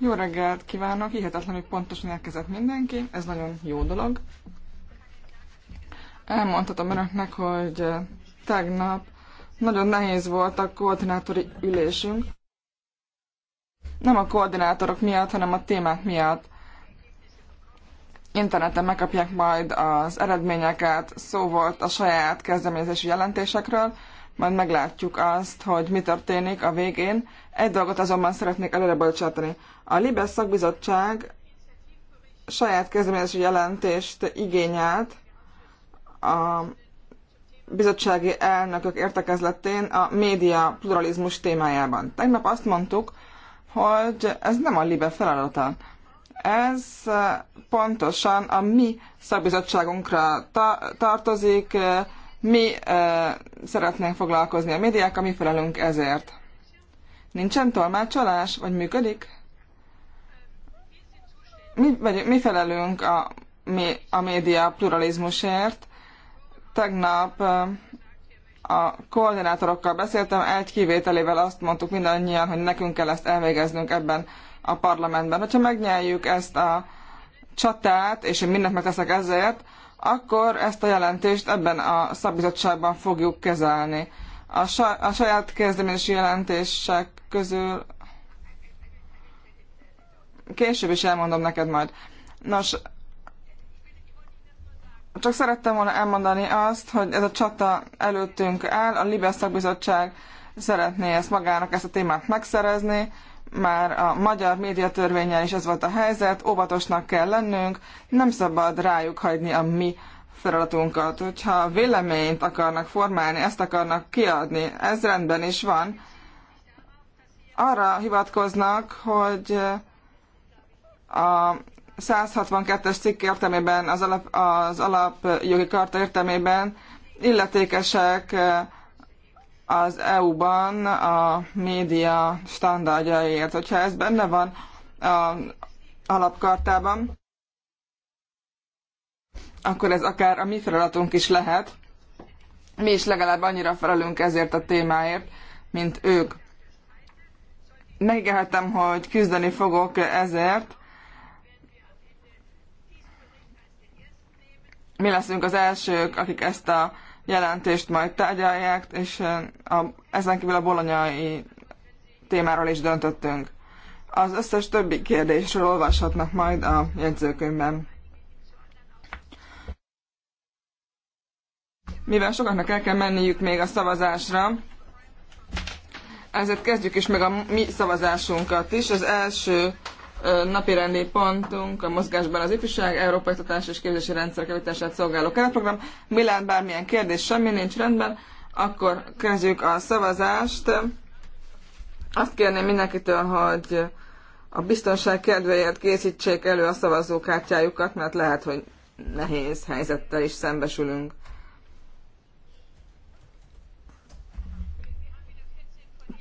Jó reggelt kívánok, hihetetlenül pontosan érkezett mindenki, ez nagyon jó dolog. Elmondhatom önöknek, hogy eh, tegnap nagyon nehéz volt a koordinátori ülésünk. Nem a koordinátorok miatt, hanem a témák miatt. Interneten megkapják majd az eredményeket, szó volt a saját kezdeményezési jelentésekről, majd meglátjuk azt, hogy mi történik a végén. Egy dolgot azonban szeretnék előre bocsátani. A Libes szakbizottság saját kezdeményezési jelentést igényelt a bizottsági elnökök értekezletén a média pluralizmus témájában. Tegnap azt mondtuk, hogy ez nem a Libe feladata. Ez pontosan a mi szakbizottságunkra ta- tartozik, mi uh, szeretnénk foglalkozni a a mi felelünk ezért. Nincsen tolmácsolás, vagy működik? Mi, vagy, mi felelünk a, mi, a média pluralizmusért. Tegnap uh, a koordinátorokkal beszéltem, egy kivételével azt mondtuk mindannyian, hogy nekünk kell ezt elvégeznünk ebben a parlamentben. Hogyha megnyeljük ezt a csatát, és én mindent megteszek ezért, akkor ezt a jelentést ebben a szabizottságban fogjuk kezelni. A, sa- a saját kezdeményezési jelentések közül később is elmondom neked majd. Nos, csak szerettem volna elmondani azt, hogy ez a csata előttünk áll, a Libes szakbizottság szeretné ezt magának, ezt a témát megszerezni, már a magyar médiatörvényel is ez volt a helyzet, óvatosnak kell lennünk, nem szabad rájuk hagyni a mi feladatunkat. Hogyha véleményt akarnak formálni, ezt akarnak kiadni, ez rendben is van. Arra hivatkoznak, hogy a 162-es cikk értelmében, az, alap, az karta értelmében illetékesek az EU-ban a média standardjaiért. Hogyha ez benne van a alapkartában, akkor ez akár a mi feladatunk is lehet. Mi is legalább annyira felelünk ezért a témáért, mint ők. Megígérhetem, hogy küzdeni fogok ezért. Mi leszünk az elsők, akik ezt a jelentést majd tárgyalják, és a, ezen kívül a bolonyai témáról is döntöttünk. Az összes többi kérdésről olvashatnak majd a jegyzőkönyvben. Mivel sokaknak el kell menniük még a szavazásra, ezért kezdjük is meg a mi szavazásunkat is. Az első Napi rendi pontunk a mozgásban az ifjúság, Európai Tatás és Képzési Rendszerek kevítását szolgáló keretprogram. Milán bármilyen kérdés, semmi nincs rendben, akkor kezdjük a szavazást. Azt kérném mindenkitől, hogy a biztonság kedvéért készítsék elő a szavazókártyájukat, mert lehet, hogy nehéz helyzettel is szembesülünk.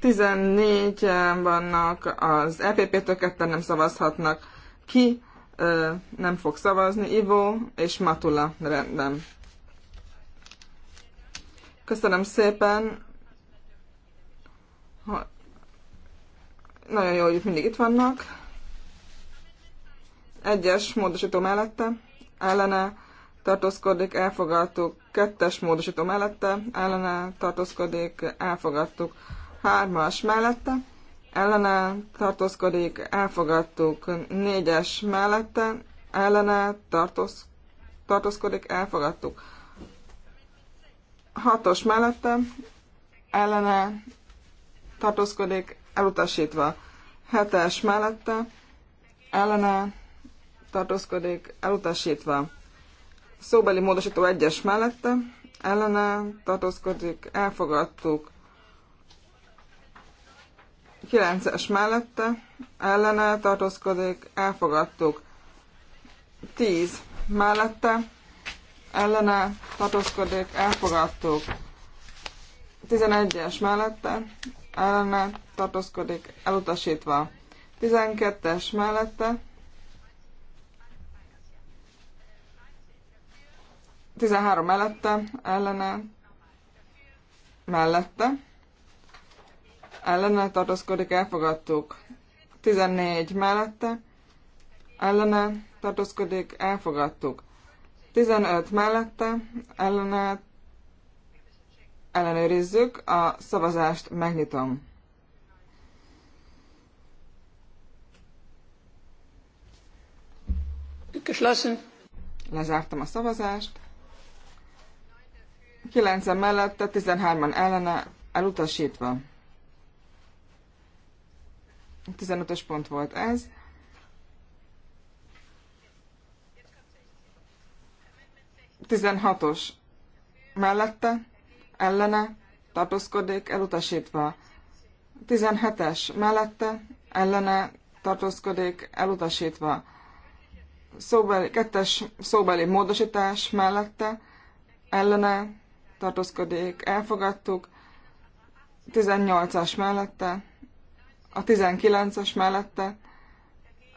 14 vannak, az EPP-től ketten nem szavazhatnak. Ki ö, nem fog szavazni? Ivo és Matula, rendben. Köszönöm szépen. Ha... Nagyon jó, hogy mindig itt vannak. Egyes módosító mellette, ellene tartózkodik, elfogadtuk. Kettes módosító mellette, ellene tartózkodik, elfogadtuk hármas mellette, ellene tartózkodik, elfogadtuk, négyes mellette, ellene tartóz, tartózkodik, elfogadtuk. Hatos mellette, ellene tartózkodik, elutasítva. Hetes mellette, ellene tartózkodik, elutasítva. Szóbeli módosító egyes mellette, ellene tartózkodik, elfogadtuk. 9-es mellette ellene tartózkodik, elfogadtuk. 10 mellette ellene tartózkodik, elfogadtuk. 11-es mellette ellene tartózkodik, elutasítva. 12-es mellette 13 mellette, ellene, mellette ellene tartózkodik, elfogadtuk. 14 mellette, ellene tartózkodik, elfogadtuk. 15 mellette, ellene ellenőrizzük, a szavazást megnyitom. Lezártam a szavazást. 9 mellette, 13-an ellene, elutasítva. 15-ös pont volt ez. Tizenhatos mellette, ellene, tartózkodik, elutasítva. 17-es mellette, ellene, tartózkodik, elutasítva. Szóbeli, kettes szóbeli módosítás mellette, ellene, tartózkodik, elfogadtuk. 18-as mellette, a 19-es mellette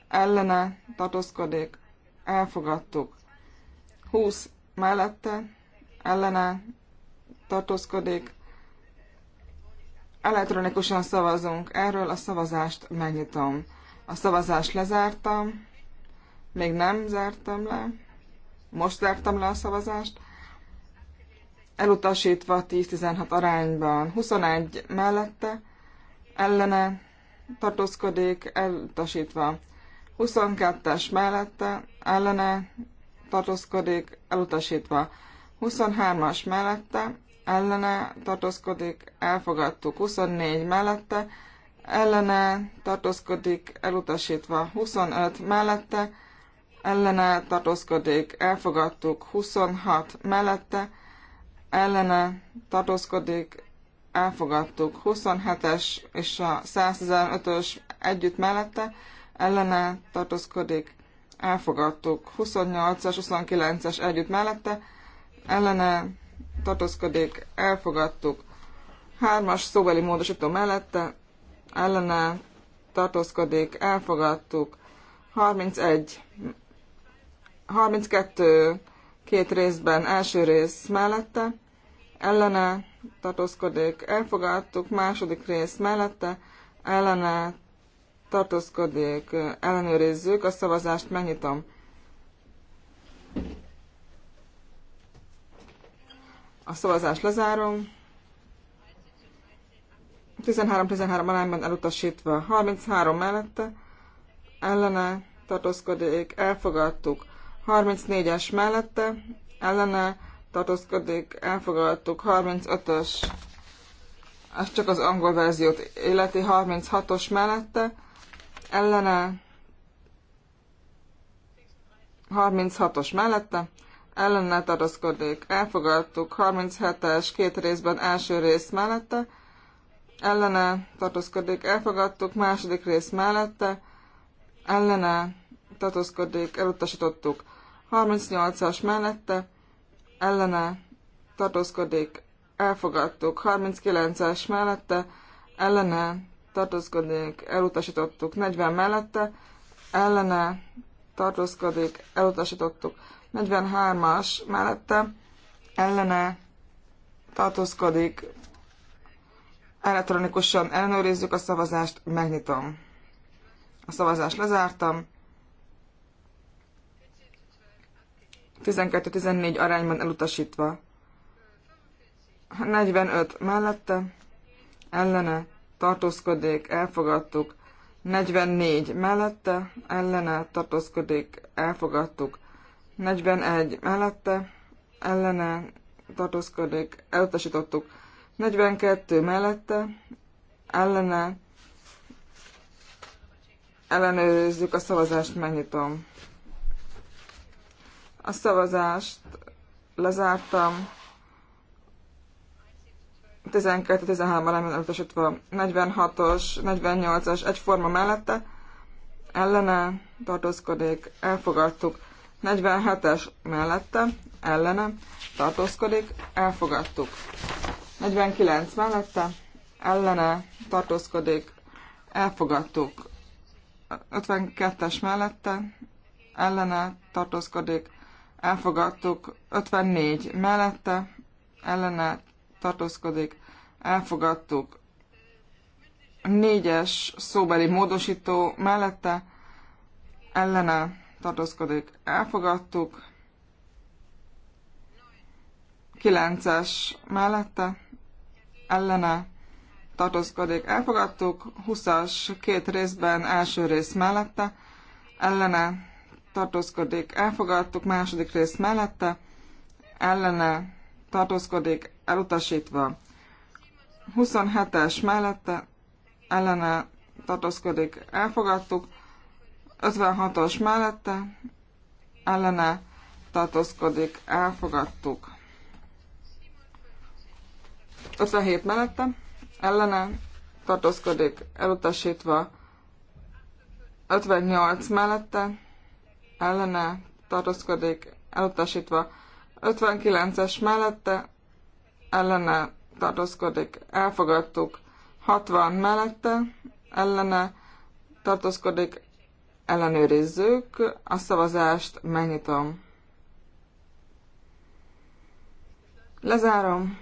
ellene tartózkodik, elfogadtuk. 20 mellette ellene tartózkodik, elektronikusan szavazunk. Erről a szavazást megnyitom. A szavazást lezártam, még nem zártam le, most zártam le a szavazást, elutasítva 10-16 arányban, 21 mellette, ellene tartózkodik, elutasítva. 22-es mellette, ellene tartózkodik, elutasítva. 23-as mellette, ellene tartózkodik, elfogadtuk. 24 mellette, ellene tartózkodik, elutasítva. 25 mellette, ellene tartózkodik, elfogadtuk. 26 mellette, ellene tartózkodik, elfogadtuk. 27-es és a 115-ös együtt mellette ellene tartózkodik, elfogadtuk. 28-as, 29-es együtt mellette ellene tartózkodik, elfogadtuk. 3-as szóbeli módosító mellette ellene tartózkodik, elfogadtuk. 31, 32 két részben első rész mellette ellene tartózkodik, elfogadtuk, második rész mellette, ellene tartózkodik, ellenőrizzük, a szavazást megnyitom. A szavazást lezárom. 13-13 arányban elutasítva, 33 mellette, ellene tartózkodik, elfogadtuk, 34-es mellette, ellene tartózkodik, elfogadtuk 35-ös, ez csak az angol verziót életi 36-os mellette, ellene 36-os mellette, ellene tartózkodik, elfogadtuk 37-es két részben első rész mellette, ellene tartózkodik, elfogadtuk második rész mellette, ellene tartózkodik, elutasítottuk 38-as mellette, ellene tartózkodik, elfogadtuk. 39-es mellette ellene tartózkodik, elutasítottuk. 40 mellette ellene tartózkodik, elutasítottuk. 43-as mellette ellene tartózkodik, elektronikusan ellenőrizzük a szavazást, megnyitom. A szavazást lezártam. 12-14 arányban elutasítva. 45 mellette, ellene, tartózkodék, elfogadtuk. 44 mellette, ellene, tartózkodék, elfogadtuk. 41 mellette, ellene, tartózkodék, elutasítottuk. 42 mellette, ellene, ellenőrizzük a szavazást, megnyitom. A szavazást lezártam. 12-13 elemmel utasítva 46-os, 48-as egyforma mellette ellene tartózkodik, elfogadtuk. 47-es mellette ellene tartózkodik, elfogadtuk. 49 mellette ellene tartózkodik, elfogadtuk. 52-es mellette ellene tartózkodik, elfogadtuk, 54 mellette, ellene tartózkodik, elfogadtuk, 4-es szóbeli módosító mellette, ellene tartózkodik, elfogadtuk, 9-es mellette, ellene tartózkodik, elfogadtuk, 20-as két részben első rész mellette, ellene tartózkodik, elfogadtuk, második rész mellette, ellene tartózkodik, elutasítva. 27-es mellette, ellene tartózkodik, elfogadtuk, 56-os mellette, ellene tartózkodik, elfogadtuk. 57 mellette, ellene tartózkodik, elutasítva. 58 mellette, ellene tartózkodik elutasítva, 59-es mellette ellene tartózkodik elfogadtuk, 60 mellette ellene tartózkodik ellenőrizzük, a szavazást megnyitom. Lezárom.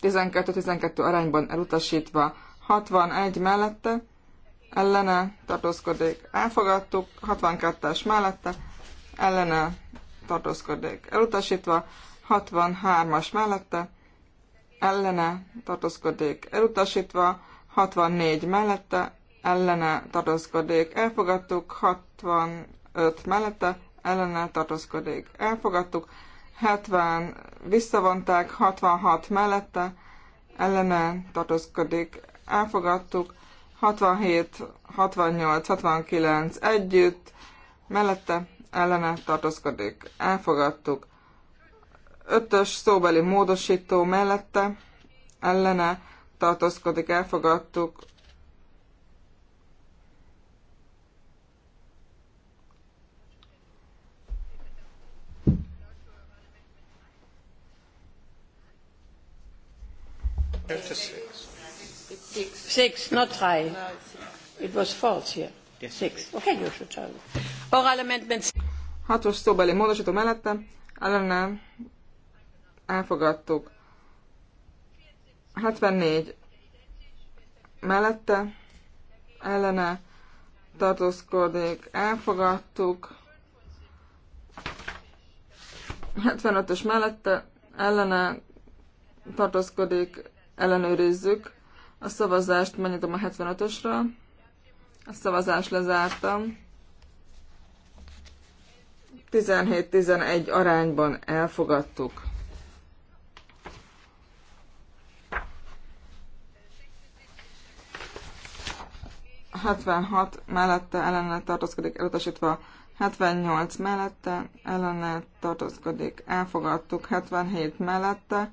12-12 arányban elutasítva, 61 mellette, ellene tartózkodik, elfogadtuk, 62-es mellette, ellene tartózkodik, elutasítva, 63-as mellette, ellene tartózkodik, elutasítva, 64 mellette, ellene tartózkodik, elfogadtuk, 65 mellette, ellene tartózkodik, elfogadtuk, 70 visszavonták, 66 mellette, ellene tartózkodik, elfogadtuk, 67, 68, 69 együtt, mellette ellene tartózkodik. Elfogadtuk. Ötös szóbeli módosító mellette ellene tartózkodik. Elfogadtuk. Köszönöm. Six. Six, not three. No, six. It was false here. Yes. Six. Okay, you should tell Oral amendment. Hatos szóbeli módosító mellettem, ellenem elfogadtuk. 74 mellette, ellene tartózkodik, elfogadtuk. 75-ös mellette, ellene tartózkodik, ellenőrizzük. A szavazást megnyitom a 75 ösre A szavazást lezártam. 17-11 arányban elfogadtuk. A 76 mellette ellene tartózkodik, elutasítva 78 mellette ellene tartózkodik, elfogadtuk 77 mellette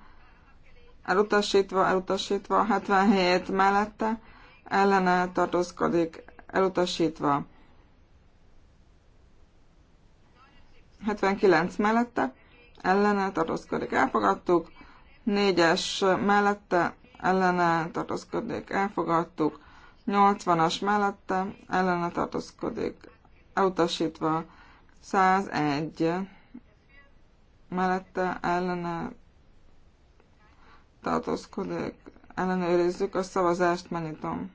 elutasítva, elutasítva, 77 mellette, ellene tartózkodik, elutasítva. 79 mellette, ellene tartózkodik, elfogadtuk. 4-es mellette, ellene tartózkodik, elfogadtuk. 80-as mellette, ellene tartózkodik, elutasítva. 101 mellette, ellene tartózkodik, ellenőrizzük, a szavazást megnyitom.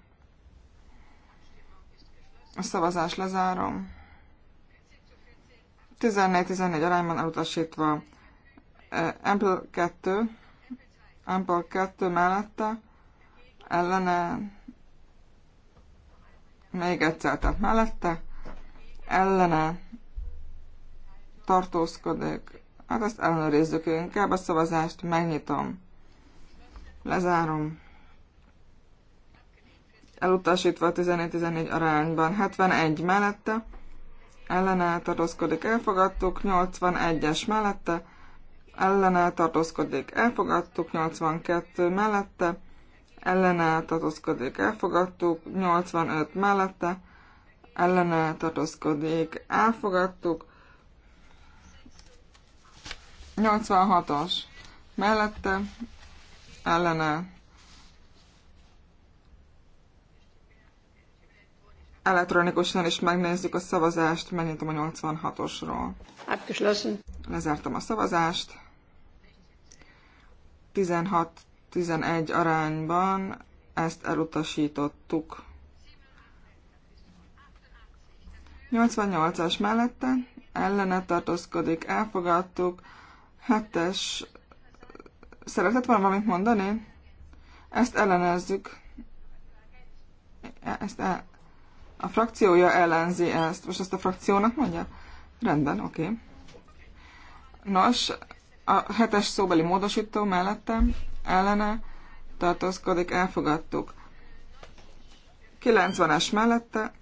A szavazás lezárom. 14-14 arányban elutasítva. Ample 2, Ample 2 mellette, ellene, még egyszer, tehát mellette, ellene tartózkodik. Hát ezt ellenőrizzük inkább, a szavazást megnyitom. Lezárom. Elutasítva 14-14 arányban. 71 mellette. Ellene tartózkodik. Elfogadtuk. 81-es mellette. Ellene tartózkodik. Elfogadtuk. 82 mellette. Ellene tartózkodik. Elfogadtuk. 85 mellette. Ellene tartózkodik. Elfogadtuk. 86-os mellette ellene elektronikusan is megnézzük a szavazást, megnyitom a 86-osról. Lezártam a szavazást. 16-11 arányban ezt elutasítottuk. 88-as mellette ellene tartózkodik, elfogadtuk. 7-es Szeretett volna valamit mondani? Ezt ellenezzük. E, ezt el... A frakciója ellenzi ezt. Most ezt a frakciónak mondja? Rendben, oké. Okay. Nos, a hetes szóbeli módosító mellettem ellene tartózkodik, elfogadtuk. 90-es mellette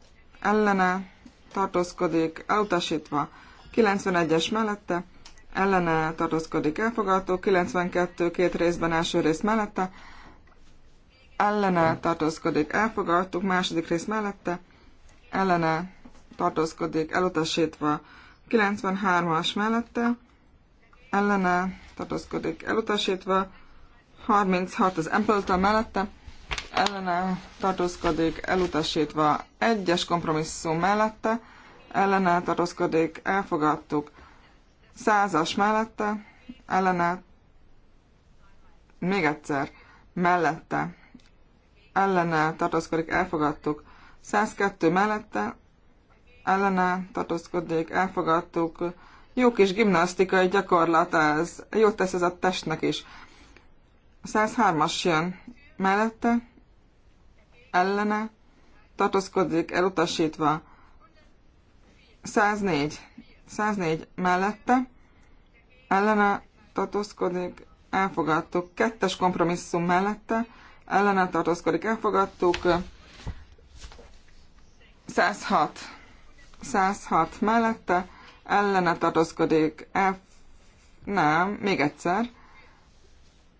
ellene tartózkodik, elutasítva. 91-es mellette ellene tartózkodik elfogadó, 92 két részben első rész mellette, ellene tartózkodik elfogadtuk, második rész mellette, ellene tartózkodik elutasítva, 93-as mellette, ellene tartózkodik elutasítva, 36 az ample mellette, ellene tartózkodik elutasítva, egyes kompromisszum mellette, ellene tartózkodik elfogadtuk, Százas mellette, ellene, még egyszer, mellette, ellene tartózkodik, elfogadtuk. 102 mellette, ellene tartózkodik, elfogadtuk. Jó kis gimnasztikai gyakorlat ez, jót tesz ez a testnek is. 103-as jön mellette, ellene tartózkodik, elutasítva. 104 104 mellette, ellene tartózkodik, elfogadtuk. Kettes kompromisszum mellette, ellene tartózkodik, elfogadtuk. 106, 106 mellette, ellene tartózkodik, el... nem, még egyszer,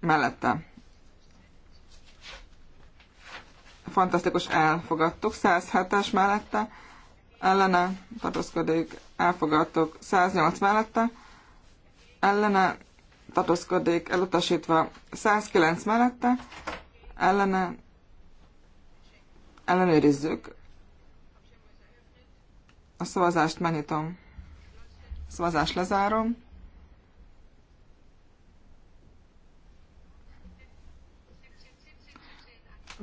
mellette. Fantasztikus, elfogadtuk. 107-es mellette, ellene tartózkodik, elfogadtuk 108 mellette, ellene tartózkodik elutasítva 109 mellette, ellene ellenőrizzük. A szavazást megnyitom. A szavazást lezárom.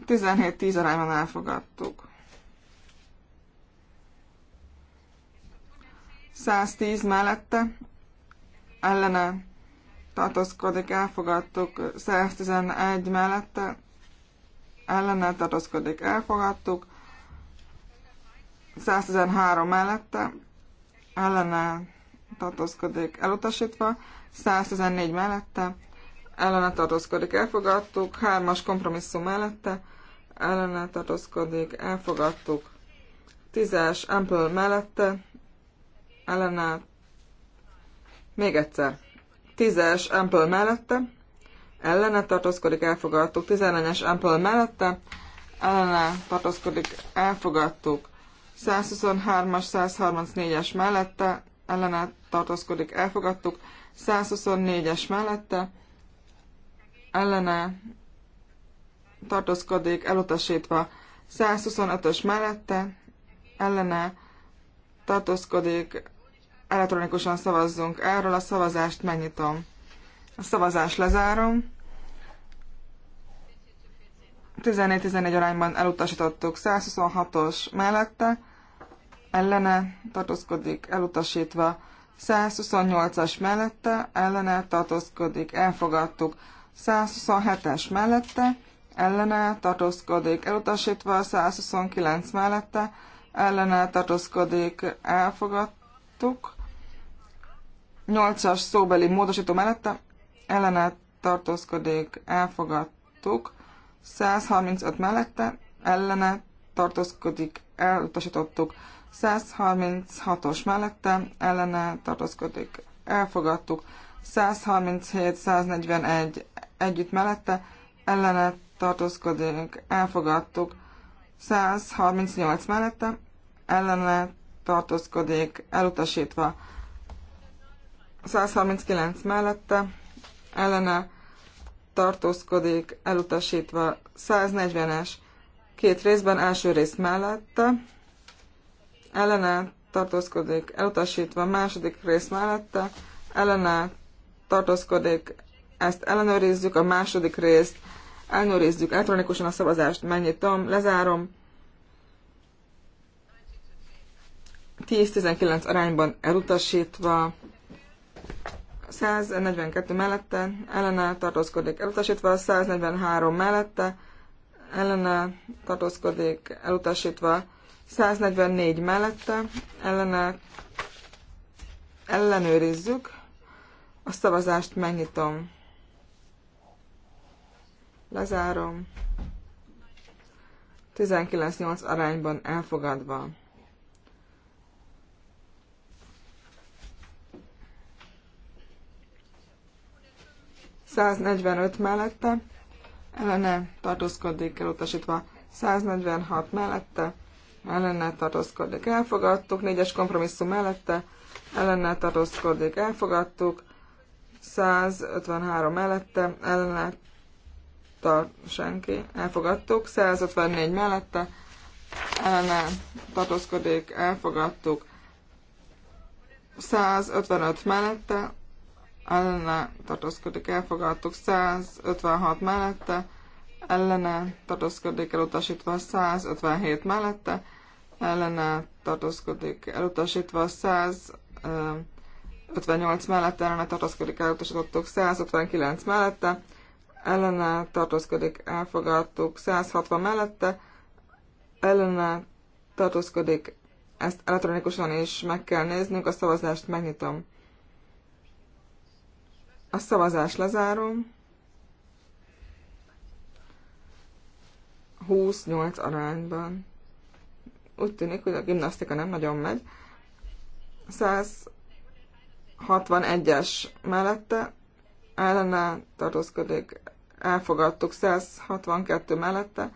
Tizenhét tíz arányban elfogadtuk. 110 mellette ellene tartózkodik, elfogadtuk. 111 mellette ellene tartózkodik, elfogadtuk. 113 mellette ellene tartózkodik, elutasítva. 114 mellette ellene tartózkodik, elfogadtuk. 3-as kompromisszum mellette ellene tartózkodik, elfogadtuk. 10-es Ample mellette ellenáll. Még egyszer. Tízes es Ample mellette, ellene tartózkodik, elfogadtuk. 11-es Ample mellette, ellene tartózkodik, elfogadtuk. 123-as, 134-es mellette, ellene tartózkodik, elfogadtuk. 124-es mellette, ellene tartózkodik, elutasítva. 125-ös mellette, ellene tartózkodik, elektronikusan szavazzunk erről, a szavazást megnyitom. A szavazást lezárom. 14-11 arányban elutasítottuk 126-os mellette, ellene tartózkodik elutasítva 128-as mellette, ellene tartózkodik elfogadtuk 127-es mellette, ellene tartózkodik elutasítva 129 mellette, ellene tartózkodik elfogadtuk nyolcas szóbeli módosító mellette ellene tartózkodik, elfogadtuk. 135 mellette ellene tartózkodik, elutasítottuk. 136-os mellette ellene tartózkodik, elfogadtuk. 137-141 együtt mellette ellene tartózkodik, elfogadtuk. 138 mellette ellene tartózkodik, elutasítva. 139 mellette ellene tartózkodik, elutasítva 140-es két részben, első rész mellette ellene tartózkodik, elutasítva második rész mellette ellene tartózkodik, ezt ellenőrizzük, a második részt ellenőrizzük elektronikusan a szavazást, megnyitom, lezárom. 10-19 arányban elutasítva 142 mellette ellene tartózkodik elutasítva, 143 mellette ellene tartózkodik elutasítva, 144 mellette ellene ellenőrizzük, a szavazást megnyitom. Lezárom. 19-8 arányban elfogadva. 145 mellette, ellene tartózkodik elutasítva 146 mellette, ellene tartózkodik elfogadtuk, 4-es kompromisszum mellette, ellene tartózkodik elfogadtuk, 153 mellette, ellene tar senki, elfogadtuk, 154 mellette, ellene tartózkodik elfogadtuk, 155 mellette, ellene tartózkodik, elfogadtuk 156 mellette, ellene tartózkodik, elutasítva 157 mellette, ellene tartózkodik, elutasítva 158 mellette, ellene tartózkodik, elutasítottuk 159 mellette, ellene tartózkodik, elfogadtuk 160 mellette, ellene tartózkodik, ezt elektronikusan is meg kell néznünk, a szavazást megnyitom. A szavazás lezárom. 28 arányban. Úgy tűnik, hogy a gimnasztika nem nagyon megy. 161-es mellette ellene tartózkodik, elfogadtuk 162 mellette.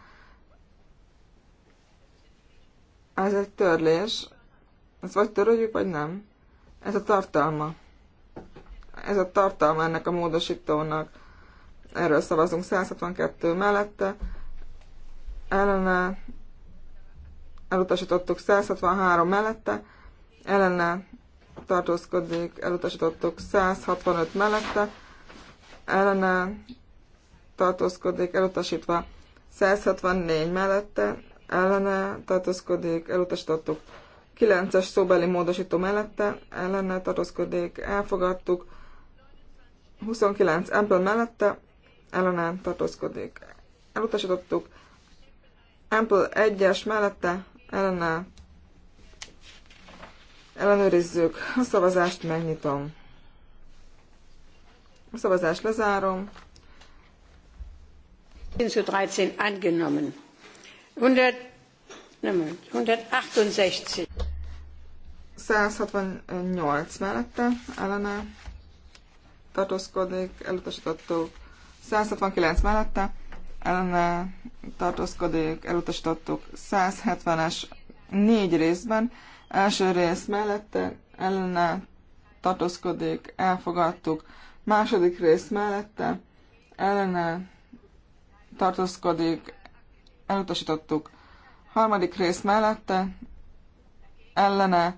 Ez egy törlés. Ezt vagy töröljük, vagy nem. Ez a tartalma ez a tartalma ennek a módosítónak. Erről szavazunk 162 mellette. Ellene elutasítottuk 163 mellette. Ellene tartózkodik, elutasítottuk 165 mellette. Ellene tartózkodik, elutasítva 164 mellette. Ellene tartózkodik, elutasítottuk 9-es szóbeli módosító mellette. Ellene tartózkodik, elfogadtuk 29 ebből mellette ellenállt tartózkodik. Elutasítottuk. Ample 1-es mellette ellenáll. Ellenőrizzük. A szavazást megnyitom. A szavazást lezárom. 13 angenommen. 168 mellette ellene tartózkodik, elutasítottuk 169 mellette, ellene tartózkodik, elutasítottuk 170-es négy részben, első rész mellette, ellene tartózkodik, elfogadtuk, második rész mellette, ellene tartózkodik, elutasítottuk, harmadik rész mellette, ellene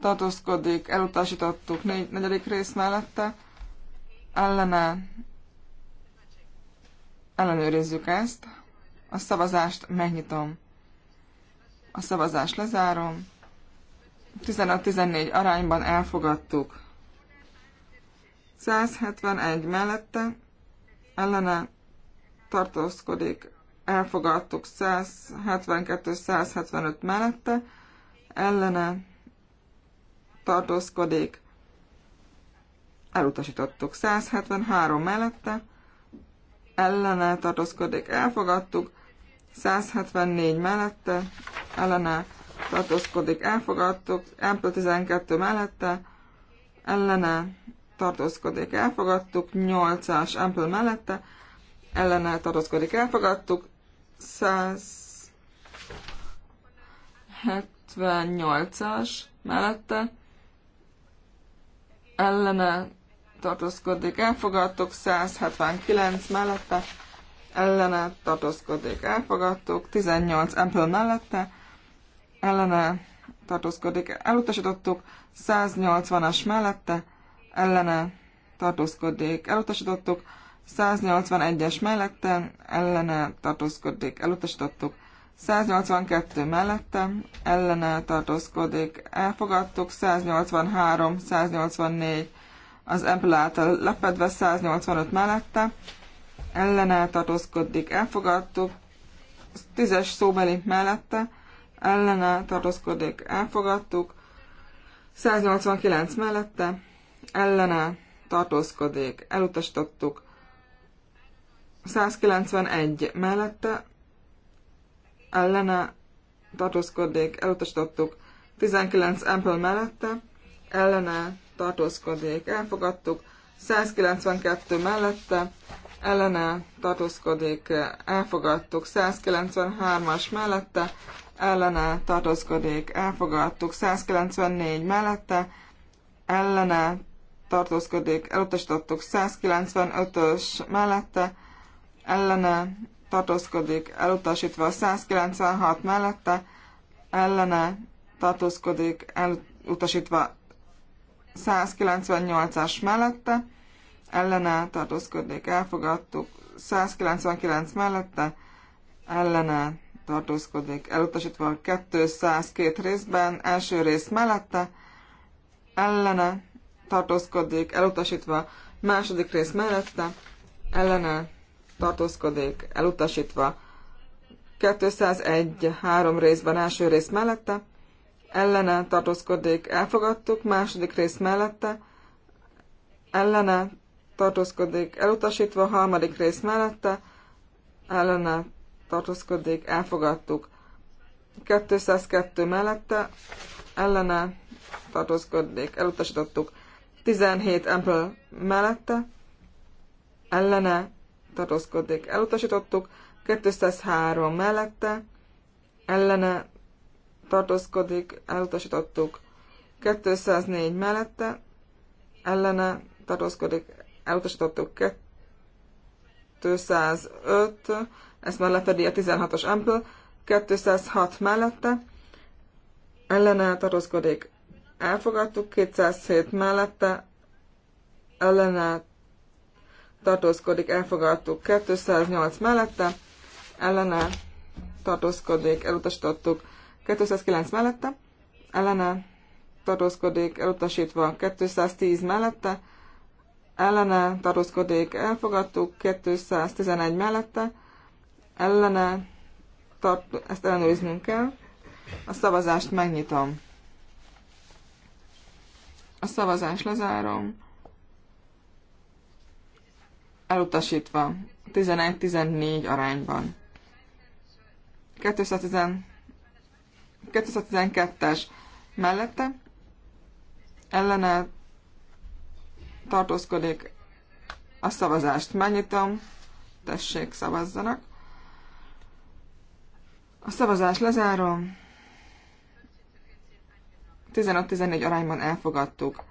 tartózkodik, elutasítottuk, negyedik rész mellette, ellene ellenőrizzük ezt. A szavazást megnyitom. A szavazást lezárom. 15-14 arányban elfogadtuk. 171 mellette ellene tartózkodik. Elfogadtuk 172-175 mellette ellene tartózkodik elutasítottuk. 173 mellette ellene tartózkodik, elfogadtuk. 174 mellette ellene tartózkodik, elfogadtuk. mp 12 mellette ellene tartózkodik, elfogadtuk. 8-as MP mellette ellene tartózkodik, elfogadtuk. 178-as mellette ellene tartózkodik, elfogadtok, 179 mellette, ellene tartózkodik, elfogadtok, 18 Ample mellette, ellene tartózkodik, elutasítottuk, 180-as mellette, ellene tartózkodik, elutasítottuk, 181-es mellette, ellene tartózkodik, elutasítottuk, 182 mellette, ellene tartózkodik, elfogadtuk, 183, 184 az Apple által lepedve 185 mellette, ellene tartózkodik, elfogadtuk, 10 szóbeli mellette, ellene tartózkodik, elfogadtuk, 189 mellette, ellene tartózkodik, elutasítottuk, 191 mellette, ellene tartózkodik, elutasítottuk, 19 Apple mellette, ellene tartózkodik, elfogadtuk, 192 mellette, ellene tartózkodik, elfogadtuk, 193-as mellette, ellene tartózkodik, elfogadtuk, 194 mellette, ellene tartózkodik, elutasítottuk, 195-ös mellette, ellene tartózkodik, elutasítva, 196 mellette, ellene tartózkodik, elutasítva, 198-as mellette, ellene tartózkodnék, elfogadtuk, 199 mellette, ellene tartózkodnék, elutasítva a 202 részben, első rész mellette, ellene tartózkodnék, elutasítva második rész mellette, ellene tartózkodnék, elutasítva 201 három részben, első rész mellette, ellene tartózkodik, elfogadtuk, második rész mellette, ellene tartózkodik, elutasítva, harmadik rész mellette, ellene tartózkodik, elfogadtuk. 202 mellette, ellene tartózkodik, elutasítottuk. 17 Apple mellette, ellene tartózkodik, elutasítottuk. 203 mellette, ellene tartózkodik, elutasítottuk. 204 mellette, ellene tartózkodik, elutasítottuk. 205, ezt már lefedi a 16-os ampl, 206 mellette, ellene tartózkodik, elfogadtuk, 207 mellette, ellene tartózkodik, elfogadtuk, 208 mellette, ellene tartózkodik, elutasítottuk, 209 mellette, ellene tartózkodik elutasítva 210 mellette, ellene tartózkodik elfogadtuk 211 mellette, ellene tart, ezt ellenőriznünk kell. A szavazást megnyitom. A szavazást lezárom. Elutasítva. 11-14 arányban. 210 212-es mellette ellene tartózkodik a szavazást. Megnyitom, tessék, szavazzanak. A szavazás lezárom. 15-14 arányban elfogadtuk.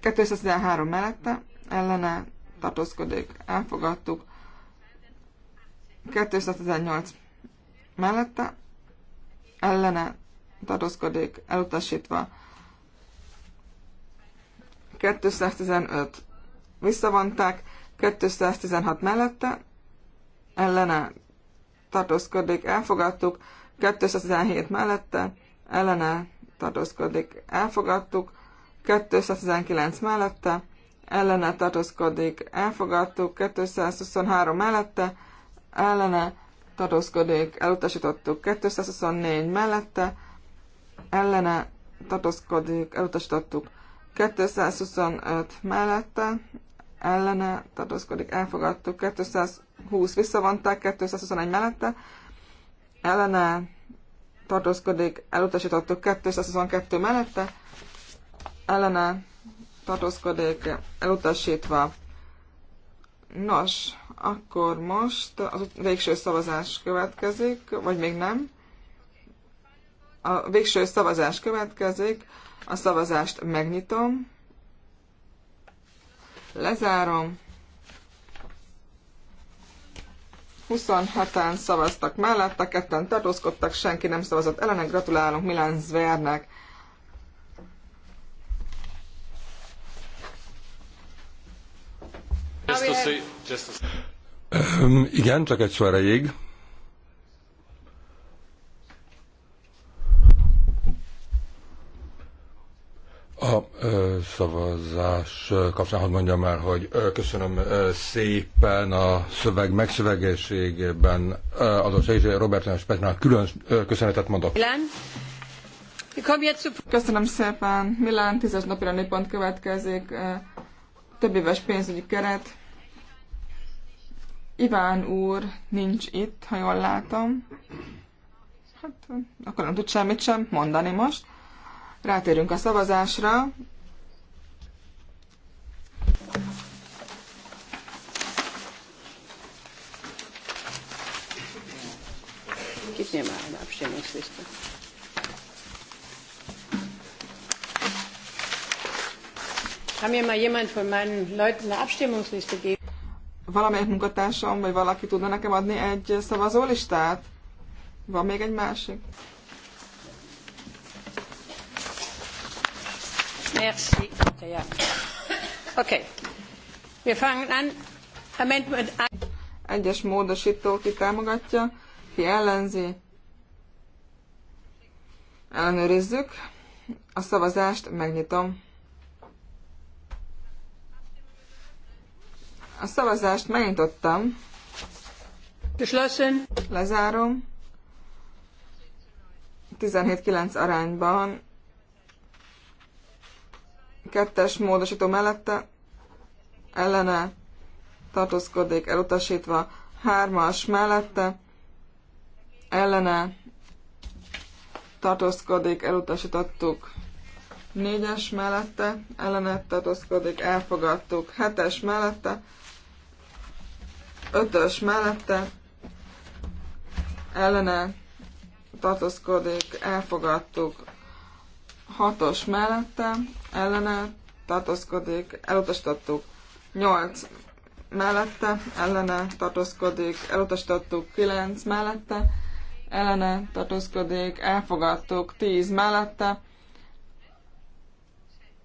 213 mellette ellene tartózkodik, elfogadtuk. 218 mellette ellene tartózkodik, elutasítva. 215. Visszavonták, 216 mellette, ellene tartózkodik, elfogadtuk, 217 mellette, ellene tartózkodik, elfogadtuk, 219 mellette, ellene tartózkodik, elfogadtuk, 223 mellette, ellene tartózkodik, elutasítottuk 224 mellette, ellene tartózkodik, elutasítottuk 225 mellette, ellene tartózkodik, elfogadtuk 220 visszavonták, 221 mellette, ellene tartózkodik, elutasítottuk 222 mellette, ellene tartózkodik, elutasítva. Nos, akkor most a végső szavazás következik, vagy még nem. A végső szavazás következik, a szavazást megnyitom, lezárom. 27-en szavaztak a ketten tartózkodtak, senki nem szavazott ellene. Gratulálunk Milán Zvernek. Biztos, igen, csak egy szó erejéig. A ö, szavazás kapcsán hadd mondjam el, hogy ö, köszönöm ö, szépen a szöveg megszövegéségében adott Robert és Spetnál külön ö, köszönetet mondok. Milán. Köszönöm szépen. Milán, tízes napi pont következik. Több éves pénzügyi keret. Iván úr nincs itt, ha jól látom. Hát, akkor nem tud semmit sem mondani most. Rátérünk a szavazásra. Gib mir mal Abstimmungsliste. Kann jemand von meinen Leuten eine Abstimmungsliste geben? valamelyik munkatársam, vagy valaki tudna nekem adni egy szavazólistát? Van még egy másik? Merci. Okay, yeah. okay. Wir fangen an. Amendment Egyes módosító, ki támogatja, ki ellenzi. Ellenőrizzük. A szavazást megnyitom. A szavazást megnyitottam. Geschlossen. Lezárom. 17-9 arányban. Kettes módosító mellette ellene tartózkodik elutasítva. Hármas mellette ellene tartózkodik elutasítottuk. Négyes mellette ellene tartózkodik elfogadtuk. Hetes mellette Ötös mellette ellene tartózkodik, elfogadtuk. Hatos mellette ellene tartózkodik, elutasítottuk. Nyolc mellette ellene tartózkodik, elutasítottuk. Kilenc mellette ellene tartózkodik, elfogadtuk. Tíz mellette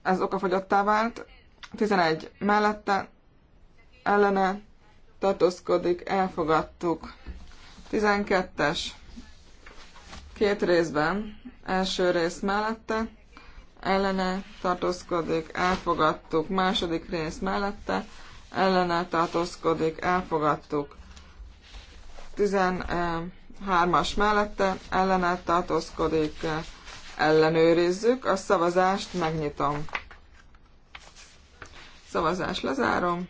ez okafogyottá vált. tizenegy mellette ellene tartózkodik, elfogadtuk. 12-es. Két részben. Első rész mellette, ellene tartózkodik, elfogadtuk. Második rész mellette, ellene tartózkodik, elfogadtuk. 13-as mellette, ellene tartózkodik, ellenőrizzük. A szavazást megnyitom. Szavazás lezárom.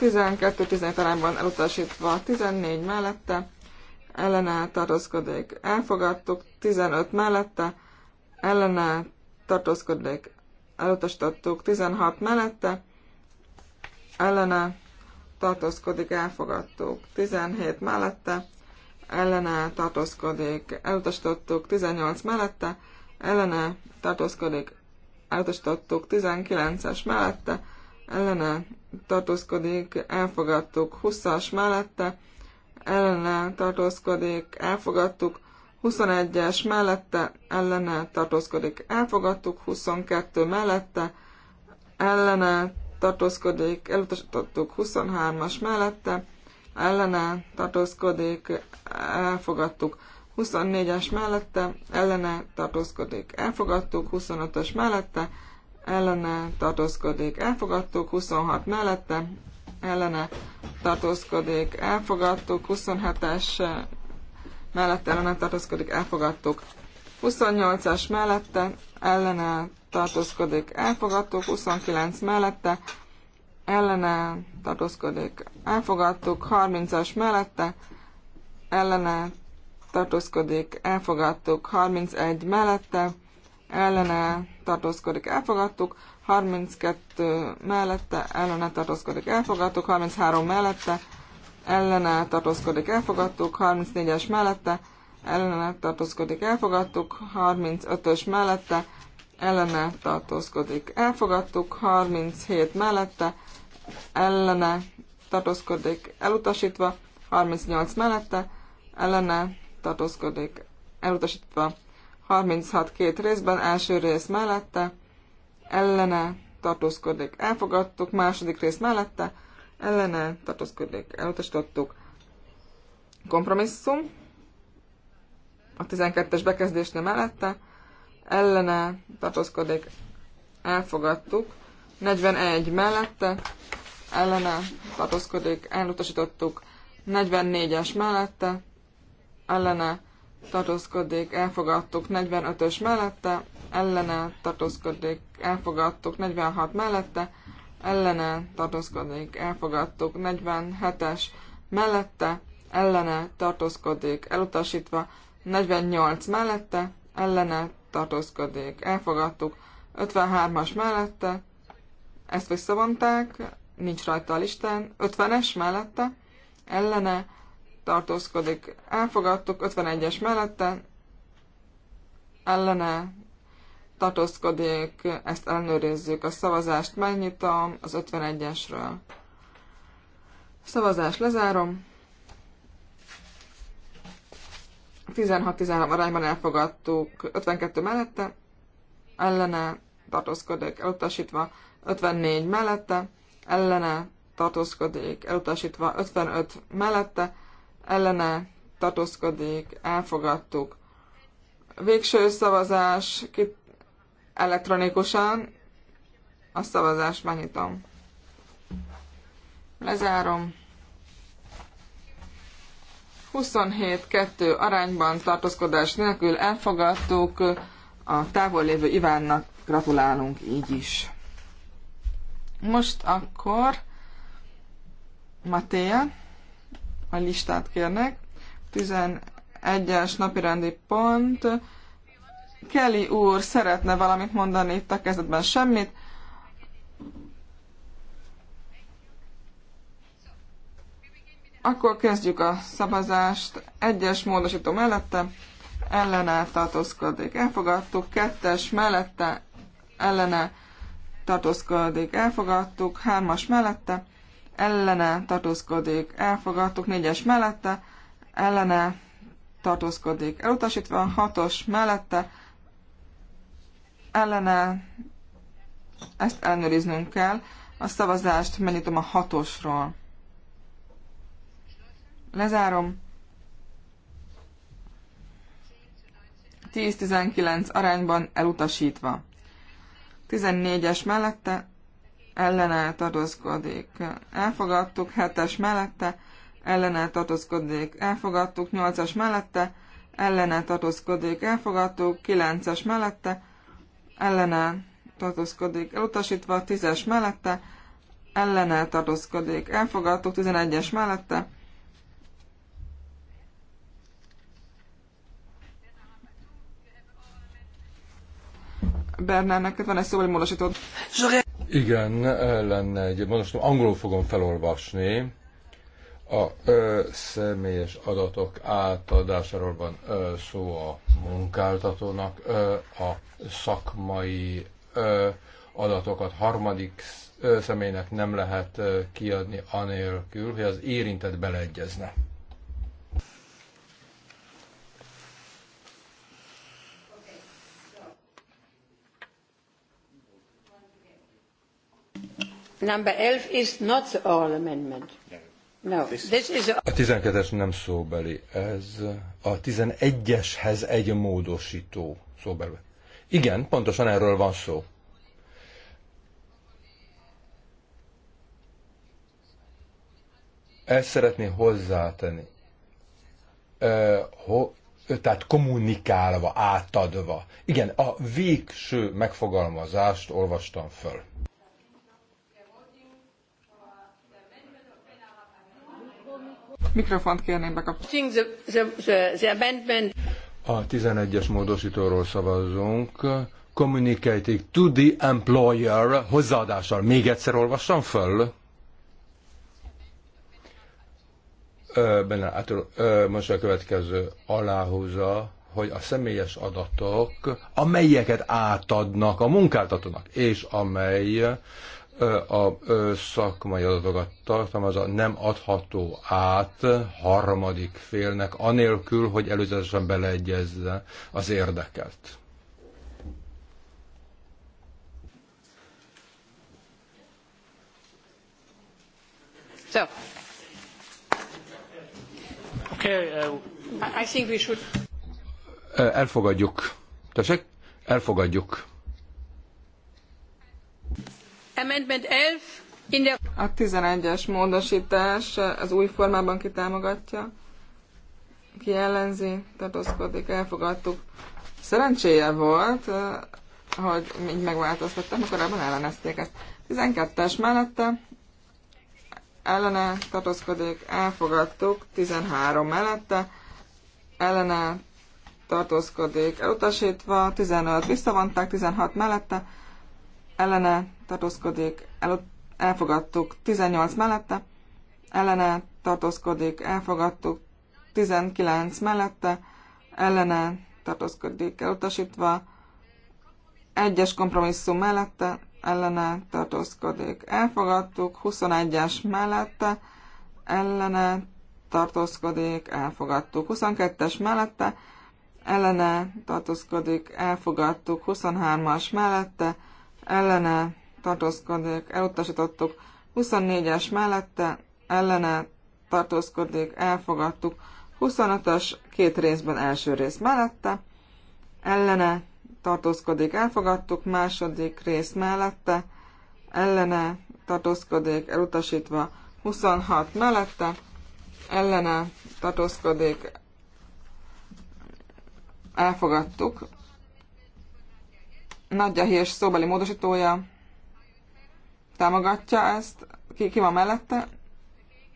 12-17 arányban elutasítva, 14 mellette, ellenállt tartózkodik, elfogadtuk, 15 mellette, ellenállt tartózkodik, elutasítottuk, 16 mellette, ellene tartózkodik, elfogadtuk, 17 mellette, ellene tartózkodik, elutasítottuk, 18 mellette, ellene tartózkodik, elutasítottuk, 19-es mellette, ellene tartózkodik, elfogadtuk. 20-as mellette ellene tartózkodik, elfogadtuk. 21-es mellette ellene tartózkodik, elfogadtuk. 22 mellette ellene tartózkodik, elutasítottuk. 23-as mellette ellene tartózkodik, elfogadtuk. 24-es mellette ellene tartózkodik, elfogadtuk. 25-ös mellette ellene tartózkodik, elfogadtuk, 26 mellette, ellene tartózkodik, elfogadtuk, 27-es mellette ellene tartózkodik, elfogadtuk. 28-as mellette ellene tartózkodik, elfogadtuk, 29 mellette ellene tartózkodik, elfogadtuk, 30-as mellette ellene tartózkodik, elfogadtuk, 31 mellette ellene tartózkodik, elfogadtuk, 32 mellette, ellene tartózkodik, elfogadtuk, 33 mellette, ellene tartózkodik, elfogadtuk, 34-es mellette, ellene tartózkodik, elfogadtuk, 35-ös mellette, ellene tartózkodik, elfogadtuk, 37 mellette, ellene tartózkodik, elutasítva, 38 mellette, ellene tartózkodik, elutasítva, 36 két részben, első rész mellette, ellene tartózkodik, elfogadtuk, második rész mellette, ellene tartózkodik, elutasítottuk. Kompromisszum, a 12-es bekezdésnél mellette, ellene tartózkodik, elfogadtuk, 41 mellette, ellene tartózkodik, elutasítottuk, 44-es mellette, ellene tartózkodik, elfogadtuk 45-ös mellette, ellene tartózkodik, elfogadtuk 46 mellette, ellene tartózkodik, elfogadtuk 47-es mellette, ellene tartózkodik, elutasítva 48 mellette, ellene tartózkodik, elfogadtuk 53-as mellette, ezt visszavonták, nincs rajta a listán, 50-es mellette, ellene tartózkodik. Elfogadtuk 51-es mellette, ellene tartózkodik, ezt ellenőrizzük. A szavazást megnyitom az 51-esről. Szavazást lezárom. 16-13 arányban elfogadtuk 52 mellette, ellene tartózkodik, elutasítva 54 mellette, ellene tartózkodik, elutasítva 55 mellette, ellene tartózkodik, elfogadtuk. Végső szavazás kit elektronikusan, a szavazást megnyitom. Lezárom. 27-2 arányban tartózkodás nélkül elfogadtuk, a távol lévő Ivánnak gratulálunk így is. Most akkor Matéja a listát kérnek. 11-es napirendi pont. Kelly úr szeretne valamit mondani itt a kezdetben semmit. Akkor kezdjük a szavazást. Egyes módosító mellette ellene tartózkodik. Elfogadtuk. Kettes mellette ellene tartózkodik. Elfogadtuk. Hármas mellette ellene tartózkodik, elfogadtuk, négyes mellette, ellene tartózkodik, elutasítva, hatos mellette, ellene, ezt ellenőriznünk kell, a szavazást megnyitom a hatosról. Lezárom. 10-19 arányban elutasítva. 14-es mellette ellenállt tartózkodik. Elfogadtuk, hetes mellette ellenállt tartózkodik. Elfogadtuk, nyolcas mellette ellenállt tartózkodik. Elfogadtuk, kilences mellette ellenállt tartózkodik. Elutasítva, tízes mellette ellenállt tartózkodik. Elfogadtuk, tizenegyes mellette, mellette Bernárnak van egy szóval módosítód. Igen, eh, lenne egy, most angolul fogom felolvasni. A ö, személyes adatok átadásáról van ö, szó a munkáltatónak, ö, a szakmai ö, adatokat harmadik ö, személynek nem lehet ö, kiadni anélkül, hogy az érintett beleegyezne. Number 11 is not amendment. No, this is a... a 12-es nem szóbeli, ez a 11-eshez egy módosító szóbeli. Igen, pontosan erről van szó. Ezt szeretné hozzátenni. E, ho, tehát kommunikálva, átadva. Igen, a végső megfogalmazást olvastam föl. Mikrofont bekapcsolni. A 11-es módosítóról szavazunk. Communicating to the employer hozzáadással. Még egyszer olvassam föl. Benne át, most a következő aláhúza, hogy a személyes adatok, amelyeket átadnak a munkáltatónak, és amely a szakmai adatokat a nem adható át harmadik félnek, anélkül, hogy előzetesen beleegyezze az érdekelt. So. Okay, uh, I think we should... Elfogadjuk. Tessék? Elfogadjuk. A 11-es módosítás az új formában kitámogatja. Ki ellenzi, tartózkodik, elfogadtuk. Szerencséje volt, hogy így megváltoztattam, ebben ellenezték ezt. 12-es mellette ellene tartózkodik, elfogadtuk, 13 mellette ellene tartózkodik, elutasítva, 15 visszavonták, 16 mellette ellene tartózkodik, el, elfogadtuk 18 mellette, ellene tartózkodik, elfogadtuk 19 mellette, ellene tartózkodik, elutasítva egyes kompromisszum mellette, ellene tartózkodik, elfogadtuk 21-es mellette, ellene tartózkodik, elfogadtuk 22-es mellette, ellene tartózkodik, elfogadtuk 23-as mellette, ellene tartózkodik, elutasítottuk. 24-es mellette ellene tartózkodik, elfogadtuk. 25-ös két részben első rész mellette, ellene tartózkodik, elfogadtuk, második rész mellette, ellene tartózkodik, elutasítva 26 mellette, ellene tartózkodik, elfogadtuk, Nagyja Hírs szóbeli módosítója támogatja ezt. Ki, ki van mellette?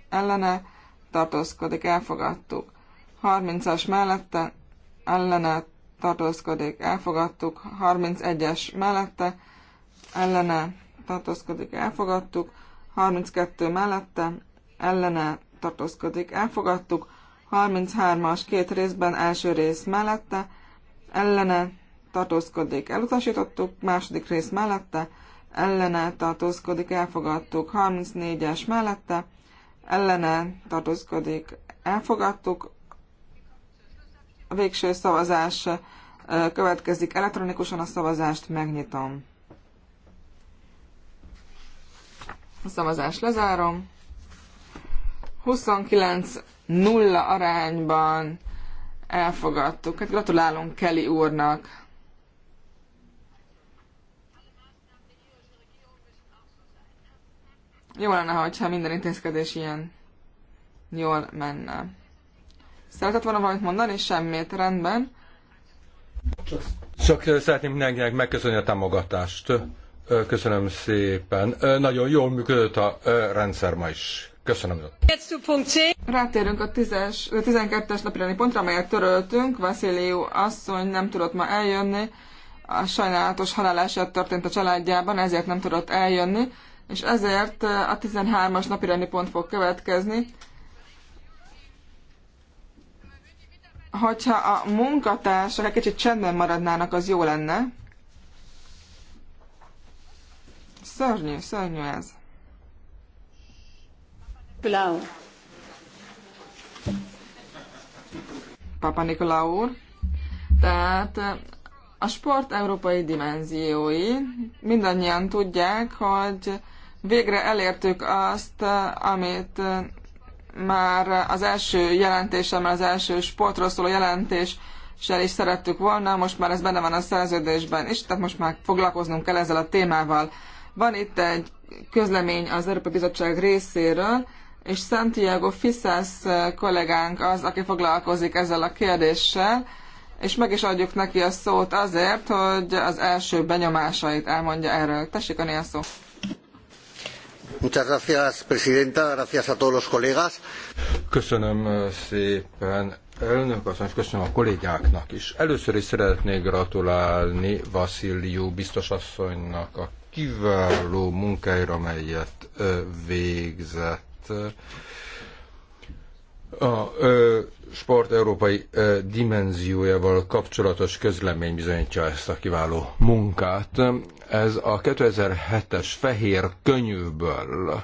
Ellene tartózkodik, elfogadtuk. 30-as mellette ellene tartózkodik, elfogadtuk. 31-es mellette ellene tartózkodik, elfogadtuk. 32 mellette ellene tartózkodik, elfogadtuk. 33-as két részben első rész mellette ellene tartózkodik, elutasítottuk, második rész mellette, ellene tartózkodik, elfogadtuk, 34-es mellette, ellene tartózkodik, elfogadtuk, a végső szavazás következik elektronikusan, a szavazást megnyitom. A szavazást lezárom. 29-0 arányban elfogadtuk. Hát gratulálunk Kelly úrnak. Jó lenne, hogyha minden intézkedés ilyen jól menne. Szeretett volna valamit mondani? Semmit. Rendben. Csak, csak szeretném mindenkinek megköszönni a támogatást. Köszönöm szépen. Nagyon jól működött a rendszer ma is. Köszönöm. Rátérünk a 12-es napirányi pontra, amelyet töröltünk. Vasziliu asszony nem tudott ma eljönni. A sajnálatos halálását történt a családjában, ezért nem tudott eljönni és ezért a 13-as napirendi pont fog következni. Hogyha a munkatársak egy kicsit csendben maradnának, az jó lenne. Szörnyű, szörnyű ez. Pilau. Papa Nikolau úr. Tehát a sport európai dimenziói. Mindannyian tudják, hogy Végre elértük azt, amit eh, már az első jelentésemmel, az első sportról szóló jelentéssel is szerettük volna, most már ez benne van a szerződésben is, tehát most már foglalkoznunk kell ezzel a témával. Van itt egy közlemény az Európai Bizottság részéről, és Santiago Fisas eh, kollégánk az, aki foglalkozik ezzel a kérdéssel, és meg is adjuk neki a szót azért, hogy az első benyomásait elmondja erről. Tessék a néha szó. Köszönöm eh, szépen, elnök asszony, és köszönöm a kollégáknak is. Először is szeretnék gratulálni Vasziliu biztos a kiváló munkáira, amelyet végzett. A, ö, sport európai dimenziójával kapcsolatos közlemény bizonyítja ezt a kiváló munkát. Ez a 2007-es fehér könyvből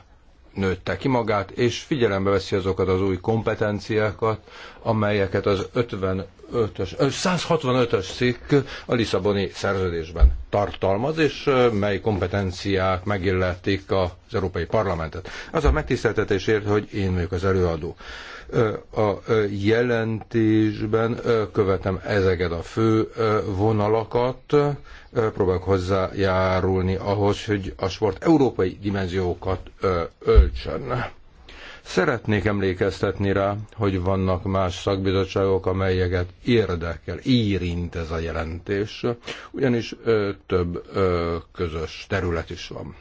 nőtte ki magát, és figyelembe veszi azokat az új kompetenciákat, amelyeket az 55-ös, 165-ös cikk a Lisszaboni szerződésben tartalmaz, és mely kompetenciák megilletik az Európai Parlamentet. Az a megtiszteltetésért, hogy én vagyok az előadó a jelentésben követem ezeket a fő vonalakat, próbálok hozzájárulni ahhoz, hogy a sport európai dimenziókat öltsön. Szeretnék emlékeztetni rá, hogy vannak más szakbizottságok, amelyeket érdekel, érint ez a jelentés, ugyanis több közös terület is van.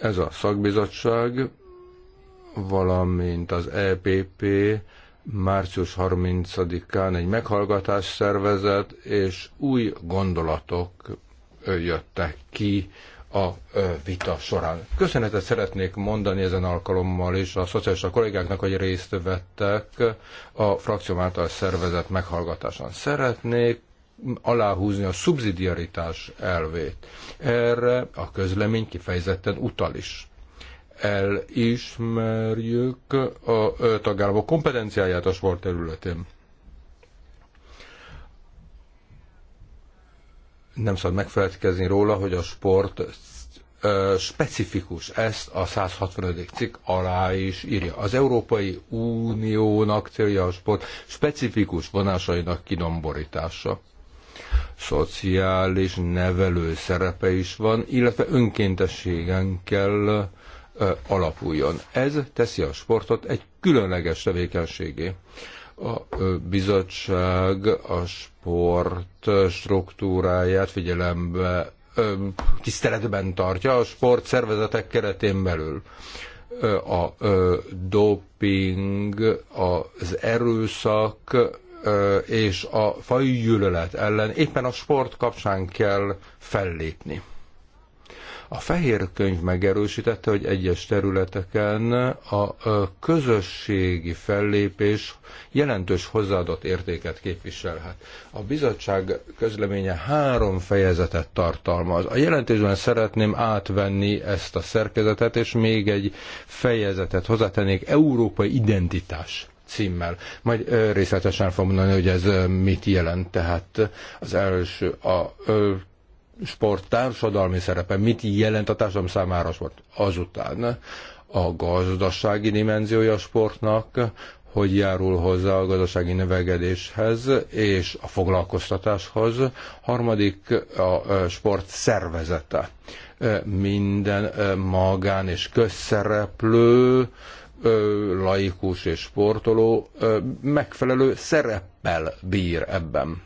Ez a szakbizottság valamint az EPP március 30-án egy meghallgatás szervezett, és új gondolatok jöttek ki a vita során. Köszönetet szeretnék mondani ezen alkalommal is a szociális kollégáknak, hogy részt vettek a frakció által szervezett meghallgatáson. Szeretnék aláhúzni a szubszidiaritás elvét. Erre a közlemény kifejezetten utal is elismerjük a tagállamok kompetenciáját a sport területén. Nem szabad megfelelkezni róla, hogy a sport specifikus, ezt a 165. cikk alá is írja. Az Európai Uniónak célja a sport specifikus vonásainak kidomborítása. Szociális nevelő szerepe is van, illetve önkéntességen kell alapuljon. Ez teszi a sportot egy különleges tevékenységé. A bizottság a sport struktúráját figyelembe tiszteletben tartja a sport szervezetek keretén belül. A doping, az erőszak és a fajgyűlölet ellen éppen a sport kapcsán kell fellépni a fehér könyv megerősítette, hogy egyes területeken a közösségi fellépés jelentős hozzáadott értéket képviselhet. A bizottság közleménye három fejezetet tartalmaz. A jelentésben szeretném átvenni ezt a szerkezetet, és még egy fejezetet hozzátennék, európai identitás címmel. Majd részletesen fogom mondani, hogy ez mit jelent. Tehát az első a sport társadalmi szerepe, mit jelent a társadalom számára a sport. Azután a gazdasági dimenziója a sportnak, hogy járul hozzá a gazdasági növekedéshez és a foglalkoztatáshoz. Harmadik a sport szervezete. Minden magán és közszereplő, laikus és sportoló megfelelő szereppel bír ebben.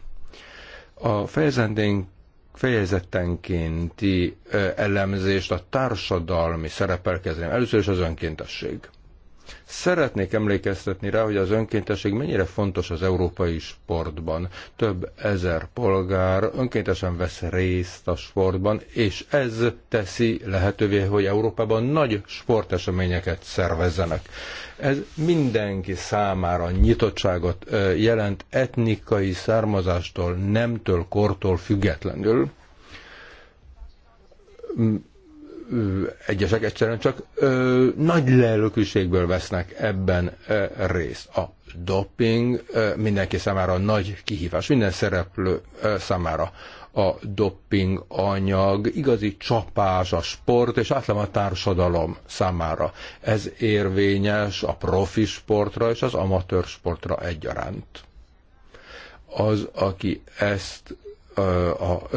A fejezetén fejezetenkénti elemzést a társadalmi szerepel Először is az önkéntesség. Szeretnék emlékeztetni rá, hogy az önkéntesség mennyire fontos az európai sportban. Több ezer polgár önkéntesen vesz részt a sportban, és ez teszi lehetővé, hogy Európában nagy sporteseményeket szervezzenek. Ez mindenki számára nyitottságot jelent etnikai származástól, nemtől, kortól függetlenül egyesek egyszerűen csak ö, nagy lelökűségből vesznek ebben ö, részt. A doping ö, mindenki számára nagy kihívás, minden szereplő ö, számára. A doping anyag igazi csapás a sport és általában a társadalom számára. Ez érvényes a profi sportra és az amatőr sportra egyaránt. Az, aki ezt a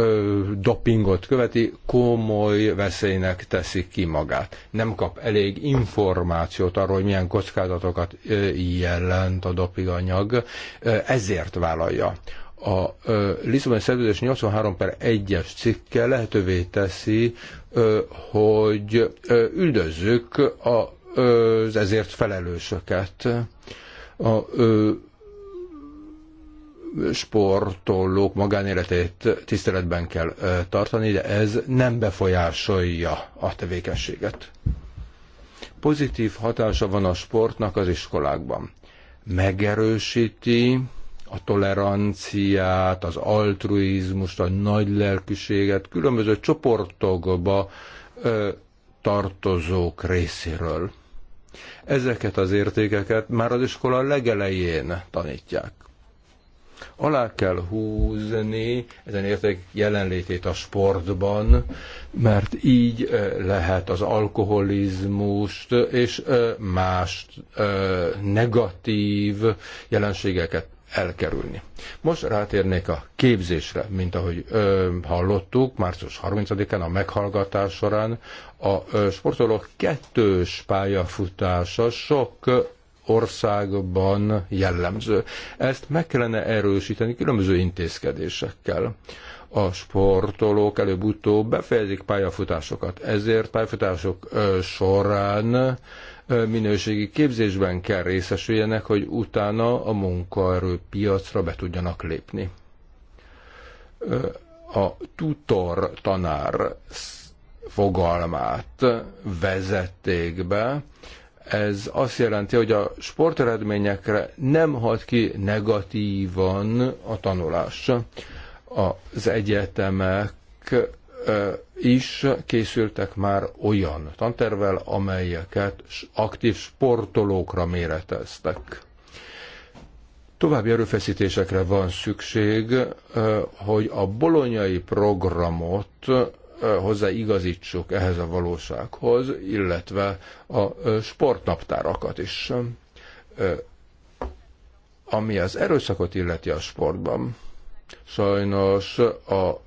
dopingot követi, komoly veszélynek teszik ki magát. Nem kap elég információt arról, hogy milyen kockázatokat jelent a dopinganyag, ezért vállalja a Lisszaboni Szerződés 83 per 1-es cikke lehetővé teszi, hogy üldözzük az ezért felelősöket. A sportolók magánéletét tiszteletben kell tartani, de ez nem befolyásolja a tevékenységet. Pozitív hatása van a sportnak az iskolákban. Megerősíti a toleranciát, az altruizmust, a nagy lelkiséget különböző csoportokba tartozók részéről. Ezeket az értékeket már az iskola legelején tanítják. Alá kell húzni ezen érték jelenlétét a sportban, mert így lehet az alkoholizmust és más negatív jelenségeket elkerülni. Most rátérnék a képzésre, mint ahogy ö, hallottuk, március 30-án a meghallgatás során a ö, sportolók kettős pályafutása sok országban jellemző. Ezt meg kellene erősíteni különböző intézkedésekkel. A sportolók előbb-utóbb befejezik pályafutásokat, ezért pályafutások során minőségi képzésben kell részesüljenek, hogy utána a munkaerőpiacra be tudjanak lépni. A tutor tanár fogalmát vezették be, ez azt jelenti, hogy a sporteredményekre nem hat ki negatívan a tanulás. Az egyetemek is készültek már olyan tantervel, amelyeket aktív sportolókra méreteztek. További erőfeszítésekre van szükség, hogy a bolonyai programot hozzáigazítsuk ehhez a valósághoz, illetve a sportnaptárakat is. Ami az erőszakot illeti a sportban, sajnos a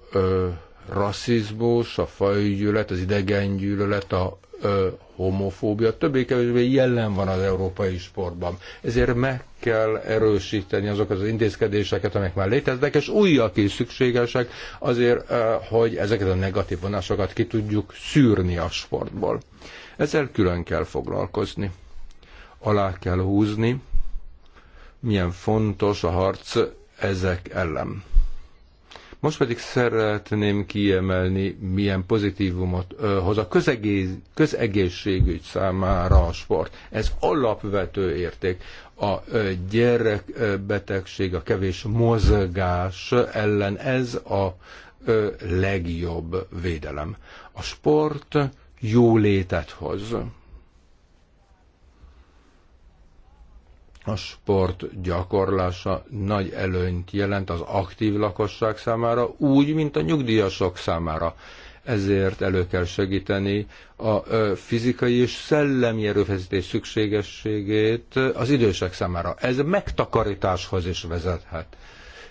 rasszizmus, a fajgyűlölet, az idegengyűlölet, a homofóbia többé-kevésbé jelen van az európai sportban. Ezért meg kell erősíteni azok az intézkedéseket, amelyek már léteznek, és újak is szükségesek azért, hogy ezeket a negatív vonásokat ki tudjuk szűrni a sportból. Ezzel külön kell foglalkozni. Alá kell húzni, milyen fontos a harc ezek ellen most pedig szeretném kiemelni, milyen pozitívumot hoz a közegéz, közegészségügy számára a sport. Ez alapvető érték. A gyerekbetegség, a kevés mozgás ellen ez a legjobb védelem. A sport jólétet hoz. A sport gyakorlása nagy előnyt jelent az aktív lakosság számára, úgy, mint a nyugdíjasok számára. Ezért elő kell segíteni a fizikai és szellemi erőfeszítés szükségességét az idősek számára. Ez megtakarításhoz is vezethet.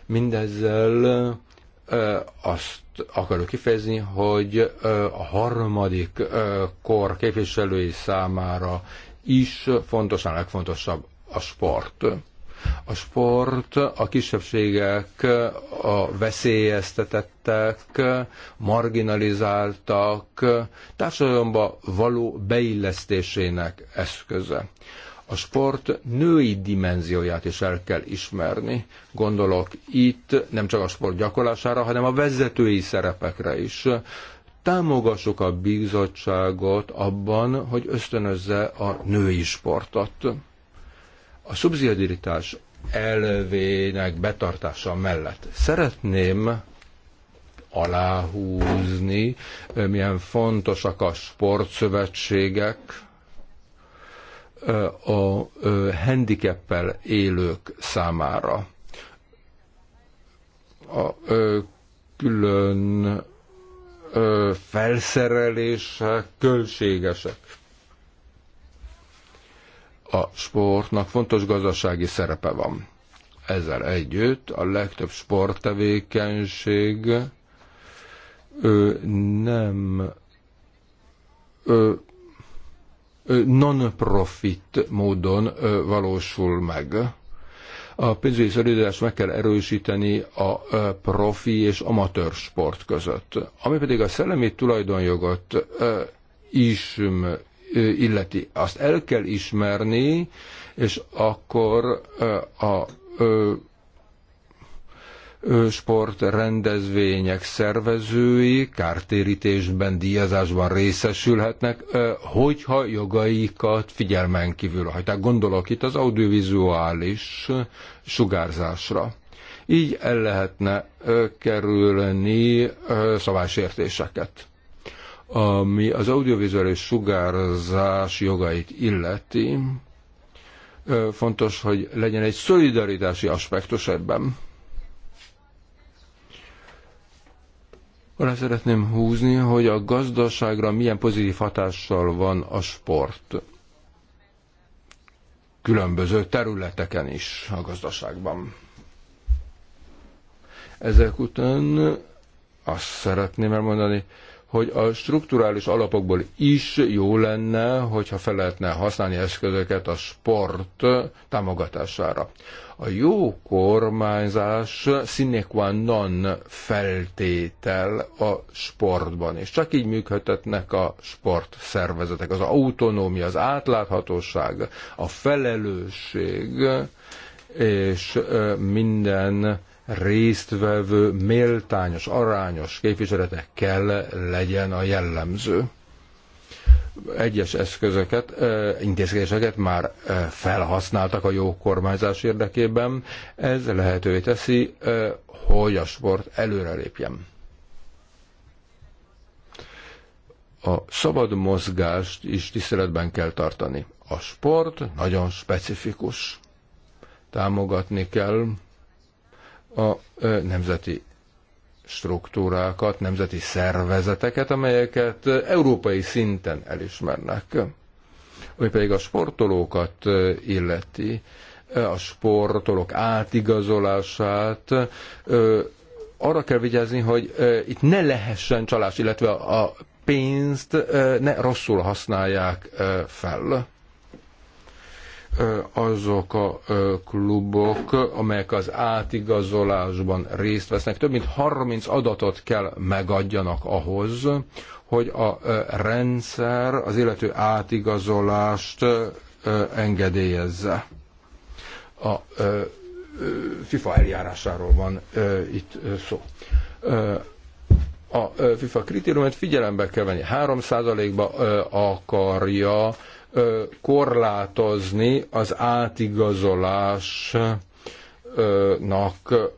Mindezzel azt akarok kifejezni, hogy a harmadik kor képviselői számára is fontosan legfontosabb a sport. A sport, a kisebbségek, a veszélyeztetettek, marginalizáltak, társadalomba való beillesztésének eszköze. A sport női dimenzióját is el kell ismerni. Gondolok itt nem csak a sport gyakorlására, hanem a vezetői szerepekre is támogassuk a bizottságot abban, hogy ösztönözze a női sportot a szubszidiaritás elvének betartása mellett szeretném aláhúzni, milyen fontosak a sportszövetségek, a handicappel élők számára. A külön felszerelések költségesek a sportnak fontos gazdasági szerepe van. Ezzel együtt a legtöbb sporttevékenység ö, nem ö, non-profit módon ö, valósul meg. A pénzügyi szolidaritást meg kell erősíteni a ö, profi és amatőr sport között. Ami pedig a szellemi tulajdonjogot ö, ism, illeti. Azt el kell ismerni, és akkor a sport rendezvények szervezői kártérítésben, díjazásban részesülhetnek, hogyha jogaikat figyelmen kívül hagyták. Gondolok itt az audiovizuális sugárzásra. Így el lehetne kerülni szabásértéseket. Ami az audiovizuális sugárzás jogait illeti, fontos, hogy legyen egy szolidaritási aspektus ebben. Arra szeretném húzni, hogy a gazdaságra milyen pozitív hatással van a sport. Különböző területeken is a gazdaságban. Ezek után azt szeretném elmondani, hogy a strukturális alapokból is jó lenne, hogyha fel lehetne használni eszközöket a sport támogatására. A jó kormányzás sine qua non feltétel a sportban, és csak így működhetnek a sportszervezetek. Az autonómia, az átláthatóság, a felelősség és minden résztvevő méltányos, arányos képviselete kell legyen a jellemző. Egyes eszközöket, intézkedéseket már felhasználtak a jó kormányzás érdekében. Ez lehetővé teszi, hogy a sport előrelépjen. A szabad mozgást is tiszteletben kell tartani. A sport nagyon specifikus. Támogatni kell a nemzeti struktúrákat, nemzeti szervezeteket, amelyeket európai szinten elismernek. Ami pedig a sportolókat illeti, a sportolók átigazolását, arra kell vigyázni, hogy itt ne lehessen csalás, illetve a pénzt ne rosszul használják fel azok a klubok, amelyek az átigazolásban részt vesznek, több mint 30 adatot kell megadjanak ahhoz, hogy a rendszer az illető átigazolást engedélyezze. A FIFA eljárásáról van itt szó a FIFA kritériumát figyelembe kell venni. 3%-ba akarja korlátozni az átigazolásnak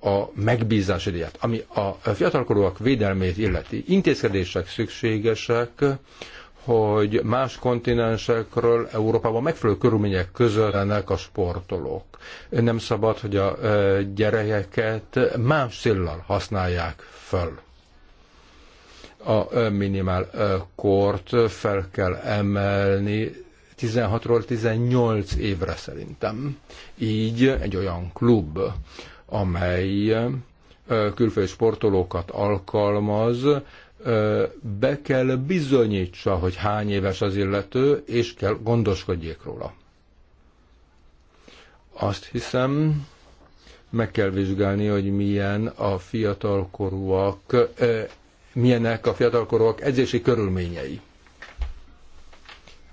a megbízási díját, ami a fiatalkorúak védelmét illeti. Intézkedések szükségesek, hogy más kontinensekről Európában megfelelő körülmények között lennek a sportolók. Nem szabad, hogy a gyerekeket más szillal használják föl. A minimál kort fel kell emelni 16-ról 18 évre szerintem. Így egy olyan klub, amely külföldi sportolókat alkalmaz, be kell bizonyítsa, hogy hány éves az illető, és kell gondoskodjék róla. Azt hiszem, meg kell vizsgálni, hogy milyen a fiatalkorúak, milyenek a fiatalkorúak edzési körülményei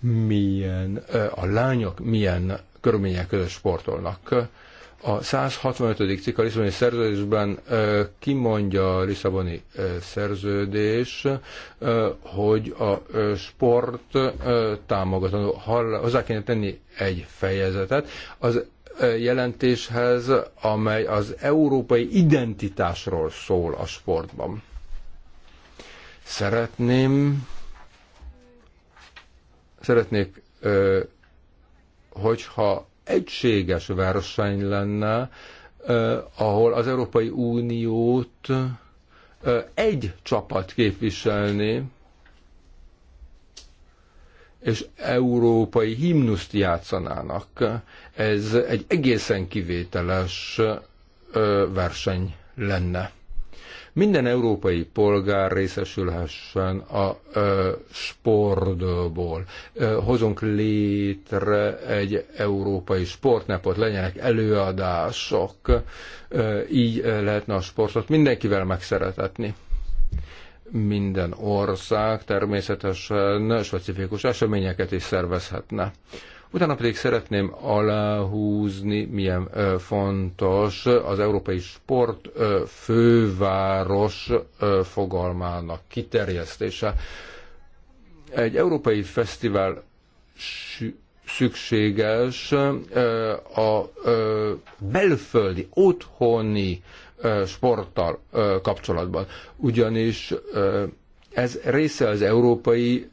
milyen, a lányok milyen körülmények között sportolnak. A 165. cikk a Lisszaboni szerződésben kimondja a Lisszaboni szerződés, hogy a sport támogatandó. Hozzá kéne tenni egy fejezetet. Az jelentéshez, amely az európai identitásról szól a sportban. Szeretném Szeretnék, hogyha egységes verseny lenne, ahol az Európai Uniót egy csapat képviselni, és európai himnuszt játszanának. Ez egy egészen kivételes verseny lenne minden európai polgár részesülhessen a ö, sportból. Ö, hozunk létre egy európai sportnapot, legyenek előadások, ö, így lehetne a sportot mindenkivel megszeretetni minden ország természetesen specifikus eseményeket is szervezhetne. Utána pedig szeretném aláhúzni, milyen fontos az európai sport főváros fogalmának kiterjesztése. Egy európai fesztivál szükséges a belföldi, otthoni sporttal kapcsolatban. Ugyanis ez része az európai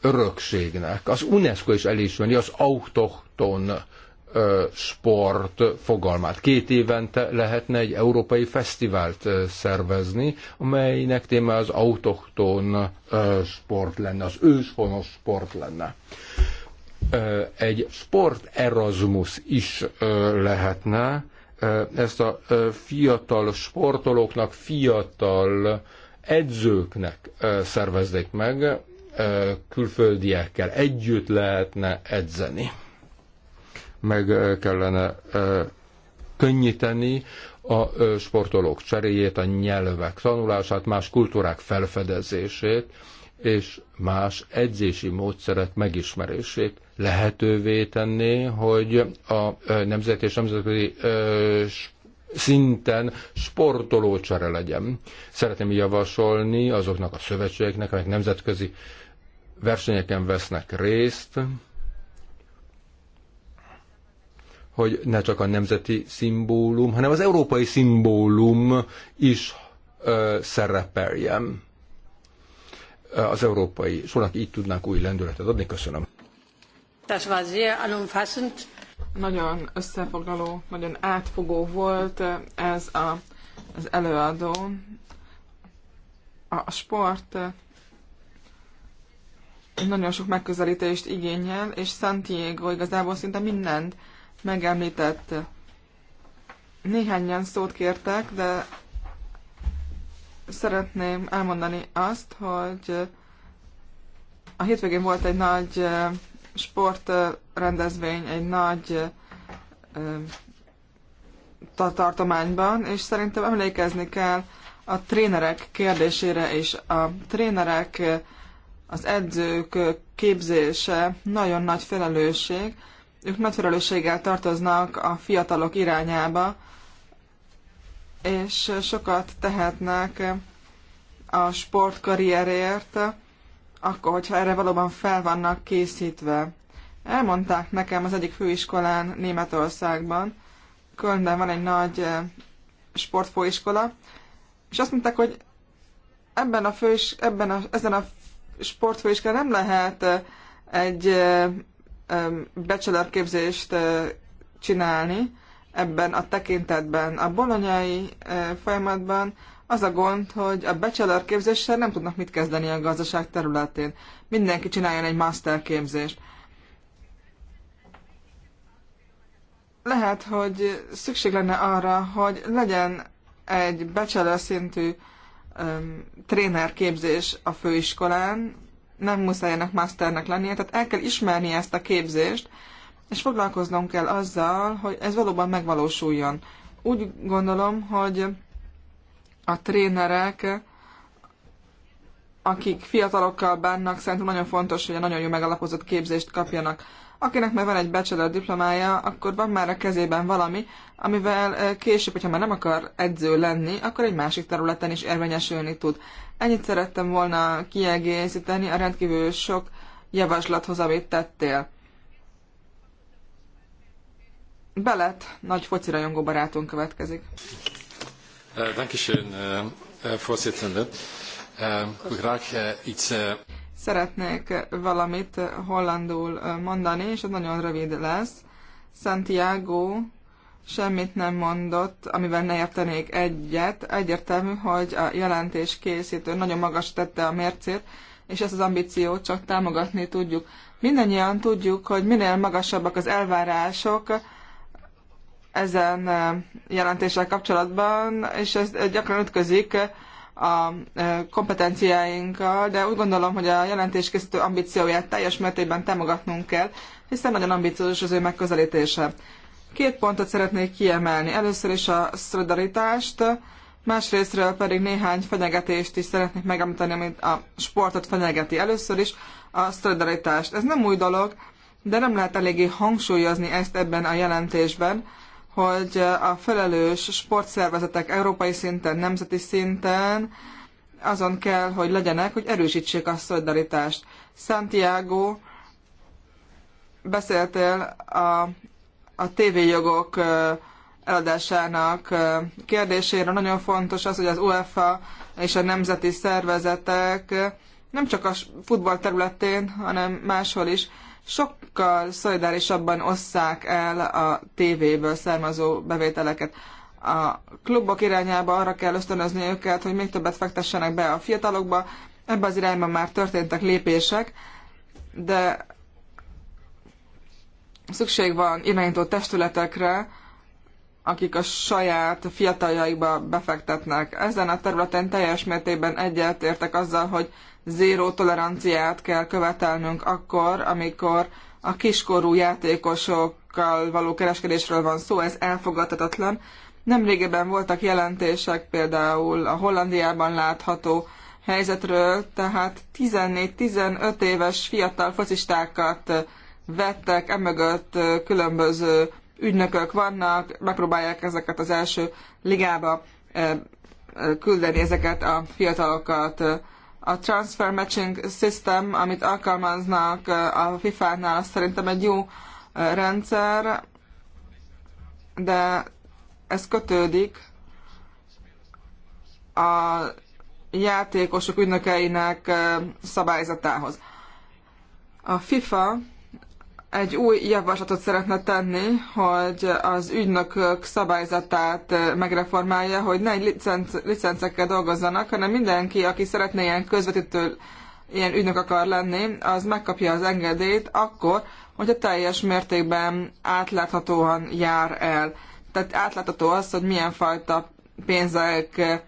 örökségnek. Az UNESCO is elismeri az autochton sport fogalmát. Két évente lehetne egy európai fesztivált szervezni, amelynek téma az autochton sport lenne, az őshonos sport lenne. Egy sport Erasmus is lehetne, ezt a fiatal sportolóknak, fiatal edzőknek szerveznék meg, külföldiekkel együtt lehetne edzeni. Meg kellene könnyíteni a sportolók cseréjét, a nyelvek tanulását, más kultúrák felfedezését, és más edzési módszerek megismerését lehetővé tenni, hogy a nemzeti és nemzetközi szinten sportoló csere legyen. Szeretném javasolni azoknak a szövetségeknek, amelyek nemzetközi versenyeken vesznek részt, hogy ne csak a nemzeti szimbólum, hanem az európai szimbólum is ö, szerepeljem. az európai sornak így tudnánk új lendületet adni. Köszönöm. Das war sehr Nagyon összefoglaló, nagyon átfogó volt ez a, az előadó. A sport nagyon sok megközelítést igényel, és Santiago igazából szinte mindent megemlített. Néhányan szót kértek, de szeretném elmondani azt, hogy a hétvégén volt egy nagy sportrendezvény, egy nagy tartományban, és szerintem emlékezni kell a trénerek kérdésére és A trénerek az edzők képzése nagyon nagy felelősség. Ők nagy felelősséggel tartoznak a fiatalok irányába, és sokat tehetnek a sportkarrierért, akkor, hogyha erre valóban fel vannak készítve. Elmondták nekem az egyik főiskolán Németországban, Kölnben van egy nagy sportfőiskola, és azt mondták, hogy ebben a fős, ebben a, ezen a sportfőiskán nem lehet egy bachelor képzést csinálni ebben a tekintetben. A bolonyai folyamatban az a gond, hogy a bachelor képzéssel nem tudnak mit kezdeni a gazdaság területén. Mindenki csináljon egy master képzést. Lehet, hogy szükség lenne arra, hogy legyen egy bachelor szintű trénerképzés a főiskolán, nem muszáj ennek masternek lennie, tehát el kell ismerni ezt a képzést, és foglalkoznunk kell azzal, hogy ez valóban megvalósuljon. Úgy gondolom, hogy a trénerek, akik fiatalokkal bánnak, szerintem nagyon fontos, hogy a nagyon jó megalapozott képzést kapjanak. Akinek már van egy bachelor diplomája, akkor van már a kezében valami, amivel később, hogyha már nem akar edző lenni, akkor egy másik területen is érvényesülni tud. Ennyit szerettem volna kiegészíteni a rendkívül sok javaslathoz, amit tettél. Belet, nagy rajongó barátunk következik. Dankeschön, voorzitter. Uh, graag iets szeretnék valamit hollandul mondani, és ez nagyon rövid lesz. Santiago semmit nem mondott, amivel ne értenék egyet. Egyértelmű, hogy a jelentés készítő nagyon magas tette a mércét, és ezt az ambíciót csak támogatni tudjuk. Mindennyian tudjuk, hogy minél magasabbak az elvárások ezen jelentéssel kapcsolatban, és ez gyakran ütközik a e, kompetenciáinkkal, de úgy gondolom, hogy a jelentéskészítő ambícióját teljes mértékben támogatnunk kell, hiszen nagyon ambiciózus az ő megközelítése. Két pontot szeretnék kiemelni. Először is a szolidaritást, másrésztről pedig néhány fenyegetést is szeretnék megemlíteni, amit a sportot fenyegeti. Először is a szolidaritást. Ez nem új dolog, de nem lehet eléggé hangsúlyozni ezt ebben a jelentésben, hogy a felelős sportszervezetek európai szinten, nemzeti szinten azon kell, hogy legyenek, hogy erősítsék a szolidaritást. Santiago, beszéltél a, a tévéjogok eladásának kérdésére. Nagyon fontos az, hogy az UEFA és a nemzeti szervezetek nem csak a futball területén, hanem máshol is sokkal szolidárisabban osszák el a tévéből származó bevételeket. A klubok irányába arra kell ösztönözni őket, hogy még többet fektessenek be a fiatalokba. Ebben az irányban már történtek lépések, de szükség van irányító testületekre, akik a saját fiataljaikba befektetnek. Ezen a területen teljes mértékben egyetértek azzal, hogy zéró toleranciát kell követelnünk akkor, amikor a kiskorú játékosokkal való kereskedésről van szó, ez elfogadhatatlan. Nemrégiben voltak jelentések például a Hollandiában látható helyzetről, tehát 14-15 éves fiatal focistákat vettek emögött különböző ügynökök vannak, megpróbálják ezeket az első ligába küldeni ezeket a fiatalokat. A transfer matching system, amit alkalmaznak a FIFA-nál, szerintem egy jó rendszer, de ez kötődik a játékosok ügynökeinek szabályzatához. A FIFA egy új javaslatot szeretne tenni, hogy az ügynökök szabályzatát megreformálja, hogy ne licenc, licencekkel dolgozzanak, hanem mindenki, aki szeretne ilyen közvetítő, ilyen ügynök akar lenni, az megkapja az engedélyt akkor, hogyha teljes mértékben átláthatóan jár el. Tehát átlátható az, hogy milyen fajta pénzek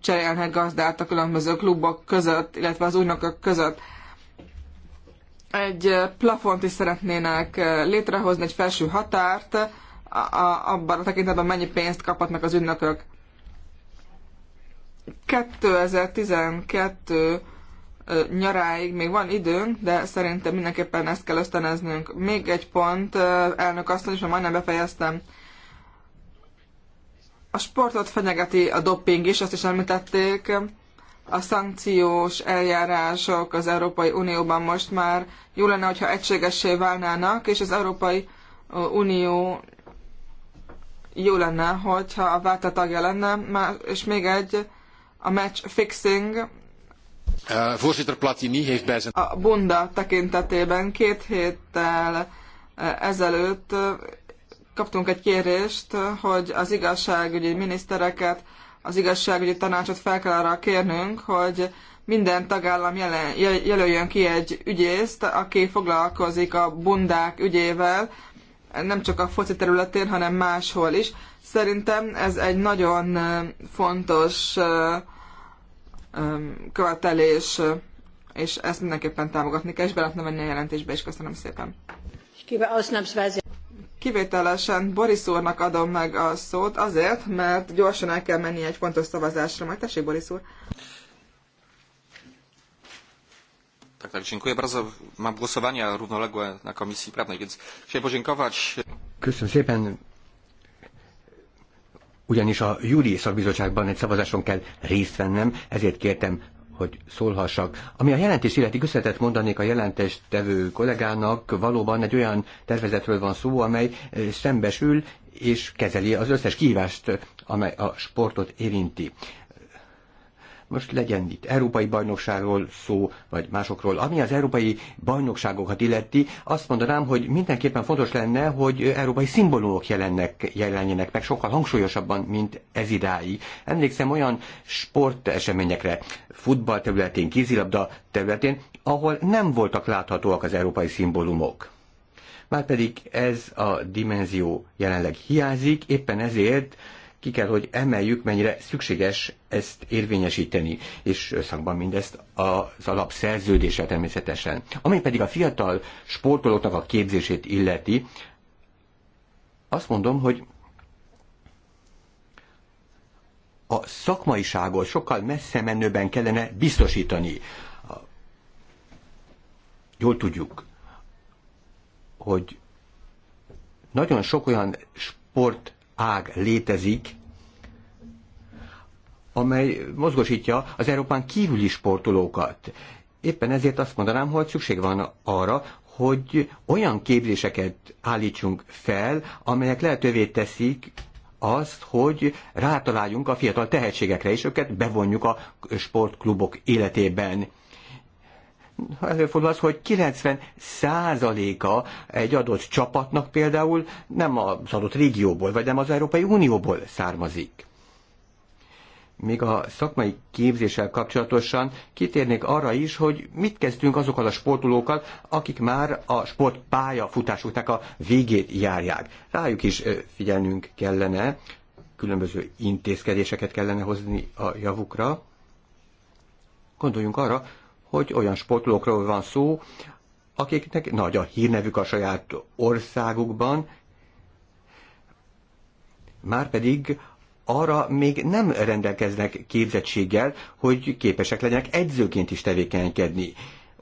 cserélnek gazdát a különböző klubok között, illetve az ügynökök között egy plafont is szeretnének létrehozni, egy felső határt, abban a tekintetben mennyi pénzt kaphatnak az ünnökök. 2012 nyaráig még van időnk, de szerintem mindenképpen ezt kell ösztönöznünk. Még egy pont, elnök asszony, és már majdnem befejeztem. A sportot fenyegeti a dopping is, azt is említették a szankciós eljárások az Európai Unióban most már jó lenne, hogyha egységessé válnának, és az Európai Unió jó lenne, hogyha a VATA tagja lenne, és még egy, a match fixing, eh, Voorzitter Platini heeft bij zijn... A bunda tekintetében két héttel eh, ezelőtt eh, kaptunk egy kérést, hogy az igazságügyi minisztereket az igazságügyi tanácsot fel kell arra kérnünk, hogy minden tagállam jelen, jelöljön ki egy ügyészt, aki foglalkozik a bundák ügyével, nem csak a foci területén, hanem máshol is. Szerintem ez egy nagyon fontos követelés, és ezt mindenképpen támogatni kell, és beletne venni a jelentésbe is. Köszönöm szépen. Kivételesen Boris úrnak adom meg a szót azért, mert gyorsan el kell menni egy fontos szavazásra. Majd tessék, Boris úr! Tak, tak, dziękuję bardzo. Mam głosowania równoległe na Komisji Prawnej, więc chciałem podziękować. Köszönöm szépen. Ugyanis a júli szakbizottságban egy szavazáson kell részt vennem, ezért kértem hogy szólhassak. Ami a jelentés illeti köszönetet mondanék a jelentést tevő kollégának, valóban egy olyan tervezetről van szó, amely eh, szembesül és kezeli az összes kihívást, amely a sportot érinti. Most legyen itt európai bajnokságról szó, vagy másokról. Ami az európai bajnokságokat illeti, azt mondanám, hogy mindenképpen fontos lenne, hogy európai szimbólumok jelennek, jelenjenek meg sokkal hangsúlyosabban, mint ez idáig. Emlékszem olyan sporteseményekre, futball területén, kézilabda területén, ahol nem voltak láthatóak az európai szimbólumok. Márpedig ez a dimenzió jelenleg hiányzik, éppen ezért ki kell, hogy emeljük, mennyire szükséges ezt érvényesíteni, és összhangban mindezt az alapszerződéssel természetesen. Ami pedig a fiatal sportolóknak a képzését illeti, azt mondom, hogy a szakmaiságot sokkal messze menőben kellene biztosítani. Jól tudjuk, hogy nagyon sok olyan sport ág létezik, amely mozgosítja az Európán kívüli sportolókat. Éppen ezért azt mondanám, hogy szükség van arra, hogy olyan képzéseket állítsunk fel, amelyek lehetővé teszik azt, hogy rátaláljunk a fiatal tehetségekre, és őket bevonjuk a sportklubok életében előfordul az, hogy 90 százaléka egy adott csapatnak például nem az adott régióból, vagy nem az Európai Unióból származik. Még a szakmai képzéssel kapcsolatosan kitérnék arra is, hogy mit kezdünk azokkal a sportolókkal, akik már a sport futásuknak a végét járják. Rájuk is figyelnünk kellene, különböző intézkedéseket kellene hozni a javukra. Gondoljunk arra, hogy olyan sportolókról van szó, akiknek nagy a hírnevük a saját országukban, már pedig arra még nem rendelkeznek képzettséggel, hogy képesek legyenek edzőként is tevékenykedni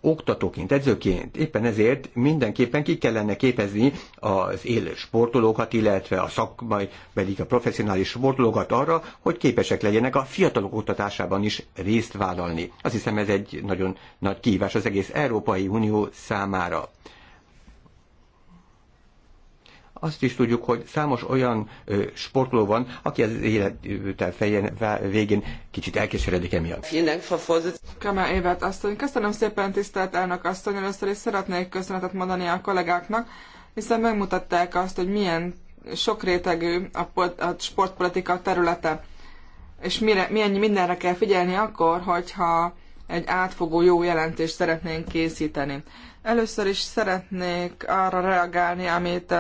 oktatóként, edzőként éppen ezért mindenképpen ki kellene képezni az élő sportolókat, illetve a szakmai, pedig a professzionális sportolókat arra, hogy képesek legyenek a fiatalok oktatásában is részt vállalni. Azt hiszem ez egy nagyon nagy kihívás az egész Európai Unió számára. Azt is tudjuk, hogy számos olyan ö, sportoló van, aki az élet fején, végén kicsit elkeseredik emiatt. Kamá Évet asszony, köszönöm szépen tisztelt elnök asszony, először is szeretnék köszönetet mondani a kollégáknak, hiszen megmutatták azt, hogy milyen sokrétegű a, a sportpolitika területe, és mire, milyen mindenre kell figyelni akkor, hogyha egy átfogó jó jelentést szeretnénk készíteni. Először is szeretnék arra reagálni, amit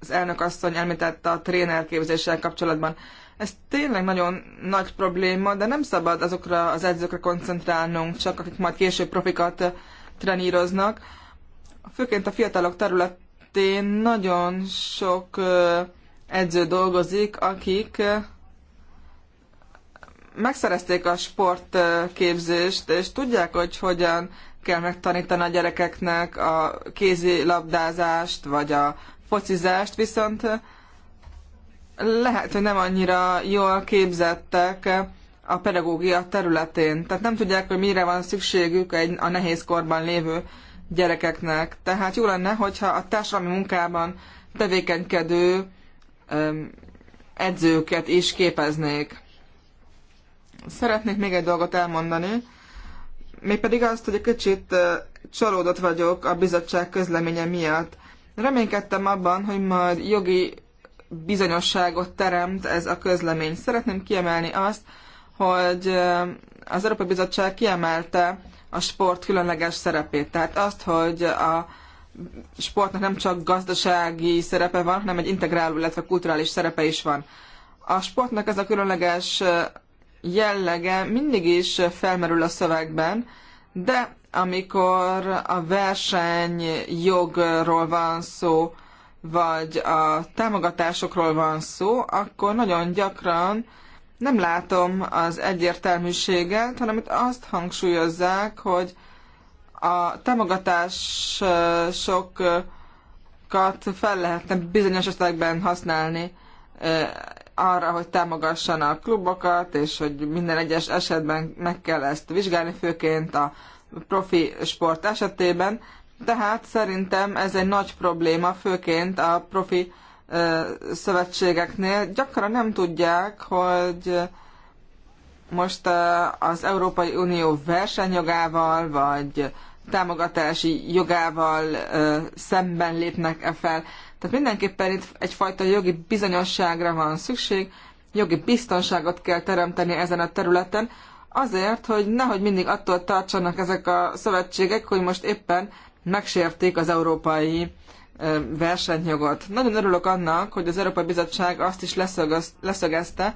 az elnök asszony említett a trénerképzéssel kapcsolatban. Ez tényleg nagyon nagy probléma, de nem szabad azokra az edzőkre koncentrálnunk, csak akik majd később profikat eh, treníroznak. Főként a fiatalok területén nagyon sok eh, edző dolgozik, akik eh, megszerezték a sportképzést, és tudják, hogy hogyan kell megtanítani a gyerekeknek a kézilabdázást, vagy a focizást, viszont lehet, hogy nem annyira jól képzettek a pedagógia területén. Tehát nem tudják, hogy mire van szükségük egy, a nehéz korban lévő gyerekeknek. Tehát jó lenne, hogyha a társadalmi munkában tevékenykedő edzőket is képeznék. Szeretnék még egy dolgot elmondani mégpedig azt, hogy egy kicsit csalódott vagyok a bizottság közleménye miatt. Reménykedtem abban, hogy majd jogi bizonyosságot teremt ez a közlemény. Szeretném kiemelni azt, hogy az Európai Bizottság kiemelte a sport különleges szerepét. Tehát azt, hogy a sportnak nem csak gazdasági szerepe van, hanem egy integráló, illetve kulturális szerepe is van. A sportnak ez a különleges jellege mindig is felmerül a szövegben, de amikor a verseny jogról van szó, vagy a támogatásokról van szó, akkor nagyon gyakran nem látom az egyértelműséget, hanem itt azt hangsúlyozzák, hogy a támogatásokat fel lehetne bizonyos esetekben használni arra, hogy támogassanak klubokat, és hogy minden egyes esetben meg kell ezt vizsgálni, főként a profi sport esetében. Tehát szerintem ez egy nagy probléma, főként a profi ö, szövetségeknél. Gyakran nem tudják, hogy most az Európai Unió versenyjogával, vagy támogatási jogával ö, szemben lépnek-e fel. Tehát mindenképpen itt egyfajta jogi bizonyosságra van szükség, jogi biztonságot kell teremteni ezen a területen, azért, hogy nehogy mindig attól tartsanak ezek a szövetségek, hogy most éppen megsérték az európai versenyjogot. Nagyon örülök annak, hogy az Európai Bizottság azt is leszögezte,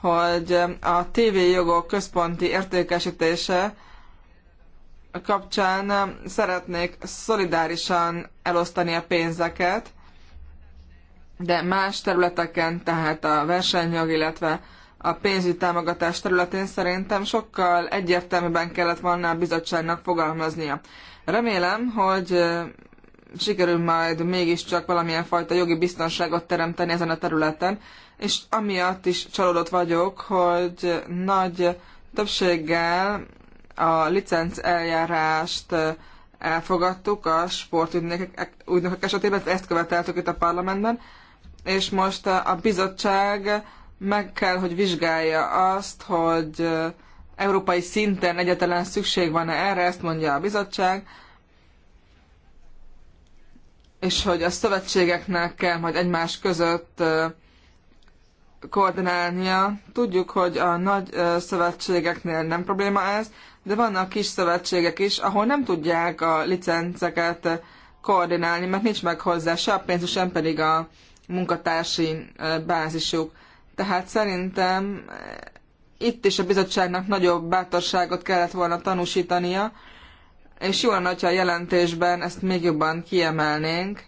hogy a TV jogok központi értékesítése kapcsán szeretnék szolidárisan elosztani a pénzeket, de más területeken, tehát a versenyjog, illetve a pénzügyi támogatás területén szerintem sokkal egyértelműbben kellett volna a bizottságnak fogalmaznia. Remélem, hogy sikerül majd mégiscsak valamilyen fajta jogi biztonságot teremteni ezen a területen, és amiatt is csalódott vagyok, hogy nagy többséggel a licenc eljárást elfogadtuk a sportügynökek e, esetében, ezt követeltük itt a parlamentben, és most a bizottság meg kell, hogy vizsgálja azt, hogy európai szinten egyetlen szükség van-e erre, ezt mondja a bizottság, és hogy a szövetségeknek kell majd egymás között koordinálnia. Tudjuk, hogy a nagy szövetségeknél nem probléma ez, de vannak kis szövetségek is, ahol nem tudják a licenceket koordinálni, mert nincs meg hozzá se a pénz, sem pedig a munkatársi bázisuk. Tehát szerintem itt is a bizottságnak nagyobb bátorságot kellett volna tanúsítania, és jó lenne, hogyha a jelentésben ezt még jobban kiemelnénk,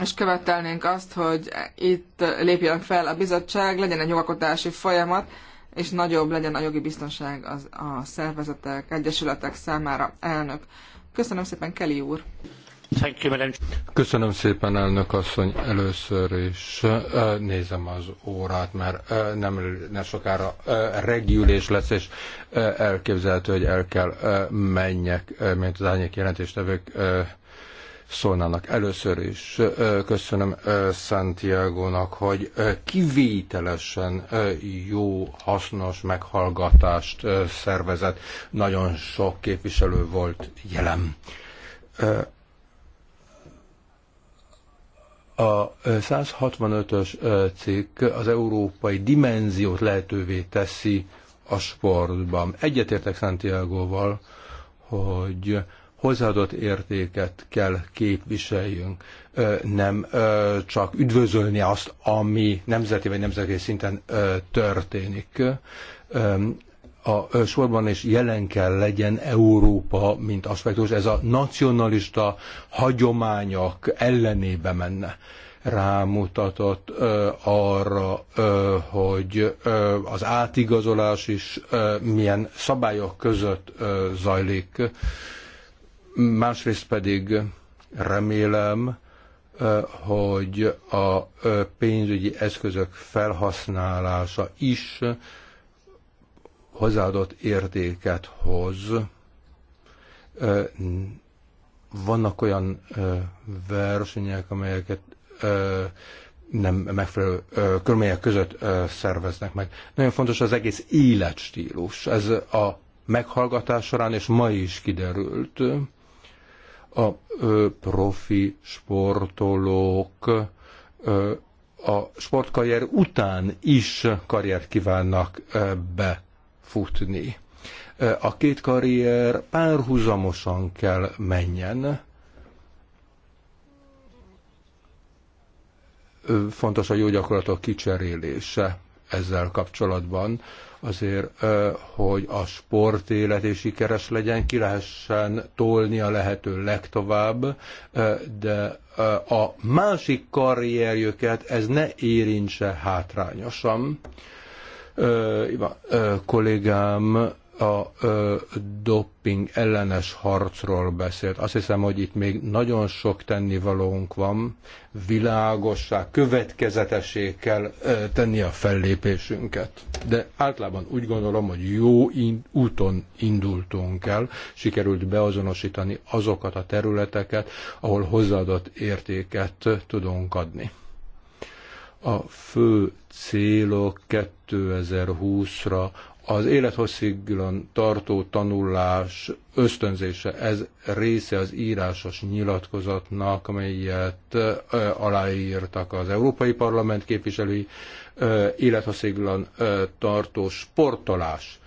és követelnénk azt, hogy itt lépjen fel a bizottság, legyen egy jogalkotási folyamat, és nagyobb legyen a jogi biztonság az, a szervezetek, egyesületek számára elnök. Köszönöm szépen, Keli úr! Köszönöm szépen, elnök asszony, először is nézem az órát, mert nem ne sokára regülés lesz, és elképzelhető, hogy el kell menjek, mint az árnyék jelentéstevők szólnának. Először is köszönöm Santiago-nak, hogy kivételesen jó, hasznos meghallgatást szervezett. Nagyon sok képviselő volt jelen a 165-ös cikk az európai dimenziót lehetővé teszi a sportban. Egyetértek Santiago-val, hogy hozzáadott értéket kell képviseljünk, nem csak üdvözölni azt, ami nemzeti vagy nemzeti szinten történik a sorban és jelen kell legyen Európa, mint aspektus. Ez a nacionalista hagyományok ellenébe menne rámutatott ö, arra, ö, hogy ö, az átigazolás is ö, milyen szabályok között ö, zajlik. Másrészt pedig remélem, ö, hogy a ö, pénzügyi eszközök felhasználása is hozzáadott értéket hoz. Vannak olyan versenyek, amelyeket nem megfelelő körülmények között szerveznek meg. Nagyon fontos az egész életstílus. Ez a meghallgatás során, és ma is kiderült, a profi sportolók a sportkarrier után is karriert kívánnak be futni. A két karrier párhuzamosan kell menjen. Fontos a jó gyakorlatok kicserélése ezzel kapcsolatban, azért, hogy a sport életé sikeres legyen, ki lehessen tolni a lehető legtovább, de a másik karrierjöket ez ne érintse hátrányosan kollégám a ö, doping ellenes harcról beszélt. Azt hiszem, hogy itt még nagyon sok tennivalónk van, világossá, következetessé kell ö, tenni a fellépésünket. De általában úgy gondolom, hogy jó in, úton indultunk el, sikerült beazonosítani azokat a területeket, ahol hozzáadott értéket tudunk adni. A fő célok 2020-ra az élethossziglan tartó tanulás ösztönzése, ez része az írásos nyilatkozatnak, amelyet aláírtak az Európai Parlament képviselői, élethossziglan tartó sportolás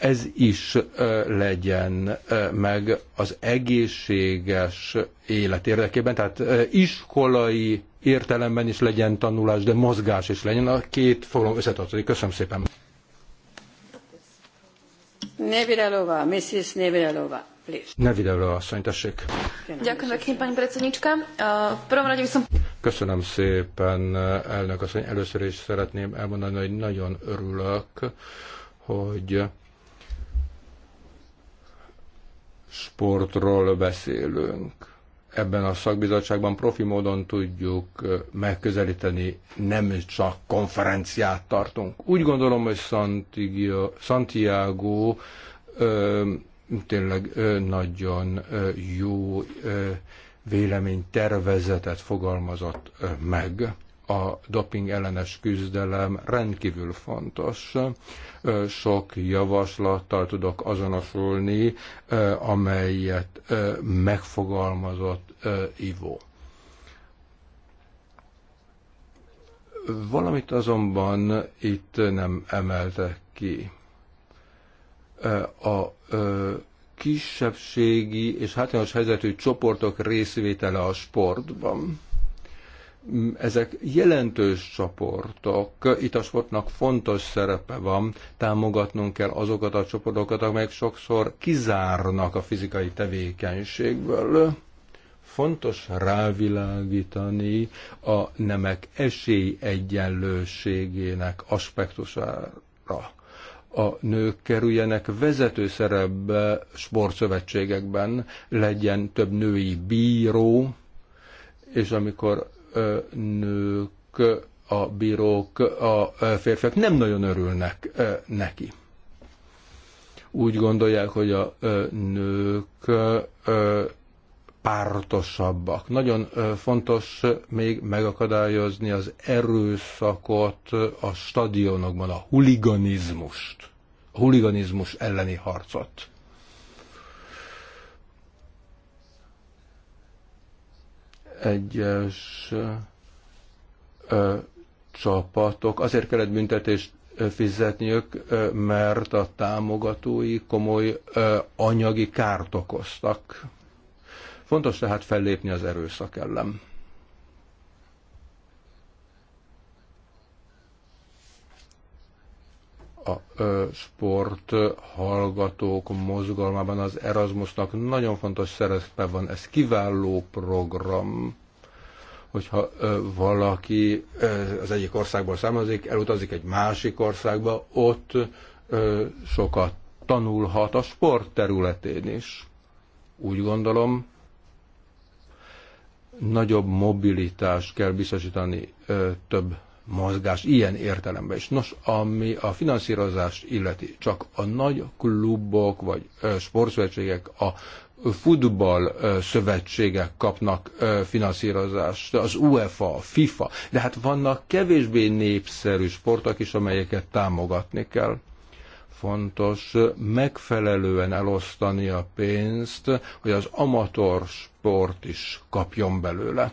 ez is legyen meg az egészséges élet érdekében, tehát iskolai értelemben is legyen tanulás, de mozgás is legyen. A két fogalom összetartozik. Köszönöm szépen. Nevirelova, Mrs. Nevirelova. Nevirelova asszony, tessék. Köszönöm szépen, elnök asszony. Először is szeretném elmondani, hogy nagyon örülök, hogy sportról beszélünk. Ebben a szakbizottságban profi módon tudjuk megközelíteni, nem csak konferenciát tartunk. Úgy gondolom, hogy Santiago ö, tényleg ö, nagyon ö, jó ö, véleménytervezetet fogalmazott meg a doping ellenes küzdelem rendkívül fontos. Sok javaslattal tudok azonosulni, amelyet megfogalmazott Ivo. Valamit azonban itt nem emeltek ki. A kisebbségi és hátrányos helyzetű csoportok részvétele a sportban ezek jelentős csoportok, itt a sportnak fontos szerepe van, támogatnunk kell azokat a csoportokat, amelyek sokszor kizárnak a fizikai tevékenységből fontos rávilágítani a nemek esélyegyenlőségének aspektusára. A nők kerüljenek vezető szerepbe sportszövetségekben, legyen több női bíró, és amikor nők, a bírók, a férfiak nem nagyon örülnek neki. Úgy gondolják, hogy a nők pártosabbak. Nagyon fontos még megakadályozni az erőszakot a stadionokban, a huliganizmust, a huliganizmus elleni harcot. Egyes ö, csapatok azért kellett büntetést fizetniük, mert a támogatói komoly anyagi kárt okoztak. Fontos tehát fellépni az erőszak ellen. a sport hallgatók mozgalmában az Erasmusnak nagyon fontos szerepe van. Ez kiváló program, hogyha valaki az egyik országból származik, elutazik egy másik országba, ott sokat tanulhat a sport területén is. Úgy gondolom, nagyobb mobilitást kell biztosítani több mozgás ilyen értelemben is. Nos, ami a finanszírozást illeti, csak a nagy klubok vagy sportszövetségek, a futball szövetségek kapnak finanszírozást, az UEFA, a FIFA, de hát vannak kevésbé népszerű sportok is, amelyeket támogatni kell. Fontos megfelelően elosztani a pénzt, hogy az amatőr sport is kapjon belőle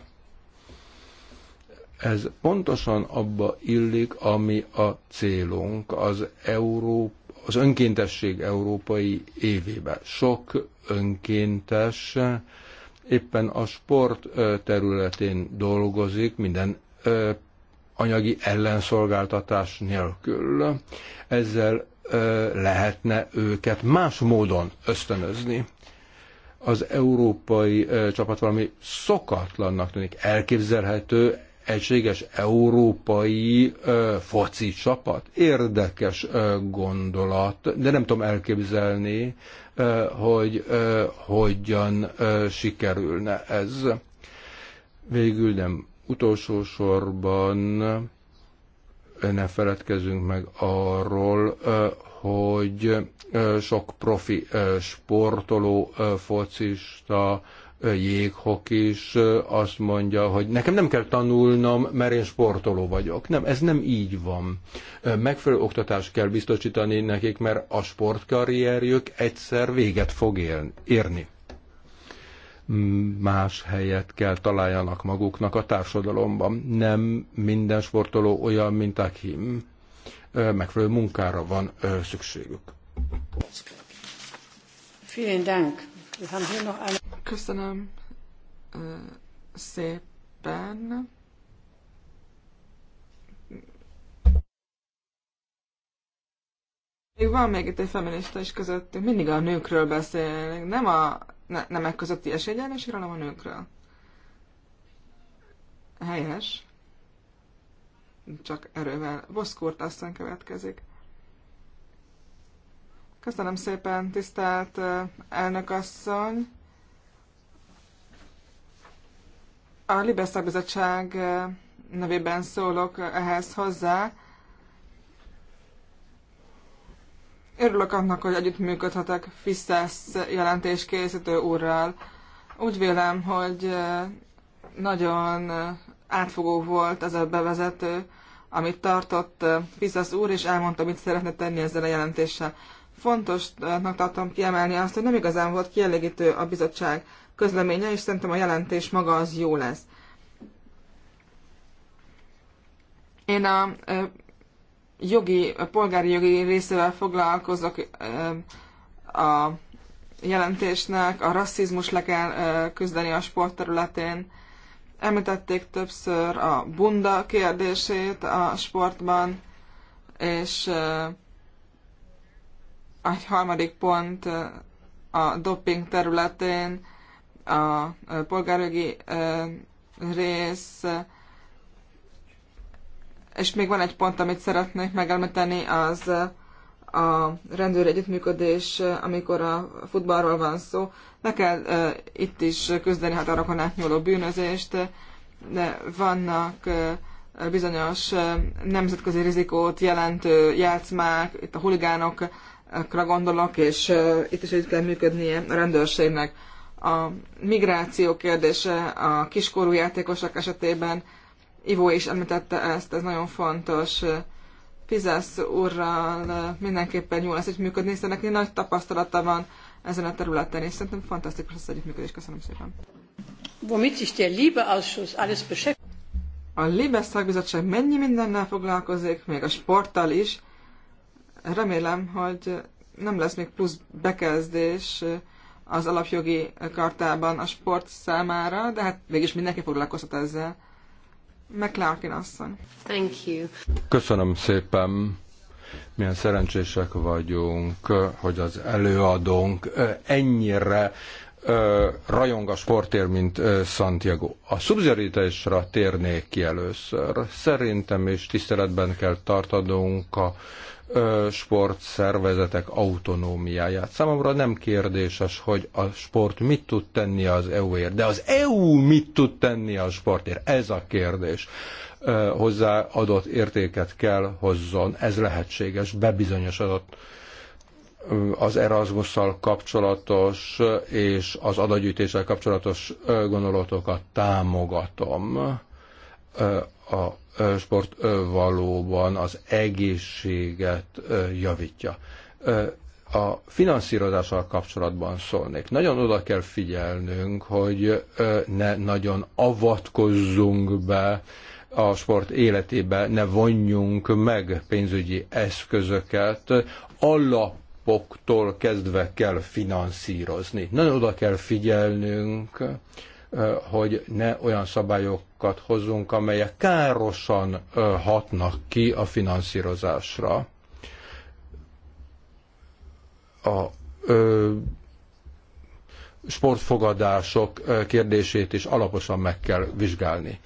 ez pontosan abba illik, ami a célunk az, Európa, az önkéntesség európai évében. Sok önkéntes éppen a sport területén dolgozik, minden anyagi ellenszolgáltatás nélkül. Ezzel lehetne őket más módon ösztönözni. Az európai csapat valami szokatlannak tűnik. Elképzelhető egységes európai ö, foci csapat. Érdekes ö, gondolat, de nem tudom elképzelni, ö, hogy ö, hogyan ö, sikerülne ez. Végül nem utolsó sorban ne feledkezzünk meg arról, hogy sok profi sportoló, focista, jéghok is azt mondja, hogy nekem nem kell tanulnom, mert én sportoló vagyok. Nem, ez nem így van. Megfelelő oktatást kell biztosítani nekik, mert a sportkarrierjük egyszer véget fog érni. Más helyet kell találjanak maguknak a társadalomban. Nem minden sportoló olyan, mint Akim. Megfelelő munkára van szükségük. Vielen Dank. Köszönöm szépen. Még van még itt egy feminista is között, mindig a nőkről beszélnek, nem a ne, nemek közötti esélyegyenlőségről, hanem a nőkről. Helyes. Csak erővel. Voszkurt aztán következik. Köszönöm szépen, tisztelt elnökasszony! A Libeszak Bizottság nevében szólok ehhez hozzá. Örülök annak, hogy együttműködhetek Fiszesz jelentés készítő úrral. Úgy vélem, hogy nagyon átfogó volt ez a bevezető, amit tartott Fiszesz úr, és elmondta, mit szeretne tenni ezzel a jelentéssel. Fontosnak tartom kiemelni azt, hogy nem igazán volt kielégítő a bizottság közleménye, és szerintem a jelentés maga az jó lesz. Én a jogi, a polgári jogi részével foglalkozok a jelentésnek, a rasszizmus le kell küzdeni a sportterületén. Említették többször a bunda kérdését a sportban, és egy harmadik pont a doping területén a polgárjogi rész, és még van egy pont, amit szeretnék megelmeteni, az a rendőr együttműködés, amikor a futballról van szó. Le kell itt is küzdeni határokon hát átnyúló bűnözést, de vannak bizonyos nemzetközi rizikót jelentő játszmák, itt a huligánok gondolok, és itt is együtt kell működnie a rendőrségnek. A migráció kérdése a kiskorú játékosok esetében, Ivo is említette ezt, ez nagyon fontos. Fizász úrral mindenképpen jó lesz hogy működni, hiszen neki nagy tapasztalata van ezen a területen, és szerintem fantasztikus az együttműködés. Köszönöm szépen. Womit sich der Liebeausschuss alles beschäftigt? A Liebe szakbizottság mennyi mindennel foglalkozik, még a sporttal is, Remélem, hogy nem lesz még plusz bekezdés az alapjogi kartában a sport számára, de hát mégis mindenki foglalkozhat ezzel. McLarkin asszony. Thank you. Köszönöm szépen. Milyen szerencsések vagyunk, hogy az előadónk ennyire rajong a sportért, mint Santiago. A szubziaritásra térnék ki először. Szerintem is tiszteletben kell tartanunk a sportszervezetek autonómiáját. Számomra nem kérdéses, hogy a sport mit tud tenni az EU-ért, de az EU mit tud tenni a sportért, ez a kérdés. hozzá adott értéket kell hozzon, ez lehetséges, bebizonyosodott az erasmus kapcsolatos és az adagyűjtéssel kapcsolatos gondolatokat támogatom. A sport valóban az egészséget javítja. A finanszírozással kapcsolatban szólnék. Nagyon oda kell figyelnünk, hogy ne nagyon avatkozzunk be a sport életébe, ne vonjunk meg pénzügyi eszközöket, alap alapoktól kezdve kell finanszírozni. Nagyon oda kell figyelnünk hogy ne olyan szabályokat hozzunk, amelyek károsan hatnak ki a finanszírozásra. A ö, sportfogadások kérdését is alaposan meg kell vizsgálni.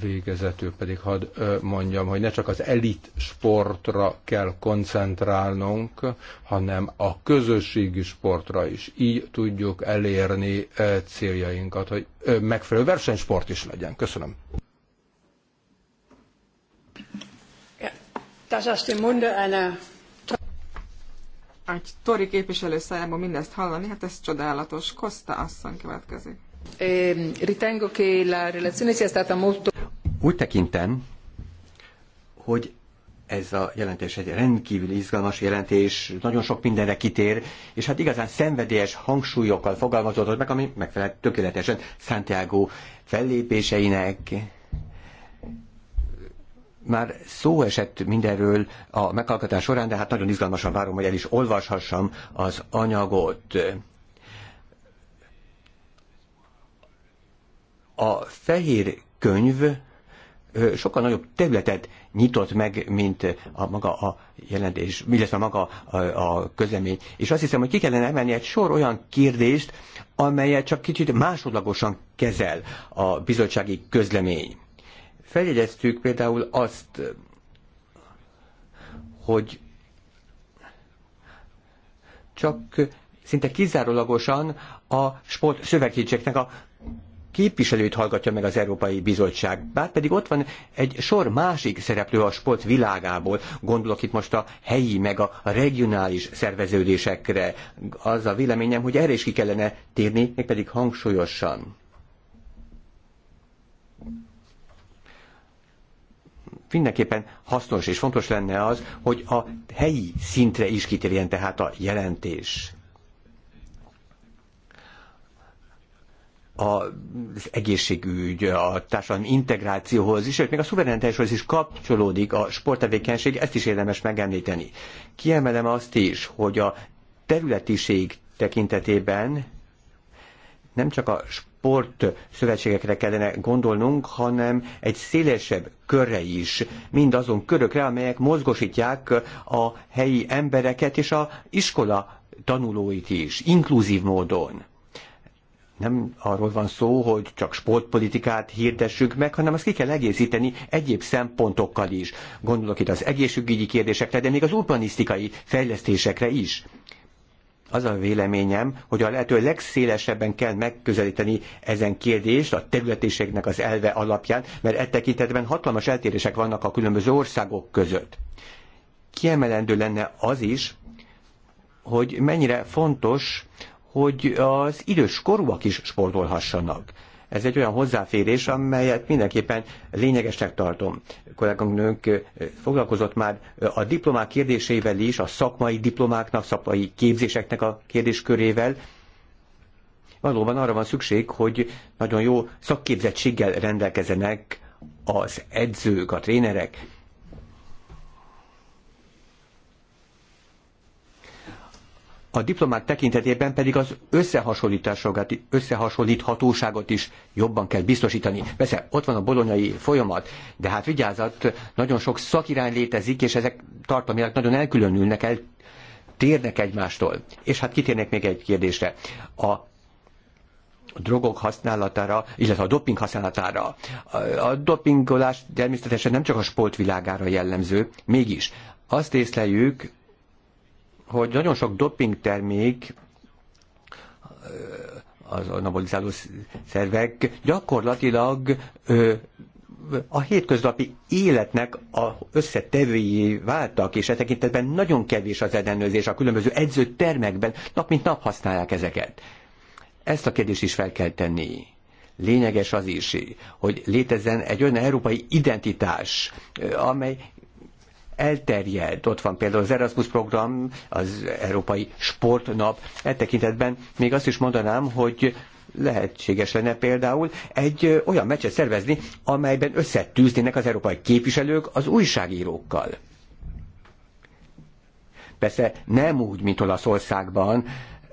Végezetül pedig hadd mondjam, hogy ne csak az elit sportra kell koncentrálnunk, hanem a közösségi sportra is. Így tudjuk elérni céljainkat, hogy megfelelő versenysport is legyen. Köszönöm. Das aus dem Munde egy tori képviselő szájából mindezt hallani, hát ez csodálatos. Costa asszony következik. Ehm, ritengo che la relazione sia stata molto... Úgy tekintem, hogy ez a jelentés egy rendkívül izgalmas jelentés, nagyon sok mindenre kitér, és hát igazán szenvedélyes hangsúlyokkal fogalmazódott meg, ami megfelel tökéletesen Santiago fellépéseinek. Már szó esett mindenről a meghallgatás során, de hát nagyon izgalmasan várom, hogy el is olvashassam az anyagot. A fehér könyv sokkal nagyobb területet nyitott meg, mint a maga a jelentés, illetve maga a, a közlemény. És azt hiszem, hogy ki kellene emelni egy sor olyan kérdést, amelyet csak kicsit másodlagosan kezel a bizottsági közlemény. Feljegyeztük például azt, hogy csak szinte kizárólagosan a sport szövegkincseknek a képviselőt hallgatja meg az Európai Bizottság. Bár pedig ott van egy sor másik szereplő a sport világából, gondolok itt most a helyi meg a regionális szerveződésekre. Az a véleményem, hogy erre is ki kellene térni, pedig hangsúlyosan. mindenképpen hasznos és fontos lenne az, hogy a helyi szintre is kitérjen tehát a jelentés. az egészségügy, a társadalmi integrációhoz, és még a szuverenitáshoz is kapcsolódik a sporttevékenység, ezt is érdemes megemlíteni. Kiemelem azt is, hogy a területiség tekintetében nem csak a sport szövetségekre kellene gondolnunk, hanem egy szélesebb körre is, mindazon körökre, amelyek mozgosítják a helyi embereket és a iskola tanulóit is, inkluzív módon nem arról van szó, hogy csak sportpolitikát hirdessünk meg, hanem azt ki kell egészíteni egyéb szempontokkal is. Gondolok itt az egészségügyi kérdésekre, de még az urbanisztikai fejlesztésekre is. Az a véleményem, hogy a lehető legszélesebben kell megközelíteni ezen kérdést a területéseknek az elve alapján, mert e tekintetben hatalmas eltérések vannak a különböző országok között. Kiemelendő lenne az is, hogy mennyire fontos hogy az idős korúak is sportolhassanak. Ez egy olyan hozzáférés, amelyet mindenképpen lényegesnek tartom. Kolléganőnk foglalkozott már a diplomák kérdésével is, a szakmai diplomáknak, szakmai képzéseknek a kérdéskörével, valóban arra van szükség, hogy nagyon jó szakképzettséggel rendelkezenek az edzők, a trénerek. a diplomák tekintetében pedig az összehasonlításokat, összehasonlíthatóságot is jobban kell biztosítani. Persze ott van a bolonyai folyamat, de hát vigyázat, nagyon sok szakirány létezik, és ezek tartalmilag nagyon elkülönülnek el, térnek egymástól. És hát kitérnek még egy kérdésre. A drogok használatára, illetve a doping használatára. A dopingolás természetesen nem csak a sportvilágára jellemző, mégis azt észleljük, hogy nagyon sok doping termék az anabolizáló szervek gyakorlatilag a hétköznapi életnek a összetevői váltak, és e tekintetben nagyon kevés az ellenőrzés a különböző edzőtermekben, nap mint nap használják ezeket. Ezt a kérdést is fel kell tenni. Lényeges az is, hogy létezzen egy olyan európai identitás, amely elterjed. Ott van például az Erasmus program, az Európai Sportnap. E tekintetben még azt is mondanám, hogy lehetséges lenne például egy olyan meccset szervezni, amelyben összetűznének az európai képviselők az újságírókkal. Persze nem úgy, mint Olaszországban,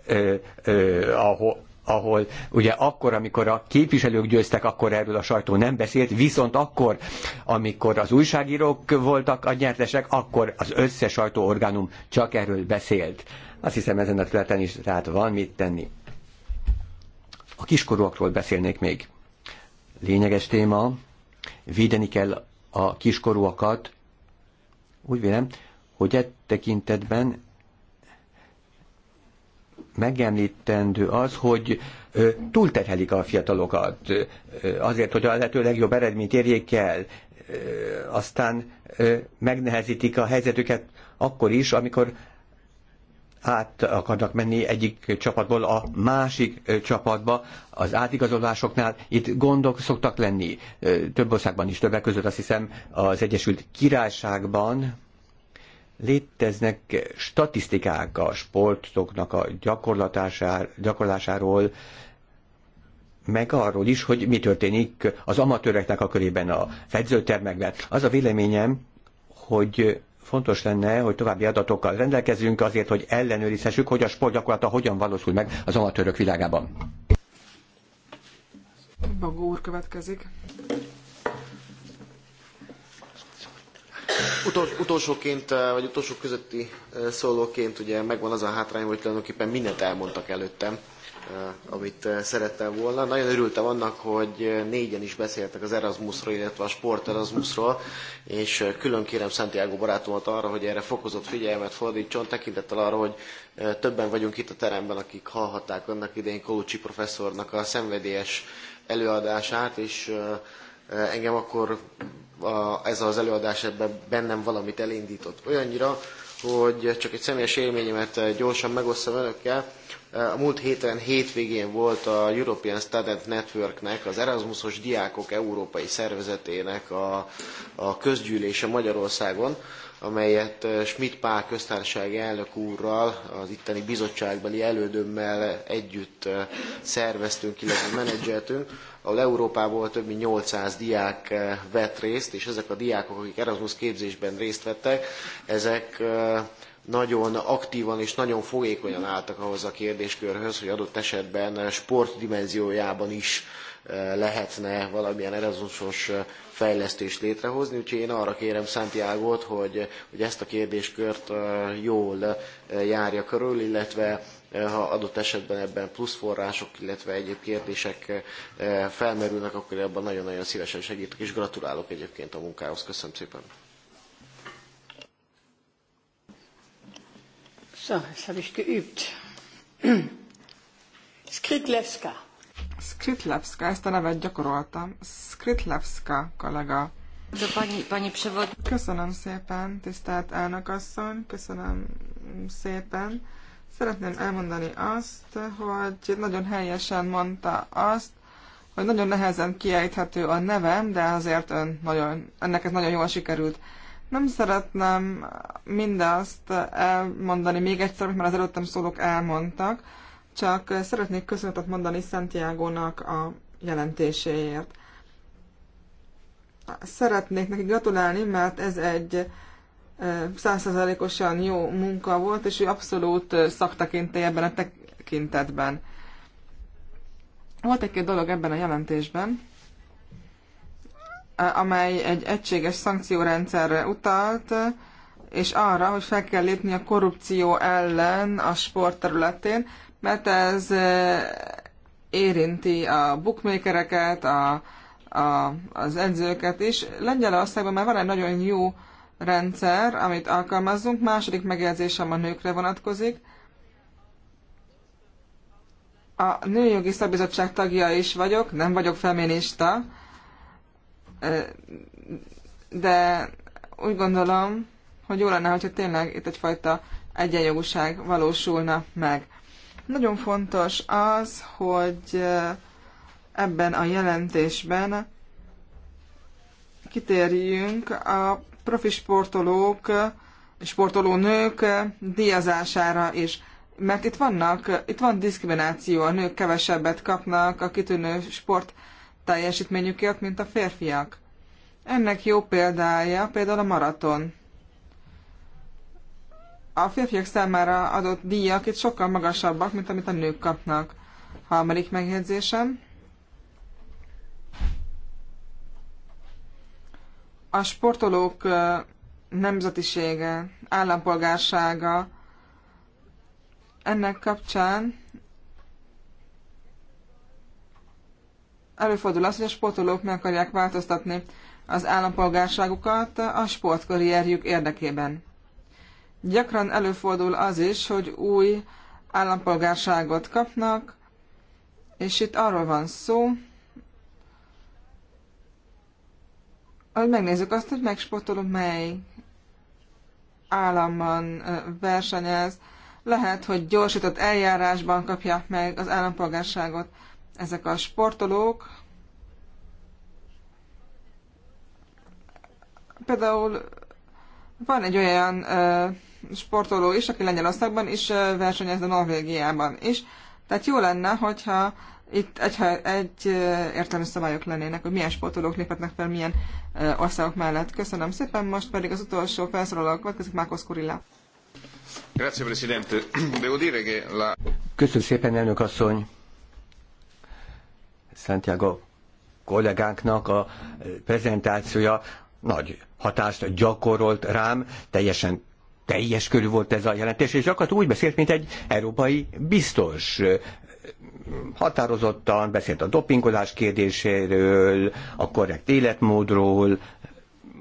ö, ö, ahol, ahol ugye akkor, amikor a képviselők győztek, akkor erről a sajtó nem beszélt, viszont akkor, amikor az újságírók voltak a nyertesek, akkor az összes sajtóorgánum csak erről beszélt. Azt hiszem ezen a területen is tehát van mit tenni. A kiskorúakról beszélnék még. Lényeges téma, védeni kell a kiskorúakat. Úgy vélem, hogy e tekintetben megemlítendő az, hogy túlterhelik a fiatalokat azért, hogy a lehető legjobb eredményt érjék el, aztán megnehezítik a helyzetüket akkor is, amikor át akarnak menni egyik csapatból a másik csapatba, az átigazolásoknál itt gondok szoktak lenni. Több országban is, többek között azt hiszem az Egyesült Királyságban Léteznek statisztikák a sportoknak a gyakorlásáról, meg arról is, hogy mi történik az amatőreknek a körében, a fedzőtermekben. Az a véleményem, hogy fontos lenne, hogy további adatokkal rendelkezünk azért, hogy ellenőrizhessük, hogy a sport gyakorlata hogyan valósul meg az amatőrök világában. Bagó úr következik. Utol, utolsóként, eh, vagy utolsó közötti eh, szólóként ugye megvan az a hátrány, hogy tulajdonképpen mindent elmondtak előttem, eh, amit szerettem volna. Nagyon örültem annak, hogy négyen is beszéltek az Erasmusról, illetve a Sport Erasmusról, és külön kérem Santiago barátomat arra, hogy erre fokozott figyelmet fordítson, tekintettel arra, hogy többen vagyunk itt a teremben, akik hallhatták annak idején Colucci professzornak a szenvedélyes előadását, és engem akkor a, ez az előadás ebben bennem valamit elindított. Olyannyira, hogy csak egy személyes élményemet eh, gyorsan megosztom önökkel. Eh, a múlt héten hétvégén volt a European Student Networknek, az Erasmusos Diákok Európai Szervezetének a, a közgyűlése Magyarországon, amelyet eh, Schmidt Pál köztársasági elnök úrral, az itteni bizottságbeli elődömmel együtt szerveztünk, illetve menedzseltünk ahol Európából több mint 800 diák eh, vett részt, és ezek a diákok, akik Erasmus képzésben részt vettek, ezek eh, nagyon aktívan és nagyon fogékonyan álltak ahhoz a kérdéskörhöz, hogy adott esetben eh, sportdimenziójában is lehetne valamilyen Erasmusos fejlesztést létrehozni, úgyhogy én arra kérem santiago hogy, hogy ezt a kérdéskört jól járja körül, illetve Eh, ha adott esetben ebben plusz források, illetve egyéb kérdések eh, felmerülnek, akkor ebben nagyon-nagyon szívesen segítek, és gratulálok egyébként a munkához. Köszönöm szépen. So, jetzt habe ich geübt. Skritlevska. Skritlevska, ezt a nevet gyakoroltam. Skritlevska kollega. Köszönöm szépen, tisztelt elnök asszony, köszönöm szépen Szeretném elmondani azt, hogy nagyon helyesen mondta azt, hogy nagyon nehezen kiejthető a nevem, de azért ön nagyon, ennek ez nagyon jól sikerült. Nem szeretném mindazt elmondani még egyszer, mert az előttem szólók elmondtak, csak szeretnék köszönetet mondani Santiago-nak a jelentéséért. Szeretnék neki gratulálni, mert ez egy százszerzalékosan jó munka volt, és ő abszolút szaktakinté ebben a tekintetben. Volt egy-két dolog ebben a jelentésben, amely egy egységes szankciórendszerre utalt, és arra, hogy fel kell lépni a korrupció ellen a sport területén, mert ez érinti a bookmakereket, a, a, az edzőket is. Lengyelországban már van egy nagyon jó rendszer, amit alkalmazzunk. Második megjegyzésem a nőkre vonatkozik. A Nőjogi Szabizottság tagja is vagyok, nem vagyok feminista, de úgy gondolom, hogy jó lenne, hogyha tényleg itt egyfajta egyenjogúság valósulna meg. Nagyon fontos az, hogy ebben a jelentésben kitérjünk a profi sportolók, sportoló nők díjazására is. Mert itt vannak, itt van diszkrimináció, a nők kevesebbet kapnak a kitűnő sport teljesítményükért, mint a férfiak. Ennek jó példája például a maraton. A férfiak számára adott díjak itt sokkal magasabbak, mint amit a nők kapnak. Harmadik megjegyzésem. a sportolók nemzetisége, állampolgársága ennek kapcsán előfordul az, hogy a sportolók meg akarják változtatni az állampolgárságukat a sportkarrierjük érdekében. Gyakran előfordul az is, hogy új állampolgárságot kapnak, és itt arról van szó, hogy megnézzük azt, hogy megspotolunk mely államban versenyez. Lehet, hogy gyorsított eljárásban kapják meg az állampolgárságot ezek a sportolók. Például van egy olyan ö, sportoló is, aki Lengyelországban is versenyez, de Norvégiában is. Tehát jó lenne, hogyha itt egy, egy értelmű szabályok lennének, hogy milyen sportolók léphetnek fel milyen országok mellett. Köszönöm szépen, most pedig az utolsó felszólaló következik Mákos Kurilla. Köszönöm szépen, elnök asszony. Santiago kollégánknak a prezentációja nagy hatást gyakorolt rám, teljesen teljes körül volt ez a jelentés, és gyakorlatilag úgy beszélt, mint egy európai biztos határozottan beszélt a dopingolás kérdéséről, a korrekt életmódról,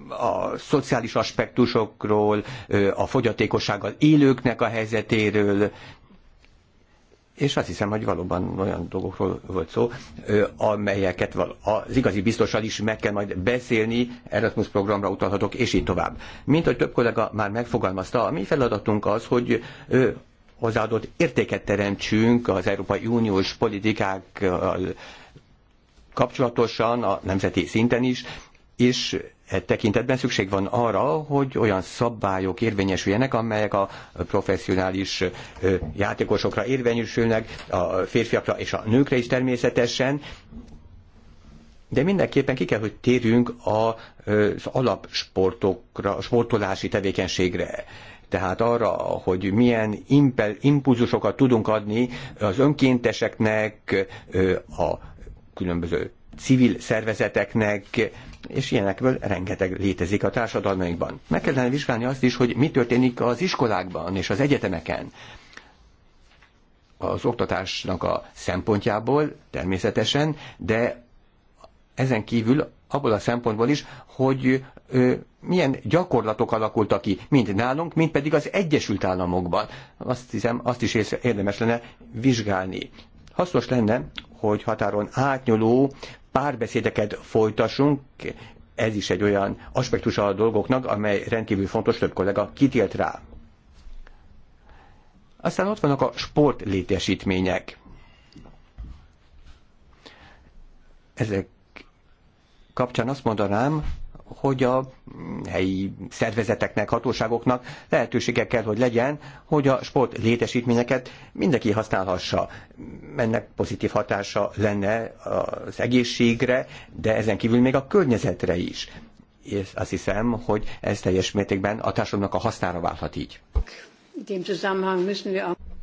a szociális aspektusokról, a fogyatékossággal élőknek a helyzetéről, és azt hiszem, hogy valóban olyan dolgokról volt szó, amelyeket az igazi biztossal is meg kell majd beszélni, Erasmus programra utalhatok, és így tovább. Mint hogy több kollega már megfogalmazta, a mi feladatunk az, hogy hozzáadott értéket teremtsünk az Európai Uniós politikák kapcsolatosan, a nemzeti szinten is, és e tekintetben szükség van arra, hogy olyan szabályok érvényesüljenek, amelyek a professzionális játékosokra érvényesülnek, a férfiakra és a nőkre is természetesen, de mindenképpen ki kell, hogy térjünk az alapsportokra, sportolási tevékenységre tehát arra, hogy milyen impulzusokat tudunk adni az önkénteseknek, a különböző civil szervezeteknek, és ilyenekből rengeteg létezik a társadalmainkban. Meg kellene vizsgálni azt is, hogy mi történik az iskolákban és az egyetemeken. Az oktatásnak a szempontjából természetesen, de ezen kívül abból a szempontból is, hogy milyen gyakorlatok alakultak ki, mind nálunk, mind pedig az Egyesült Államokban. Azt hiszem, azt is érdemes lenne vizsgálni. Hasznos lenne, hogy határon átnyúló párbeszédeket folytassunk, ez is egy olyan aspektus a dolgoknak, amely rendkívül fontos, több kollega kitért rá. Aztán ott vannak a sportlétesítmények. Ezek kapcsán azt mondanám, hogy a helyi szervezeteknek, hatóságoknak lehetősége kell, hogy legyen, hogy a sport létesítményeket mindenki használhassa. Ennek pozitív hatása lenne az egészségre, de ezen kívül még a környezetre is. És azt hiszem, hogy ez teljes mértékben a társadalomnak a hasznára válhat így.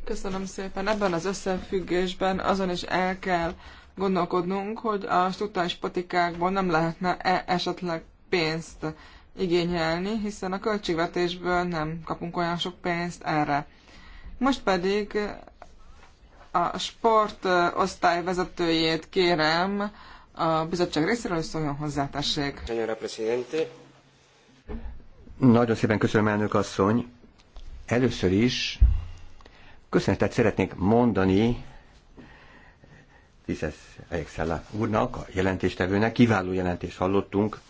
Köszönöm szépen. Ebben az összefüggésben azon is el kell gondolkodnunk, hogy a struktúrális patikákból nem lehetne -e esetleg pénzt igényelni, hiszen a költségvetésből nem kapunk olyan sok pénzt erre. Most pedig a sport osztály vezetőjét kérem a bizottság részéről, hogy szóljon hozzá, tessék. Nagyon szépen köszönöm, elnök asszony. Először is köszönetet szeretnék mondani Tisztes Ejkszella úrnak, a jelentéstevőnek. Kiváló jelentést hallottunk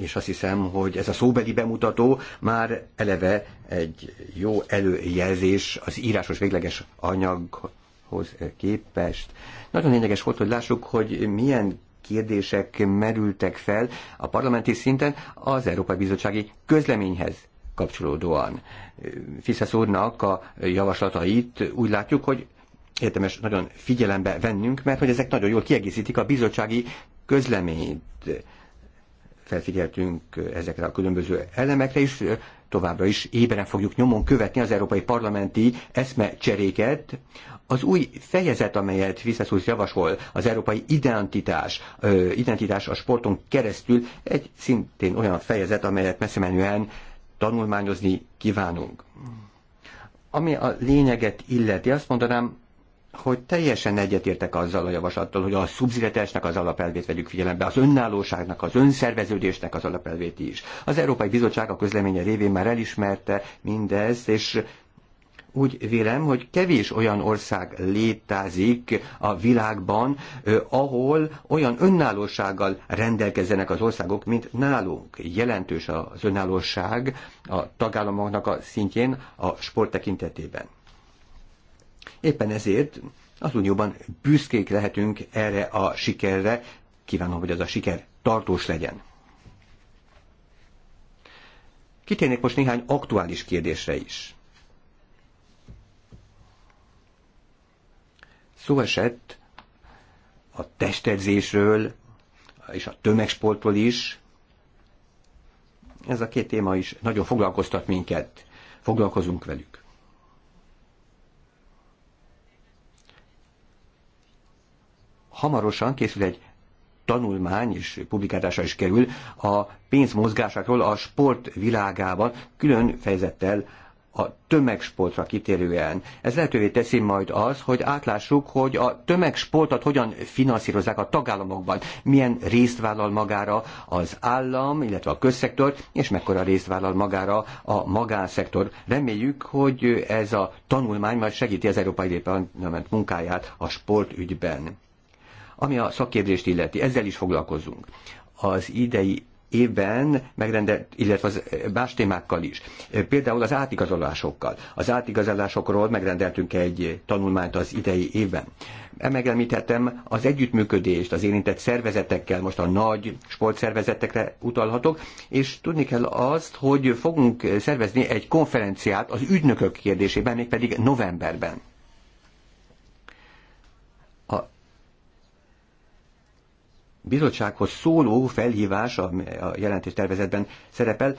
és azt hiszem, hogy ez a szóbeli bemutató már eleve egy jó előjelzés az írásos végleges anyaghoz képest. Nagyon lényeges volt, hogy lássuk, hogy milyen kérdések merültek fel a parlamenti szinten az Európai Bizottsági közleményhez kapcsolódóan. Fiszesz úrnak a javaslatait úgy látjuk, hogy érdemes nagyon figyelembe vennünk, mert hogy ezek nagyon jól kiegészítik a bizottsági közleményt felfigyeltünk ezekre a különböző elemekre is, továbbra is éberen fogjuk nyomon követni az európai parlamenti eszmecseréket. Az új fejezet, amelyet Viszeszúsz javasol, az európai identitás, identitás a sporton keresztül, egy szintén olyan fejezet, amelyet messze menően tanulmányozni kívánunk. Ami a lényeget illeti, azt mondanám, hogy teljesen egyetértek azzal a javaslattal, hogy a szubszidiaritásnak az alapelvét vegyük figyelembe, az önállóságnak, az önszerveződésnek az alapelvét is. Az Európai Bizottság a közleménye révén már elismerte mindezt, és úgy vélem, hogy kevés olyan ország létezik a világban, ahol olyan önállósággal rendelkezzenek az országok, mint nálunk. Jelentős az önállóság a tagállamoknak a szintjén a sport tekintetében. Éppen ezért az Unióban büszkék lehetünk erre a sikerre, kívánom, hogy az a siker tartós legyen. Kitérnék most néhány aktuális kérdésre is. Szó esett a testedzésről és a tömegsportról is. Ez a két téma is nagyon foglalkoztat minket. Foglalkozunk velük. hamarosan készül egy tanulmány és publikátása is kerül a pénz mozgásáról a sport világában, külön fejezettel a tömegsportra kitérően. Ez lehetővé teszi majd az, hogy átlássuk, hogy a tömegsportot hogyan finanszírozzák a tagállamokban, milyen részt vállal magára az állam, illetve a közszektor, és mekkora részt vállal magára a magánszektor. Reméljük, hogy ez a tanulmány majd segíti az Európai Parlament munkáját a sportügyben. Ami a szakképzést illeti, ezzel is foglalkozunk. Az idei évben megrendelt, illetve az eh, más témákkal is. Például az átigazolásokkal. Az átigazolásokról megrendeltünk egy tanulmányt az idei évben. Megemlítettem az együttműködést az érintett szervezetekkel, most a nagy sportszervezetekre utalhatok, és tudni kell azt, hogy fogunk szervezni egy konferenciát az ügynökök kérdésében, mégpedig novemberben. bizottsághoz szóló felhívás a, a jelentés tervezetben szerepel,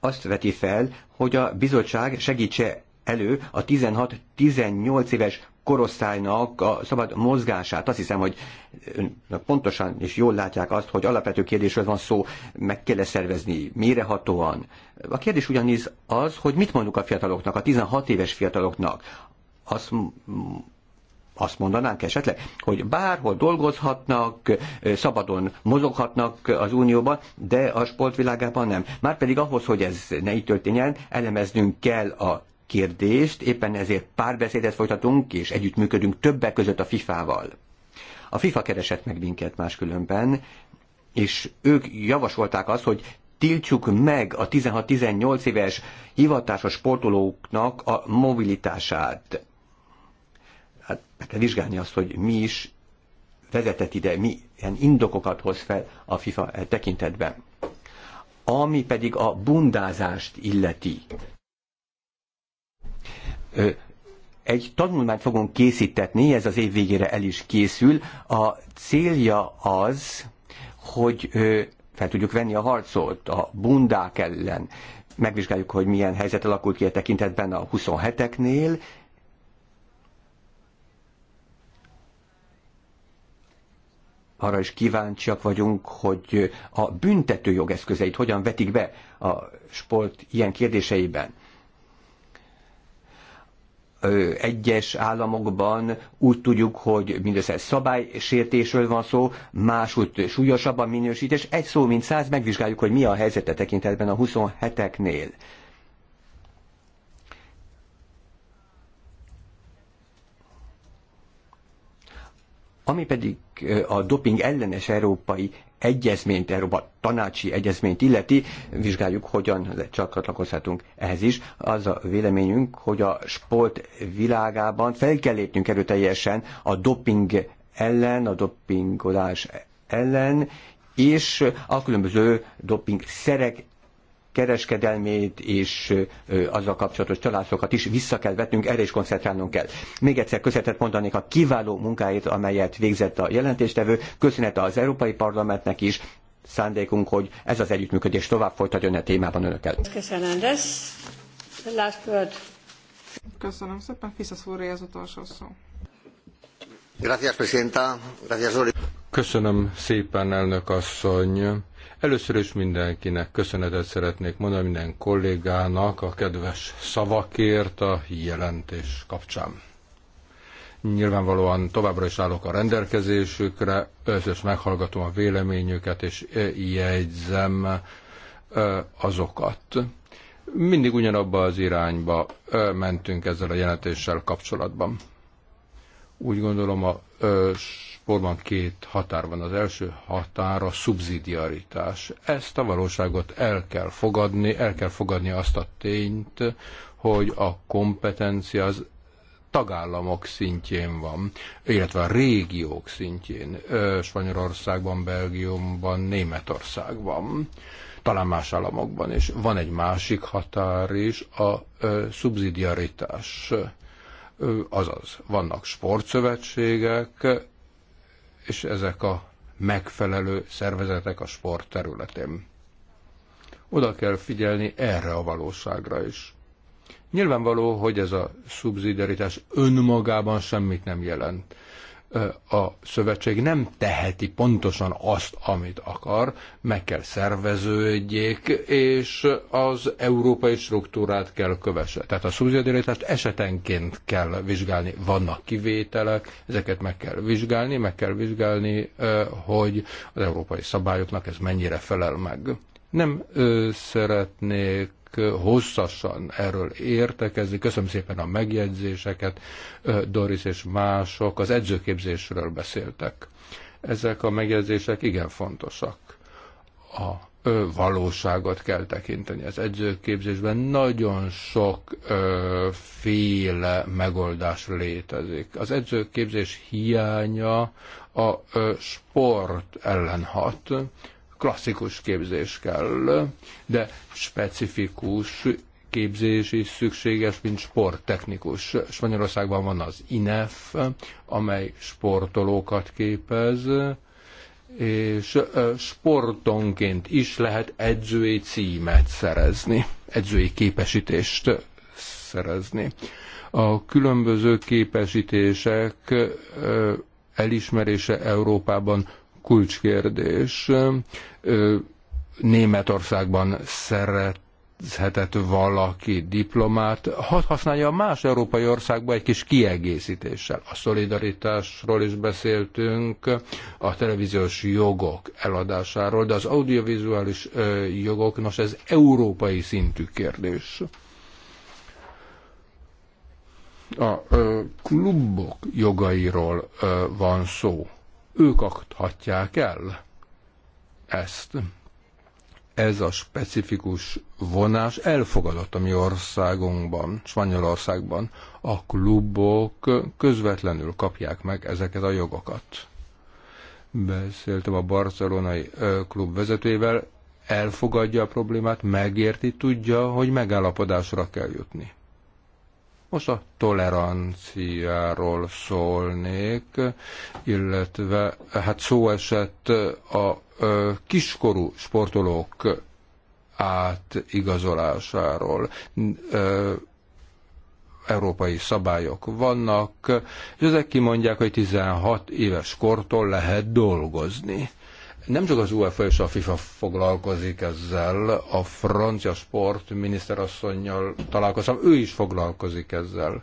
azt veti fel, hogy a bizottság segítse elő a 16-18 éves korosztálynak a szabad mozgását. Azt hiszem, hogy önök pontosan és jól látják azt, hogy alapvető kérdésről van szó, meg kell -e szervezni, mérehatóan. A kérdés ugyanis az, hogy mit mondunk a fiataloknak, a 16 éves fiataloknak. Azt azt mondanánk esetleg, hogy bárhol dolgozhatnak, szabadon mozoghatnak az Unióban, de a sportvilágában nem. Márpedig ahhoz, hogy ez ne így történjen, elemeznünk kell a kérdést, éppen ezért párbeszédet folytatunk, és együttműködünk többek között a FIFA-val. A FIFA keresett meg minket máskülönben, és ők javasolták azt, hogy tiltsuk meg a 16-18 éves hivatásos sportolóknak a mobilitását hát meg kell vizsgálni azt, hogy mi is vezetett ide, milyen indokokat hoz fel a FIFA e tekintetben. Ami pedig a bundázást illeti. Egy tanulmányt fogunk készítetni, ez az év végére el is készül. A célja az, hogy fel tudjuk venni a harcot a bundák ellen. Megvizsgáljuk, hogy milyen helyzet alakult ki a tekintetben a 27-eknél, arra is kíváncsiak vagyunk, hogy a büntető jogeszközeit hogyan vetik be a sport ilyen kérdéseiben. Egyes államokban úgy tudjuk, hogy mindössze szabálysértésről van szó, másút súlyosabban minősítés. Egy szó, mint száz, megvizsgáljuk, hogy mi a helyzete tekintetben a 27-eknél. Ami pedig a doping ellenes európai egyezményt, Európa tanácsi egyezményt illeti, vizsgáljuk, hogyan csatlakozhatunk ehhez is. Az a véleményünk, hogy a sport világában fel kell lépnünk erőteljesen a doping ellen, a dopingolás ellen, és a különböző doping szerek kereskedelmét és azzal kapcsolatos csalásokat is vissza kell vetnünk, erre is koncentrálnunk kell. Még egyszer köszönetet mondanék a kiváló munkáit, amelyet végzett a jelentéstevő, köszönet az Európai Parlamentnek is, szándékunk, hogy ez az együttműködés tovább folytatjon a e témában önökkel. Köszönöm, Andres. Last word. Köszönöm szépen, Fiszasz úr, az utolsó szó. Gracias, Presidenta. Gracias, Köszönöm szépen, elnök asszony. Először is mindenkinek köszönetet szeretnék mondani, minden kollégának a kedves szavakért a jelentés kapcsán. Nyilvánvalóan továbbra is állok a rendelkezésükre, is meghallgatom a véleményüket, és jegyzem azokat. Mindig ugyanabba az irányba mentünk ezzel a jelentéssel kapcsolatban. Úgy gondolom a Valóban két határ van. Az első határ a szubszidiaritás. Ezt a valóságot el kell fogadni, el kell fogadni azt a tényt, hogy a kompetencia az tagállamok szintjén van, illetve a régiók szintjén, Spanyolországban, Belgiumban, Németországban, talán más államokban is. Van egy másik határ is, a szubszidiaritás. Azaz, vannak sportszövetségek, és ezek a megfelelő szervezetek a sport területén. Oda kell figyelni erre a valóságra is. Nyilvánvaló, hogy ez a szubszidiaritás önmagában semmit nem jelent a szövetség nem teheti pontosan azt, amit akar, meg kell szerveződjék, és az európai struktúrát kell kövesse. Tehát a szubszidiaritást esetenként kell vizsgálni. Vannak kivételek, ezeket meg kell vizsgálni, meg kell vizsgálni, hogy az európai szabályoknak ez mennyire felel meg. Nem szeretnék hosszasan erről értekezni. Köszönöm szépen a megjegyzéseket, Doris és mások az edzőképzésről beszéltek. Ezek a megjegyzések igen fontosak. A valóságot kell tekinteni. Az edzőképzésben nagyon sok ö, féle megoldás létezik. Az edzőképzés hiánya a ö, sport ellen hat klasszikus képzés kell, de specifikus képzés is szükséges, mint sporttechnikus. Spanyolországban van az INEF, amely sportolókat képez, és sportonként is lehet edzői címet szerezni, edzői képesítést szerezni. A különböző képesítések elismerése Európában kulcskérdés. Németországban szeret szerezhetett valaki diplomát, hadd használja más európai országba egy kis kiegészítéssel. A szolidaritásról is beszéltünk, a televíziós jogok eladásáról, de az audiovizuális jogok, nos ez európai szintű kérdés. A klubok jogairól van szó ők adhatják el ezt. Ez a specifikus vonás elfogadott a mi országunkban, Spanyolországban. A klubok közvetlenül kapják meg ezeket a jogokat. Beszéltem a barcelonai klub vezetővel, elfogadja a problémát, megérti, tudja, hogy megállapodásra kell jutni. Most a toleranciáról szólnék, illetve hát szó esett a kiskorú sportolók átigazolásáról. Európai szabályok vannak, és ezek kimondják, hogy 16 éves kortól lehet dolgozni. Nem csak az UEFA és a FIFA foglalkozik ezzel, a francia miniszterasszonynal találkoztam, ő is foglalkozik ezzel.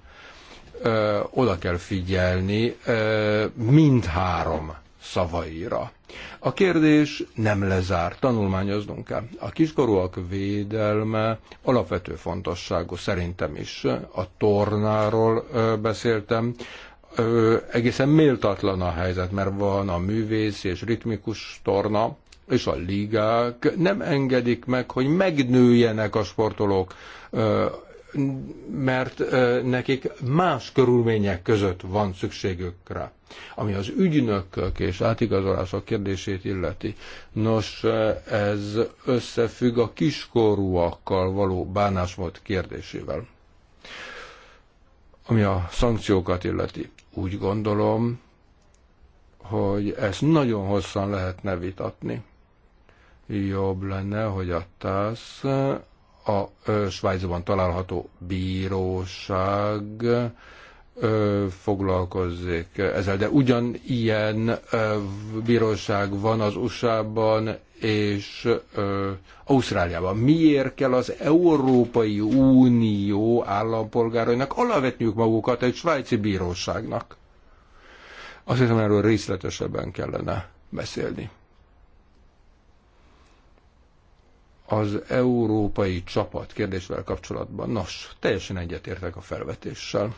Ö, oda kell figyelni ö, mindhárom szavaira. A kérdés nem lezár, tanulmányoznunk kell. A kiskorúak védelme alapvető fontosságú szerintem is. A tornáról beszéltem, ö, egészen méltatlan a helyzet, mert van a művész és ritmikus torna, és a ligák nem engedik meg, hogy megnőjenek a sportolók, ö, mert ö, nekik más körülmények között van szükségükre. Ami az ügynökök és átigazolások kérdését illeti. Nos, ez összefügg a kiskorúakkal való bánásmód kérdésével ami a szankciókat illeti. Úgy gondolom, hogy ezt nagyon hosszan lehetne vitatni. Jobb lenne, hogy a TASZ a Svájcban található bíróság Foglalkozzék ezzel. De ugyanilyen bíróság van az USA-ban és Ausztráliában. Miért kell az Európai Unió állampolgárainak alavetniük magukat egy svájci bíróságnak? Azt hiszem, erről részletesebben kellene beszélni. az európai csapat kérdésvel kapcsolatban. Nos, teljesen egyetértek a felvetéssel.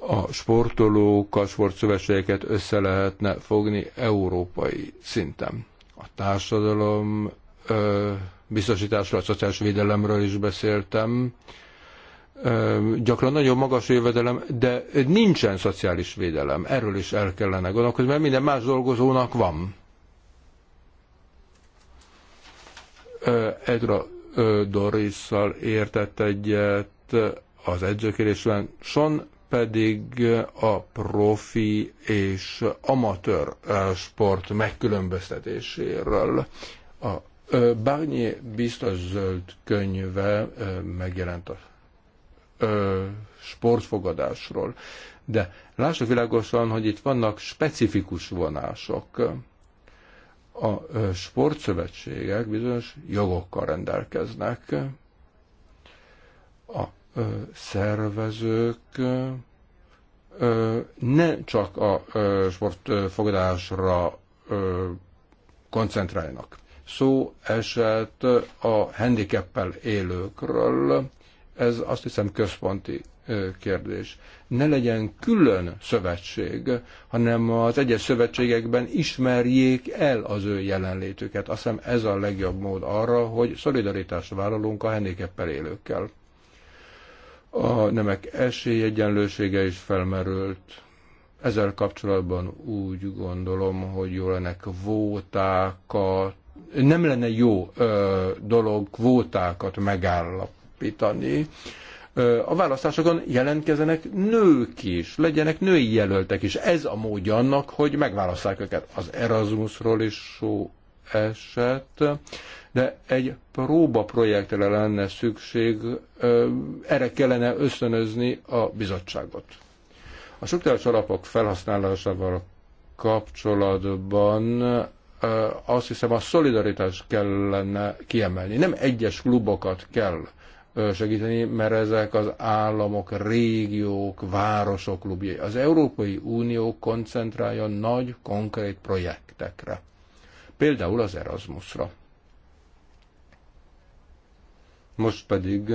a sportolók, a sportszövetségeket össze lehetne fogni európai szinten. A társadalom ö, biztosításról, a szociális védelemről is beszéltem. Ö, gyakran nagyon magas jövedelem, de nincsen szociális védelem. Erről is el kellene gondolkozni, mert minden más dolgozónak van. Edra Dorisszal értett egyet az edzőkérésben. Son pedig a profi és amatőr sport megkülönböztetéséről. A Barnier biztos zöld könyve megjelent a sportfogadásról. De lássuk világosan, hogy itt vannak specifikus vonások. A sportszövetségek bizonyos jogokkal rendelkeznek. A szervezők ne csak a sportfogadásra koncentráljanak. Szó esett a handicappel élőkről, ez azt hiszem központi kérdés. Ne legyen külön szövetség, hanem az egyes szövetségekben ismerjék el az ő jelenlétüket. Azt hiszem ez a legjobb mód arra, hogy szolidaritást vállalunk a handicappel élőkkel. A nemek esélyegyenlősége is felmerült. Ezzel kapcsolatban úgy gondolom, hogy jó lenne kvótákat, nem lenne jó ö, dolog kvótákat megállapítani. Ö, a választásokon jelentkezenek nők is, legyenek női jelöltek is. Ez a módja annak, hogy megválasszák őket. Az Erasmusról is szó esett de egy próba projektre lenne szükség, erre kellene ösztönözni a bizottságot. A struktúrális alapok felhasználásával kapcsolatban azt hiszem a szolidaritást kellene kiemelni. Nem egyes klubokat kell segíteni, mert ezek az államok, régiók, városok klubjai. Az Európai Unió koncentrálja nagy, konkrét projektekre. Például az Erasmusra. Most pedig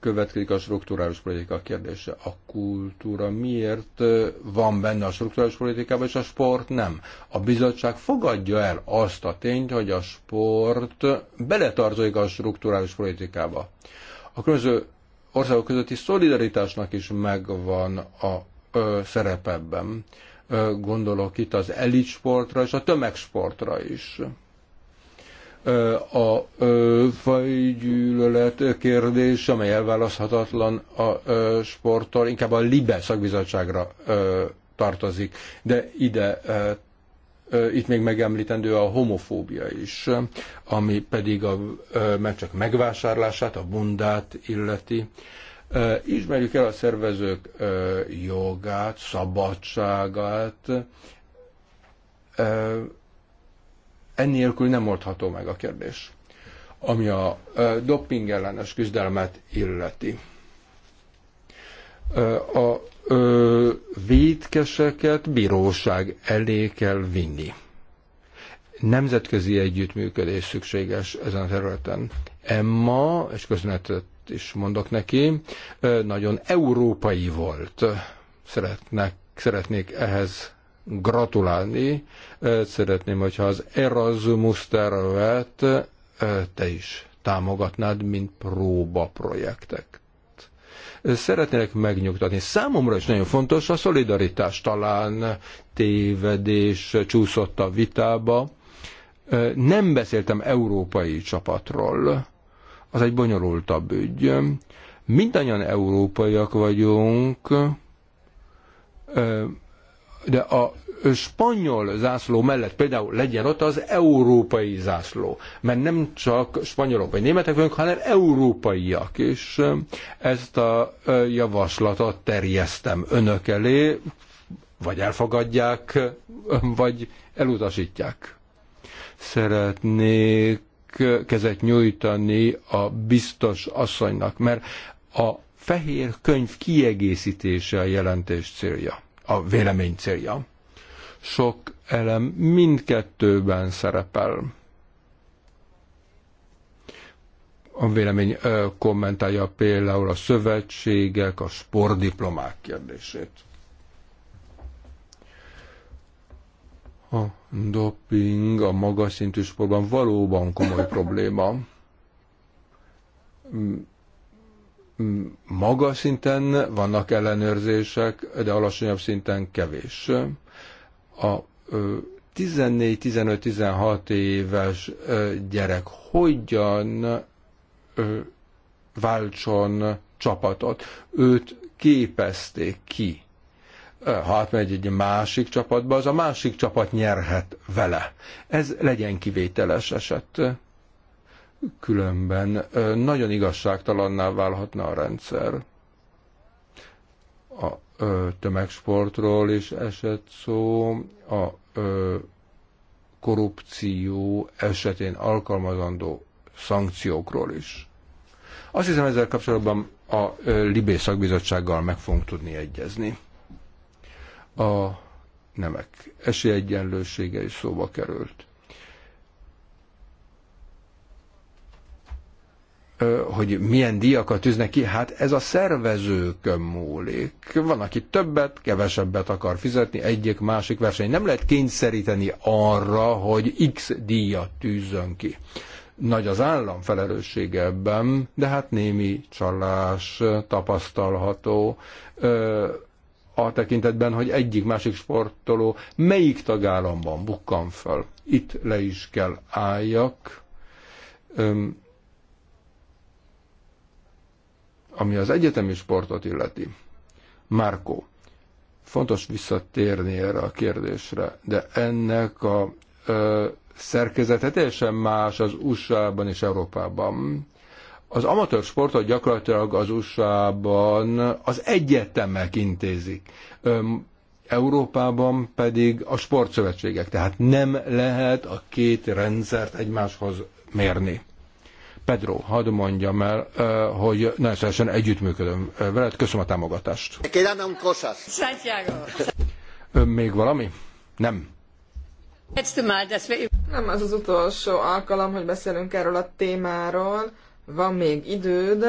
következik a strukturális politika kérdése. A kultúra miért van benne a strukturális politikában, és a sport nem? A bizottság fogadja el azt a tényt, hogy a sport beletartozik a strukturális politikába. A különböző országok közötti szolidaritásnak is megvan a ö, szerepebben. Ö, gondolok itt az elitsportra és a tömegsportra is a fajgyűlölet kérdés, amely elválaszthatatlan a sporttól, inkább a LIBE szakbizottságra tartozik, de ide itt még megemlítendő a homofóbia is, ami pedig a meccsek megvásárlását, a bundát illeti. Ismerjük el a szervezők jogát, szabadságát, ennélkül nem oldható meg a kérdés, ami a dopping ellenes küzdelmet illeti. A védkeseket bíróság elé kell vinni. Nemzetközi együttműködés szükséges ezen a területen. Emma, és köszönetet is mondok neki, nagyon európai volt. Szeretnek, szeretnék ehhez gratulálni. Szeretném, hogyha az Erasmus tervet te is támogatnád, mint próba projektek. Szeretnélek megnyugtatni. Számomra is nagyon fontos a szolidaritás. Talán tévedés csúszott a vitába. Nem beszéltem európai csapatról. Az egy bonyolultabb ügy. Mindannyian európaiak vagyunk de a spanyol zászló mellett például legyen ott az európai zászló, mert nem csak spanyolok vagy németek vagyunk, hanem európaiak, és ezt a javaslatot terjesztem önök elé, vagy elfogadják, vagy elutasítják. Szeretnék kezet nyújtani a biztos asszonynak, mert a fehér könyv kiegészítése a jelentés célja a vélemény célja. Sok elem mindkettőben szerepel. A vélemény kommentálja például a szövetségek, a sportdiplomák kérdését. A doping a magas szintű sportban valóban komoly probléma magas szinten vannak ellenőrzések, de alacsonyabb szinten kevés. A 14-15-16 éves gyerek hogyan váltson csapatot? Őt képezték ki. Ha átmegy egy másik csapatba, az a másik csapat nyerhet vele. Ez legyen kivételes eset Különben nagyon igazságtalanná válhatna a rendszer. A tömegsportról is esett szó, a korrupció esetén alkalmazandó szankciókról is. Azt hiszem ezzel kapcsolatban a Libé szakbizottsággal meg fogunk tudni egyezni. A nemek esélyegyenlősége is szóba került. hogy milyen díjakat tűznek ki, hát ez a szervezőkön múlik. Van, aki többet, kevesebbet akar fizetni, egyik, másik verseny. Nem lehet kényszeríteni arra, hogy X díjat tűzön ki. Nagy az állam felelőssége ebben, de hát némi csalás tapasztalható a tekintetben, hogy egyik másik sportoló melyik tagállamban bukkan föl. Itt le is kell álljak. Ami az egyetemi sportot illeti, Márkó, fontos visszatérni erre a kérdésre, de ennek a ö, szerkezete teljesen más az USA-ban és Európában. Az amatőr sportot gyakorlatilag az USA-ban az egyetemek intézik. Ö, Európában pedig a sportszövetségek. Tehát nem lehet a két rendszert egymáshoz mérni. Pedro, hadd mondjam el, hogy nagyon szeresen együttműködöm veled. Köszönöm a támogatást. Santiago. Még valami? Nem. Nem az az utolsó alkalom, hogy beszélünk erről a témáról. Van még időd.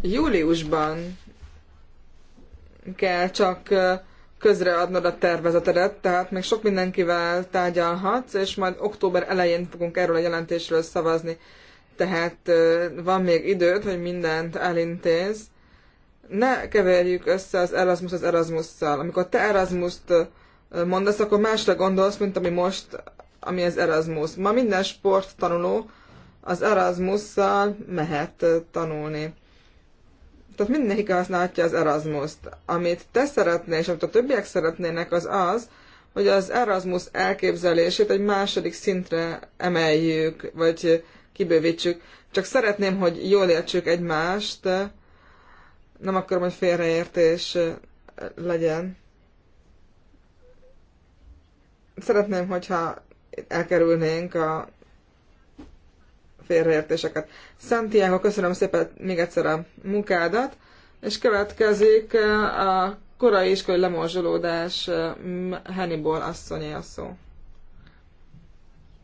Júliusban kell csak közreadnod a tervezetedet, tehát még sok mindenkivel tárgyalhatsz, és majd október elején fogunk erről a jelentésről szavazni. Tehát van még időd, hogy mindent elintéz. Ne keverjük össze az Erasmus az Erasmusszal. Amikor te Erasmust mondasz, akkor másra gondolsz, mint ami most, ami az Erasmus. Ma minden sporttanuló az Erasmusszal mehet tanulni. Tehát mindenki használhatja az Erasmus-t. Amit te szeretnél, és amit a többiek szeretnének, az az, hogy az Erasmus elképzelését egy második szintre emeljük, vagy kibővítsük. Csak szeretném, hogy jól értsük egymást, nem akarom, hogy félreértés legyen. Szeretném, hogyha elkerülnénk a félreértéseket. Santiago, köszönöm szépen még egyszer a munkádat, és következik eh, a korai iskolai lemorzsolódás eh, Hannibal asszonyé a szó.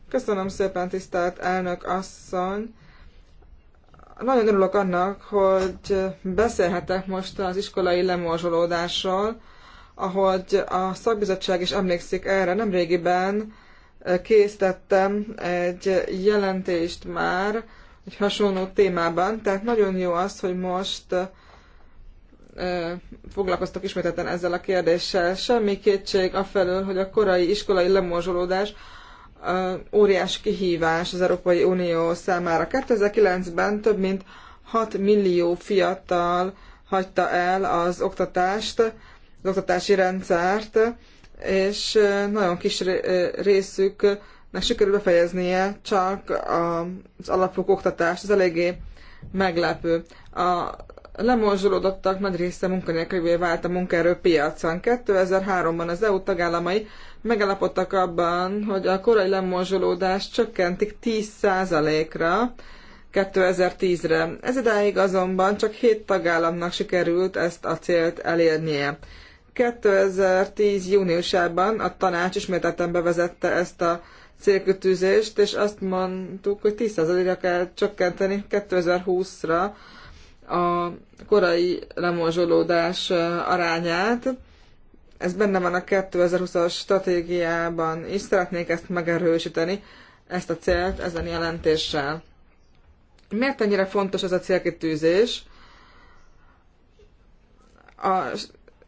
Köszönöm szépen, tisztelt elnök asszony! Nagyon örülök annak, hogy beszélhetek most az iskolai lemorzsolódásról, ahogy a szakbizottság is emlékszik erre, nemrégiben készítettem egy jelentést már egy hasonló témában, tehát nagyon jó az, hogy most foglalkoztak ismételten ezzel a kérdéssel. Semmi kétség afelől, hogy a korai iskolai lemorzsolódás óriás kihívás az Európai Unió számára. 2009-ben több mint 6 millió fiatal hagyta el az oktatást, az oktatási rendszert, és nagyon kis részüknek sikerül befejeznie csak az alapfok oktatást. Ez eléggé meglepő. A lemorzsolódottak nagy része munkanélkülvé vált a munkaerőpiacon. 2003-ban az EU tagállamai megállapodtak abban, hogy a korai lemorzsolódás csökkentik 10%-ra 2010-re. Ez idáig azonban csak 7 tagállamnak sikerült ezt a célt elérnie. 2010. júniusában a tanács ismételten bevezette ezt a célkötűzést, és azt mondtuk, hogy 10%-ra kell csökkenteni 2020-ra a korai lemorzsolódás eh, arányát. Ez benne van a 2020-as stratégiában is, szeretnék ezt megerősíteni, ezt a célt ezen jelentéssel. Miért ennyire fontos ez a célkitűzés? A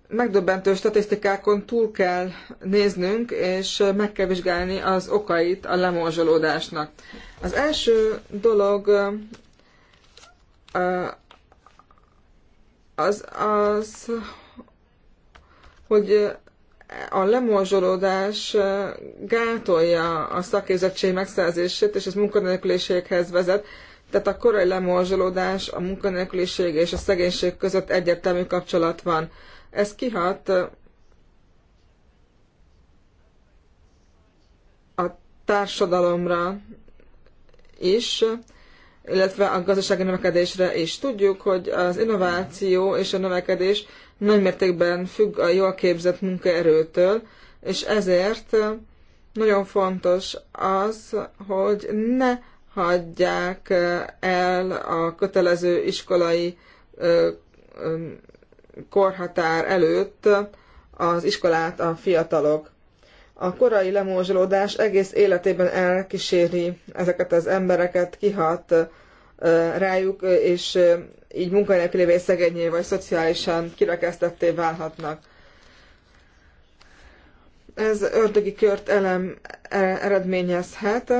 megdöbbentő statisztikákon túl kell néznünk, és meg kell vizsgálni az okait a lemorzsolódásnak. Az első dolog az az, hogy a lemorzsolódás gátolja a szakképzettség megszerzését, és ez munkanélküliséghez vezet. Tehát a korai lemorzsolódás, a munkanélküliség és a szegénység között egyértelmű kapcsolat van. Ez kihat a társadalomra is, illetve a gazdasági növekedésre is. Tudjuk, hogy az innováció és a növekedés nagy mértékben függ a jól képzett munkaerőtől, és ezért nagyon fontos az, hogy ne hagyják el a kötelező iskolai korhatár előtt az iskolát a fiatalok. A korai lemorzsolódás egész életében elkíséri ezeket az embereket, kihat rájuk, és így munkanélkülévé szegényé vagy szociálisan kirekesztetté válhatnak. Ez ördögi kört elem e, eredményezhet,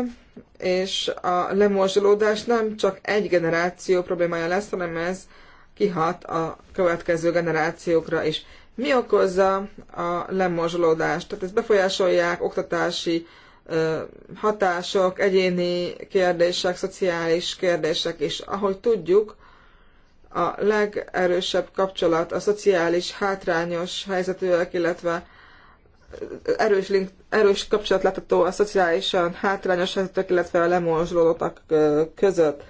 és a lemorzsolódás nem csak egy generáció problémája lesz, hanem ez kihat a következő generációkra is. Mi okozza a lemorzsolódást? Tehát ezt befolyásolják oktatási hatások, egyéni kérdések, szociális kérdések is. Ahogy tudjuk, a legerősebb kapcsolat a szociális hátrányos helyzetűek, illetve erős, link, erős kapcsolat látható a szociálisan hátrányos helyzetűek, illetve a lemorzsolódottak között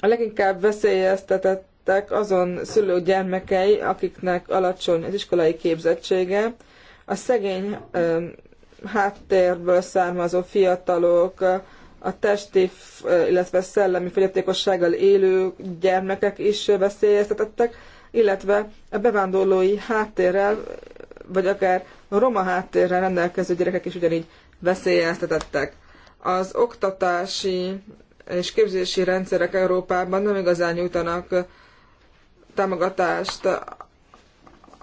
a leginkább veszélyeztetettek azon szülő gyermekei, akiknek alacsony az iskolai képzettsége, a szegény háttérből származó fiatalok, a testi, illetve szellemi fogyatékossággal élő gyermekek is veszélyeztetettek, illetve a bevándorlói háttérrel, vagy akár a roma háttérrel rendelkező gyerekek is ugyanígy veszélyeztetettek. Az oktatási és képzési rendszerek Európában nem igazán nyújtanak támogatást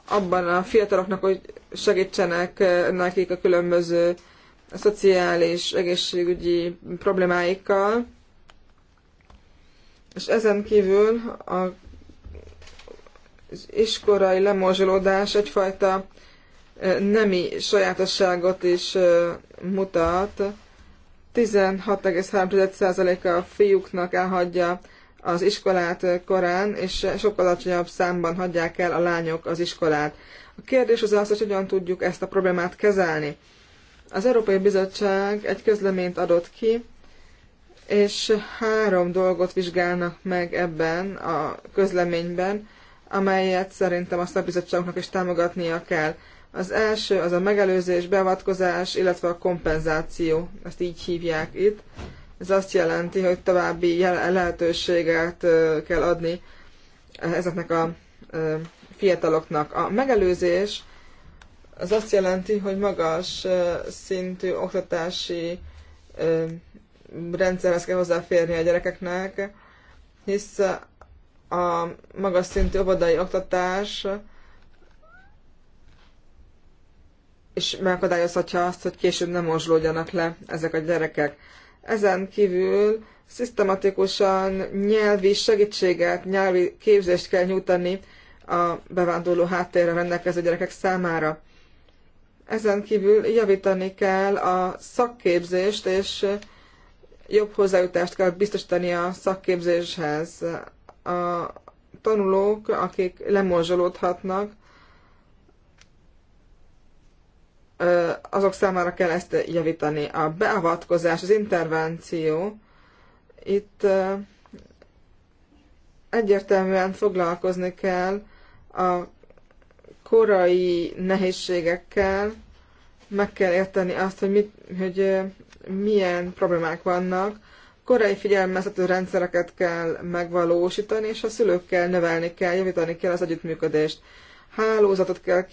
abban a fiataloknak, hogy segítsenek nekik a különböző szociális, egészségügyi problémáikkal. És ezen kívül a, az iskorai lemorzsolódás egyfajta nemi sajátosságot is mutat, 16,3%-a a fiúknak elhagyja az iskolát korán, és sokkal alacsonyabb számban hagyják el a lányok az iskolát. A kérdés az az, hogy hogyan tudjuk ezt a problémát kezelni. Az Európai Bizottság egy közleményt adott ki, és három dolgot vizsgálnak meg ebben a közleményben, amelyet szerintem a bizottságnak is támogatnia kell. Az első az a megelőzés, beavatkozás, illetve a kompenzáció, ezt így hívják itt. Ez azt jelenti, hogy további lehetőséget kell adni ezeknek a fiataloknak. A megelőzés az azt jelenti, hogy magas szintű oktatási rendszerhez kell hozzáférni a gyerekeknek, hisz a magas szintű óvodai oktatás és megakadályozhatja azt, hogy később nem moslódjanak le ezek a gyerekek. Ezen kívül szisztematikusan nyelvi segítséget, nyelvi képzést kell nyújtani a bevándorló háttérre rendelkező gyerekek számára. Ezen kívül javítani kell a szakképzést, és jobb hozzájutást kell biztosítani a szakképzéshez. A tanulók, akik lemorzsolódhatnak, azok számára kell ezt javítani. A beavatkozás, az intervenció itt egyértelműen foglalkozni kell a korai nehézségekkel, meg kell érteni azt, hogy, mit, hogy milyen problémák vannak, korai figyelmeztető rendszereket kell megvalósítani, és a szülőkkel növelni kell, javítani kell az együttműködést. Hálózatot kell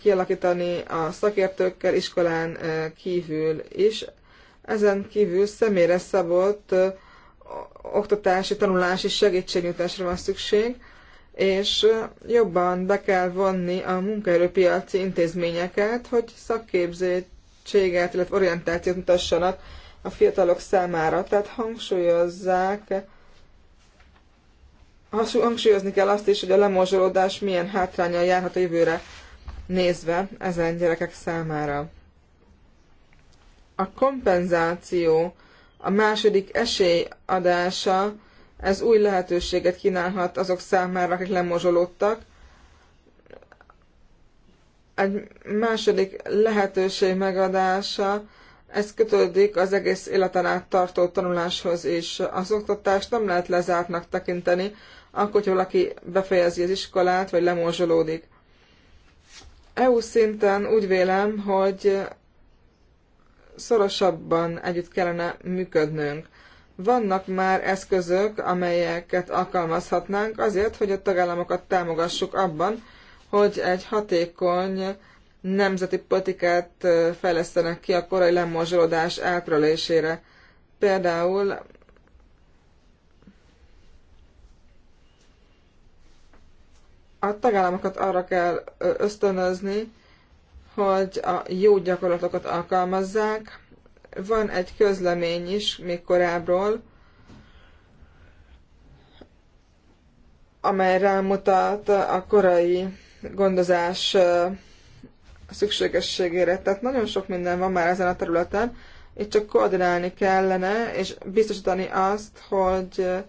kialakítani a szakértőkkel iskolán kívül is. Ezen kívül személyre szabott oktatási, tanulási segítségnyújtásra van szükség, és jobban be kell vonni a munkaerőpiaci intézményeket, hogy szakképzettséget, illetve orientációt mutassanak a fiatalok számára. Tehát hangsúlyozzák hangsúlyozni kell azt is, hogy a lemorzsolódás milyen hátrányal járhat a jövőre nézve ezen gyerekek számára. A kompenzáció, a második esély adása, ez új lehetőséget kínálhat azok számára, akik lemorzsolódtak. Egy második lehetőség megadása, ez kötődik az egész életen át tartó tanuláshoz is. Az oktatást nem lehet lezártnak tekinteni, akkor, hogy valaki befejezi az iskolát, vagy lemorzsolódik. EU szinten úgy vélem, hogy szorosabban együtt kellene működnünk. Vannak már eszközök, amelyeket alkalmazhatnánk azért, hogy a tagállamokat támogassuk abban, hogy egy hatékony nemzeti politikát fejlesztenek ki a korai lemorzsolódás átrölésére. Például a tagállamokat arra kell ösztönözni, hogy a jó gyakorlatokat alkalmazzák. Van egy közlemény is, még korábbról, amely rámutat a korai gondozás szükségességére. Tehát nagyon sok minden van már ezen a területen, itt csak koordinálni kellene, és biztosítani azt, hogy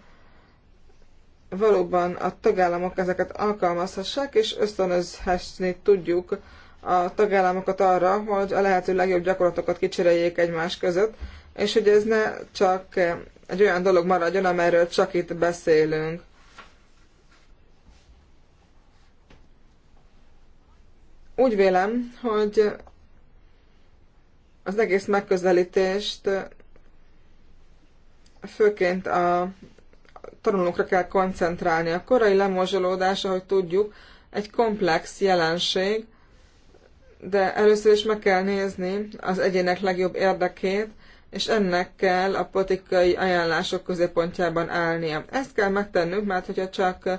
valóban a tagállamok ezeket alkalmazhassák, és ösztönözhetni tudjuk a tagállamokat arra, hogy a lehető legjobb gyakorlatokat kicseréljék egymás között, és hogy ez ne csak egy olyan dolog maradjon, amelyről csak itt beszélünk. Úgy vélem, hogy az egész megközelítést főként a tanulókra kell koncentrálni. A korai lemorzsolódás, ahogy tudjuk, egy komplex jelenség, de először is meg kell nézni az egyének legjobb érdekét, és ennek kell a politikai ajánlások középpontjában állnia. Ezt kell megtennünk, mert hogyha csak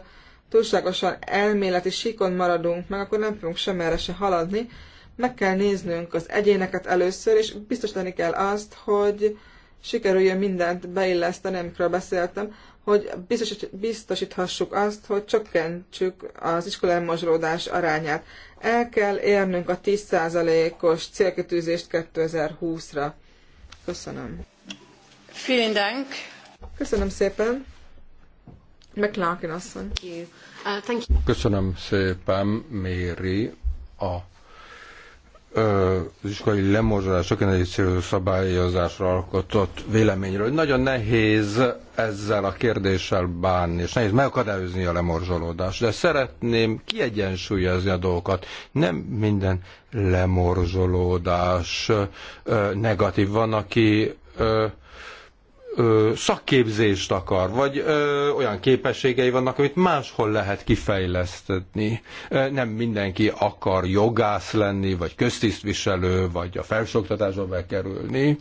túlságosan elméleti síkon maradunk meg, akkor nem fogunk sem erre se haladni. Meg kell néznünk az egyéneket először, és biztosítani kell azt, hogy sikerüljön mindent beilleszteni, amikről beszéltem, hogy biztosíthassuk azt, hogy csökkentsük az iskolai mozsolódás arányát. El kell érnünk a 10%-os célkitűzést 2020-ra. Köszönöm. Vielen Dank. Köszönöm szépen. McLaren asszony. Uh, Köszönöm szépen, Méri, a az iskolai lemozsolások egy szabályozásra alkotott véleményről. Nagyon nehéz ezzel a kérdéssel bánni, és nehéz megakadályozni a lemorzsolódást, de szeretném kiegyensúlyozni a dolgokat. Nem minden lemorzsolódás negatív. Van, aki ö, szakképzést akar, vagy ö, olyan képességei vannak, amit máshol lehet kifejleszteni. Nem mindenki akar jogász lenni, vagy köztisztviselő, vagy a felsőoktatásba bekerülni.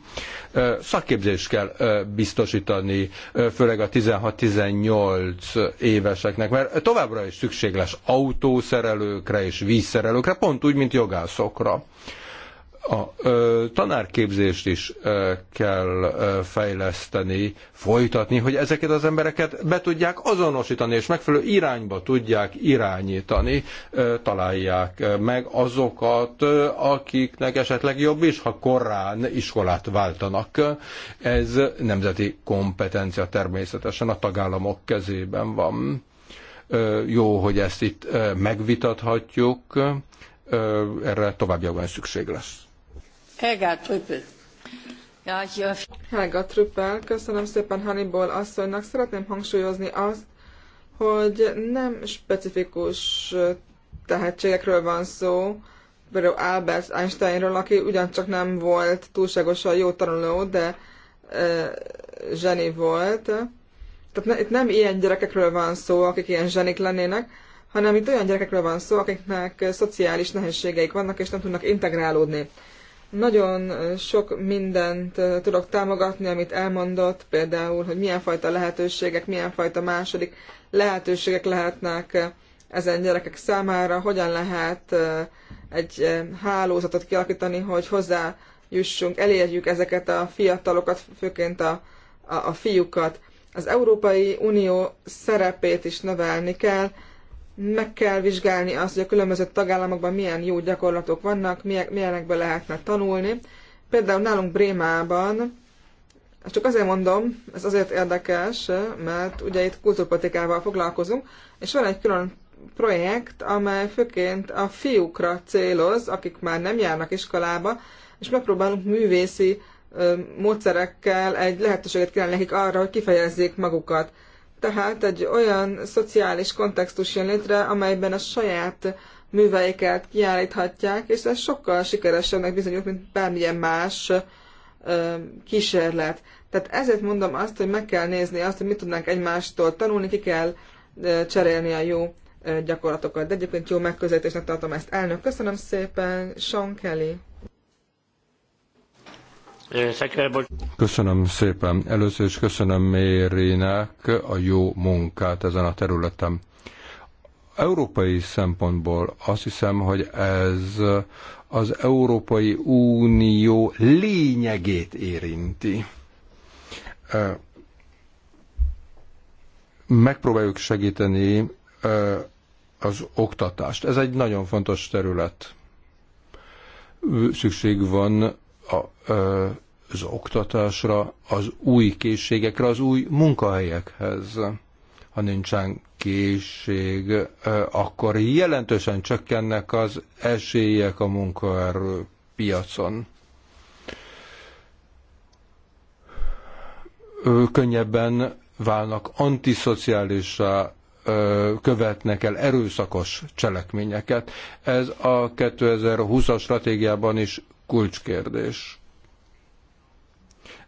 Ö, szakképzést kell ö, biztosítani, ö, főleg a 16-18 éveseknek, mert továbbra is szükség lesz autószerelőkre és vízszerelőkre, pont úgy, mint jogászokra. Ö, a ö, tanárképzést is ö, kell ö, fejleszteni, folytatni, hogy ezeket az embereket be tudják azonosítani, és megfelelő irányba tudják irányítani, ö, találják meg azokat, ö, akiknek esetleg jobb is, ha korán iskolát váltanak. Ez nemzeti kompetencia természetesen a tagállamok kezében van. Ö, jó, hogy ezt itt ö, megvitathatjuk erre továbbiakban szükség lesz. Helga Trüppel. Ja, ich... Helga Trüppel, köszönöm szépen Hannibal asszonynak. Szeretném hangsúlyozni azt, hogy nem specifikus tehetségekről van szó, például Albert Einsteinről, aki ugyancsak nem volt túlságosan jó tanuló, de e, zseni volt. Tehát ne, itt nem ilyen gyerekekről van szó, akik ilyen zsenik lennének, hanem itt olyan gyerekekről van szó, akiknek szociális nehézségeik vannak, és nem tudnak integrálódni. Nagyon sok mindent tudok támogatni, amit elmondott, például, hogy milyen fajta lehetőségek, milyen fajta második lehetőségek lehetnek ezen gyerekek számára, hogyan lehet egy hálózatot kialakítani, hogy hozzájussunk, elérjük ezeket a fiatalokat, főként a, a, a fiúkat. Az Európai Unió szerepét is növelni kell, meg kell vizsgálni azt, hogy a különböző tagállamokban milyen jó gyakorlatok vannak, milyenekből lehetne tanulni. Például nálunk Brémában, csak azért mondom, ez azért érdekes, mert ugye itt kultúrpolitikával foglalkozunk, és van egy külön projekt, amely főként a fiúkra céloz, akik már nem járnak iskolába, és megpróbálunk művészi módszerekkel egy lehetőséget kínálni nekik arra, hogy kifejezzék magukat. Tehát egy olyan szociális kontextus jön létre, amelyben a saját műveiket kiállíthatják, és ez sokkal sikeresebbnek bizonyult, mint bármilyen más ö, kísérlet. Tehát ezért mondom azt, hogy meg kell nézni azt, hogy mit tudnánk egymástól tanulni, ki kell ö, cserélni a jó ö, gyakorlatokat. De egyébként jó megközelítésnek tartom ezt. Elnök, köszönöm szépen, Sean Kelly. Köszönöm szépen. Először is köszönöm Mérinek a jó munkát ezen a területen. Európai szempontból azt hiszem, hogy ez az Európai Unió lényegét érinti. Megpróbáljuk segíteni az oktatást. Ez egy nagyon fontos terület. Szükség van a, az oktatásra, az új készségekre, az új munkahelyekhez. Ha nincsen készség, akkor jelentősen csökkennek az esélyek a munkaerő piacon. Ő könnyebben válnak antiszociálisá, követnek el erőszakos cselekményeket. Ez a 2020-as stratégiában is kulcskérdés.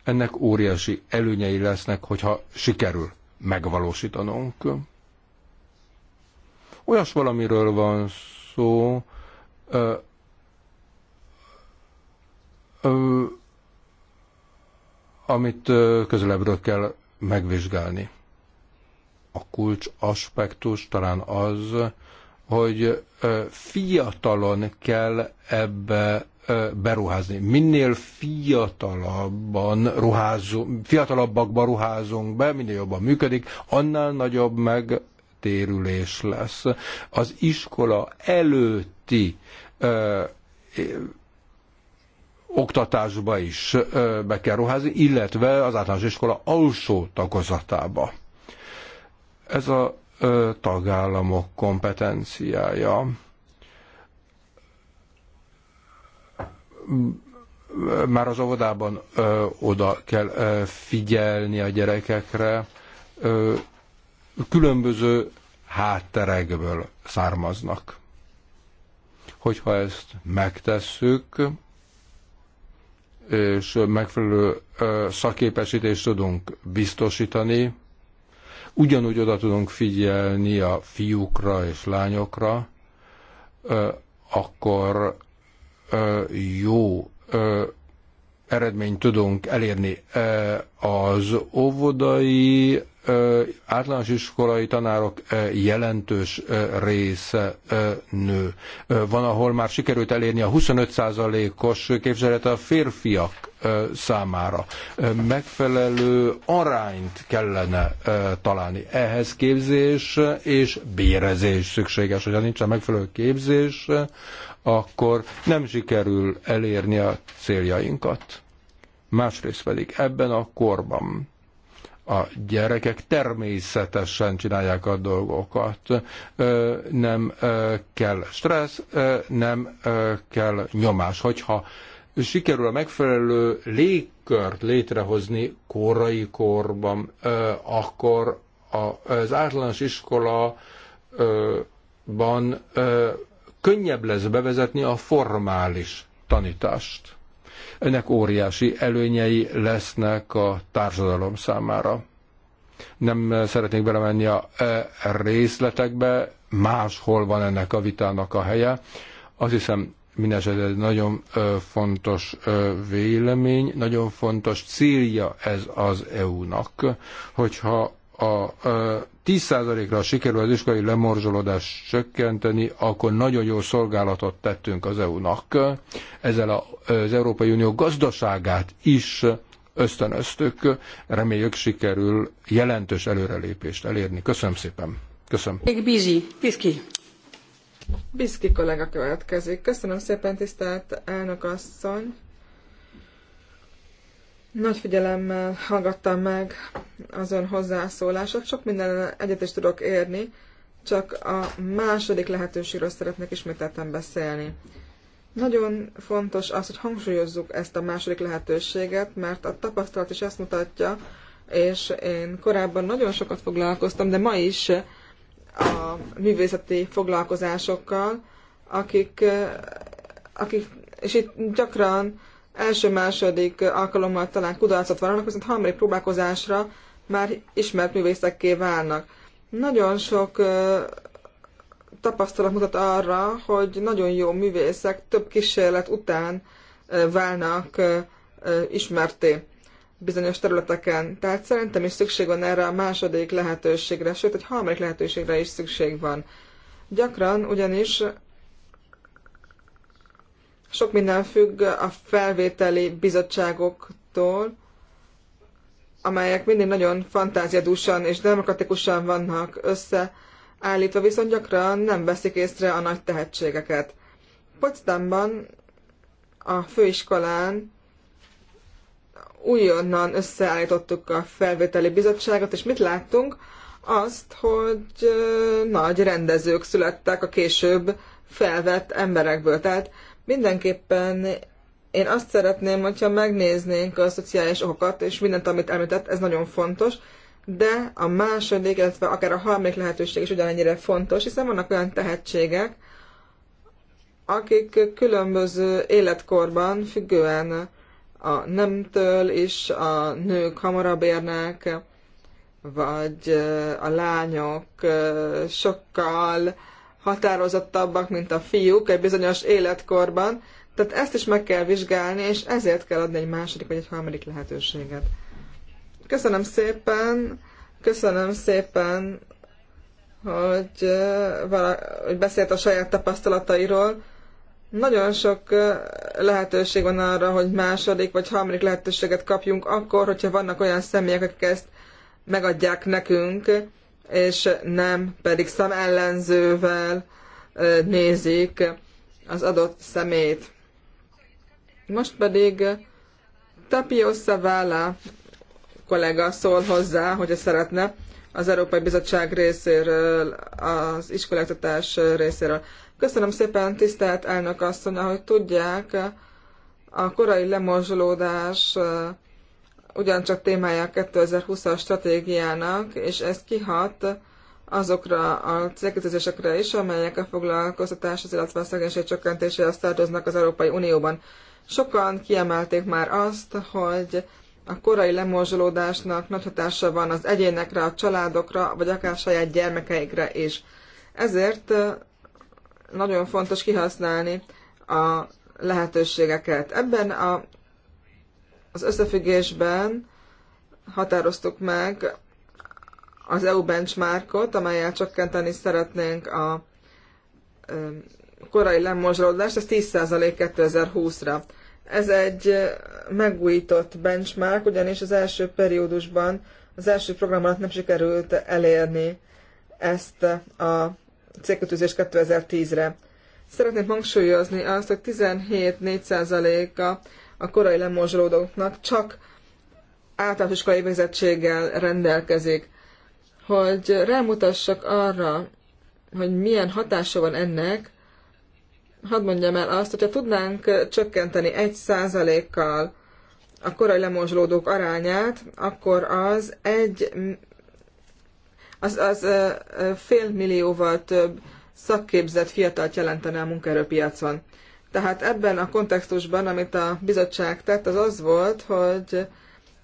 Ennek óriási előnyei lesznek, hogyha sikerül megvalósítanunk. Olyas valamiről van szó, ö, ö, amit közelebbről kell megvizsgálni. A kulcs aspektus talán az, hogy fiatalon kell ebbe beruházni. Minél fiatalabban ruházunk, fiatalabbakba ruházunk be, minél jobban működik, annál nagyobb meg térülés lesz. Az iskola előtti ö, oktatásba is ö, be kell ruházni, illetve az általános iskola alsó tagozatába. Ez a ö, tagállamok kompetenciája már az óvodában ö, oda kell ö, figyelni a gyerekekre, ö, különböző hátterekből származnak. Hogyha ezt megtesszük, és megfelelő ö, szaképesítést tudunk biztosítani, ugyanúgy oda tudunk figyelni a fiúkra és lányokra, ö, akkor jó eredményt tudunk elérni. Az óvodai általános iskolai tanárok jelentős része nő. Van, ahol már sikerült elérni a 25%-os képzelet a férfiak számára. Megfelelő arányt kellene találni. Ehhez képzés és bérezés szükséges. Hogyha nincs a megfelelő képzés, akkor nem sikerül elérni a céljainkat. Másrészt pedig ebben a korban a gyerekek természetesen csinálják a dolgokat. Nem kell stressz, nem kell nyomás. Hogyha sikerül a megfelelő légkört létrehozni korai korban, akkor az általános iskolaban könnyebb lesz bevezetni a formális tanítást. Ennek óriási előnyei lesznek a társadalom számára. Nem szeretnék belemenni a e, részletekbe, máshol van ennek a vitának a helye. Azt hiszem, mindesetre egy nagyon e, fontos e, vélemény, nagyon fontos célja ez az EU-nak, hogyha a 10%-ra sikerül az iskolai lemorzsolódást csökkenteni, akkor nagyon jó szolgálatot tettünk az EU-nak. Ezzel az Európai Unió gazdaságát is ösztönöztük. Reméljük sikerül jelentős előrelépést elérni. Köszönöm szépen. Köszönöm. Bízsi, Piszki. Biszki kollega következik. Köszönöm szépen, tisztelt elnök asszony. Nagy figyelemmel hallgattam meg az ön hozzászólását, sok minden egyet is tudok érni, csak a második lehetőségről szeretnék ismételten beszélni. Nagyon fontos az, hogy hangsúlyozzuk ezt a második lehetőséget, mert a tapasztalat is ezt mutatja, és én korábban nagyon sokat foglalkoztam, de ma is a művészeti foglalkozásokkal, akik, akik és itt gyakran első-második alkalommal talán kudarcot vallanak, viszont harmadik próbálkozásra már ismert művészekké válnak. Nagyon sok tapasztalat mutat arra, hogy nagyon jó művészek több kísérlet után válnak ismerté bizonyos területeken. Tehát szerintem is szükség van erre a második lehetőségre, sőt, egy harmadik lehetőségre is szükség van. Gyakran ugyanis sok minden függ a felvételi bizottságoktól, amelyek mindig nagyon fantáziadúsan és demokratikusan vannak összeállítva, viszont gyakran nem veszik észre a nagy tehetségeket. Potsdamban a főiskolán újonnan összeállítottuk a felvételi bizottságot, és mit láttunk? Azt, hogy nagy rendezők születtek a később felvett emberekből. Tehát Mindenképpen én azt szeretném, hogyha megnéznénk a szociális okokat, és mindent, amit említett, ez nagyon fontos, de a második, illetve akár a harmadik lehetőség is ugyanennyire fontos, hiszen vannak olyan tehetségek, akik különböző életkorban függően a nemtől is a nők hamarabb érnek, vagy a lányok sokkal határozottabbak, mint a fiúk egy bizonyos életkorban, tehát ezt is meg kell vizsgálni, és ezért kell adni egy második vagy egy harmadik lehetőséget. Köszönöm szépen, köszönöm szépen, hogy, vala, hogy beszélt a saját tapasztalatairól. Nagyon sok lehetőség van arra, hogy második vagy harmadik lehetőséget kapjunk akkor, hogyha vannak olyan személyek, akik ezt megadják nekünk, és nem pedig szemellenzővel nézik az adott szemét. Most pedig Tapio Szavála kollega szól hozzá, hogyha szeretne, az Európai Bizottság részéről, az iskoláztatás részéről. Köszönöm szépen, tisztelt elnök asszony, ahogy tudják, a korai lemorzsolódás ugyancsak témája a 2020-as stratégiának, és ez kihat azokra a célkitűzésekre is, amelyek a foglalkoztatás az illetve a szegénység csökkentésére tartoznak az Európai Unióban. Sokan kiemelték már azt, hogy a korai lemorzsolódásnak nagy hatása van az egyénekre, a családokra, vagy akár saját gyermekeikre is. Ezért nagyon fontos kihasználni a lehetőségeket. Ebben a az összefüggésben határoztuk meg az EU benchmarkot, amelyel csökkenteni szeretnénk a korai lemorzsolódást, ez 10% 2020-ra. Ez egy eh, megújított benchmark, ugyanis az első periódusban, az első program alatt nem sikerült elérni ezt a célkötőzést 2010-re. Szeretném hangsúlyozni azt, hogy 17-4%-a a korai lemorzsolódóknak csak általános iskolai végzettséggel rendelkezik. Hogy rámutassak arra, hogy milyen hatása van ennek, hadd mondjam el azt, hogyha tudnánk csökkenteni egy százalékkal a korai lemorzsolódók arányát, akkor az egy az, az fél millióval több szakképzett fiatalt jelentene a munkaerőpiacon. Tehát ebben a kontextusban, amit a bizottság tett, az az volt, hogy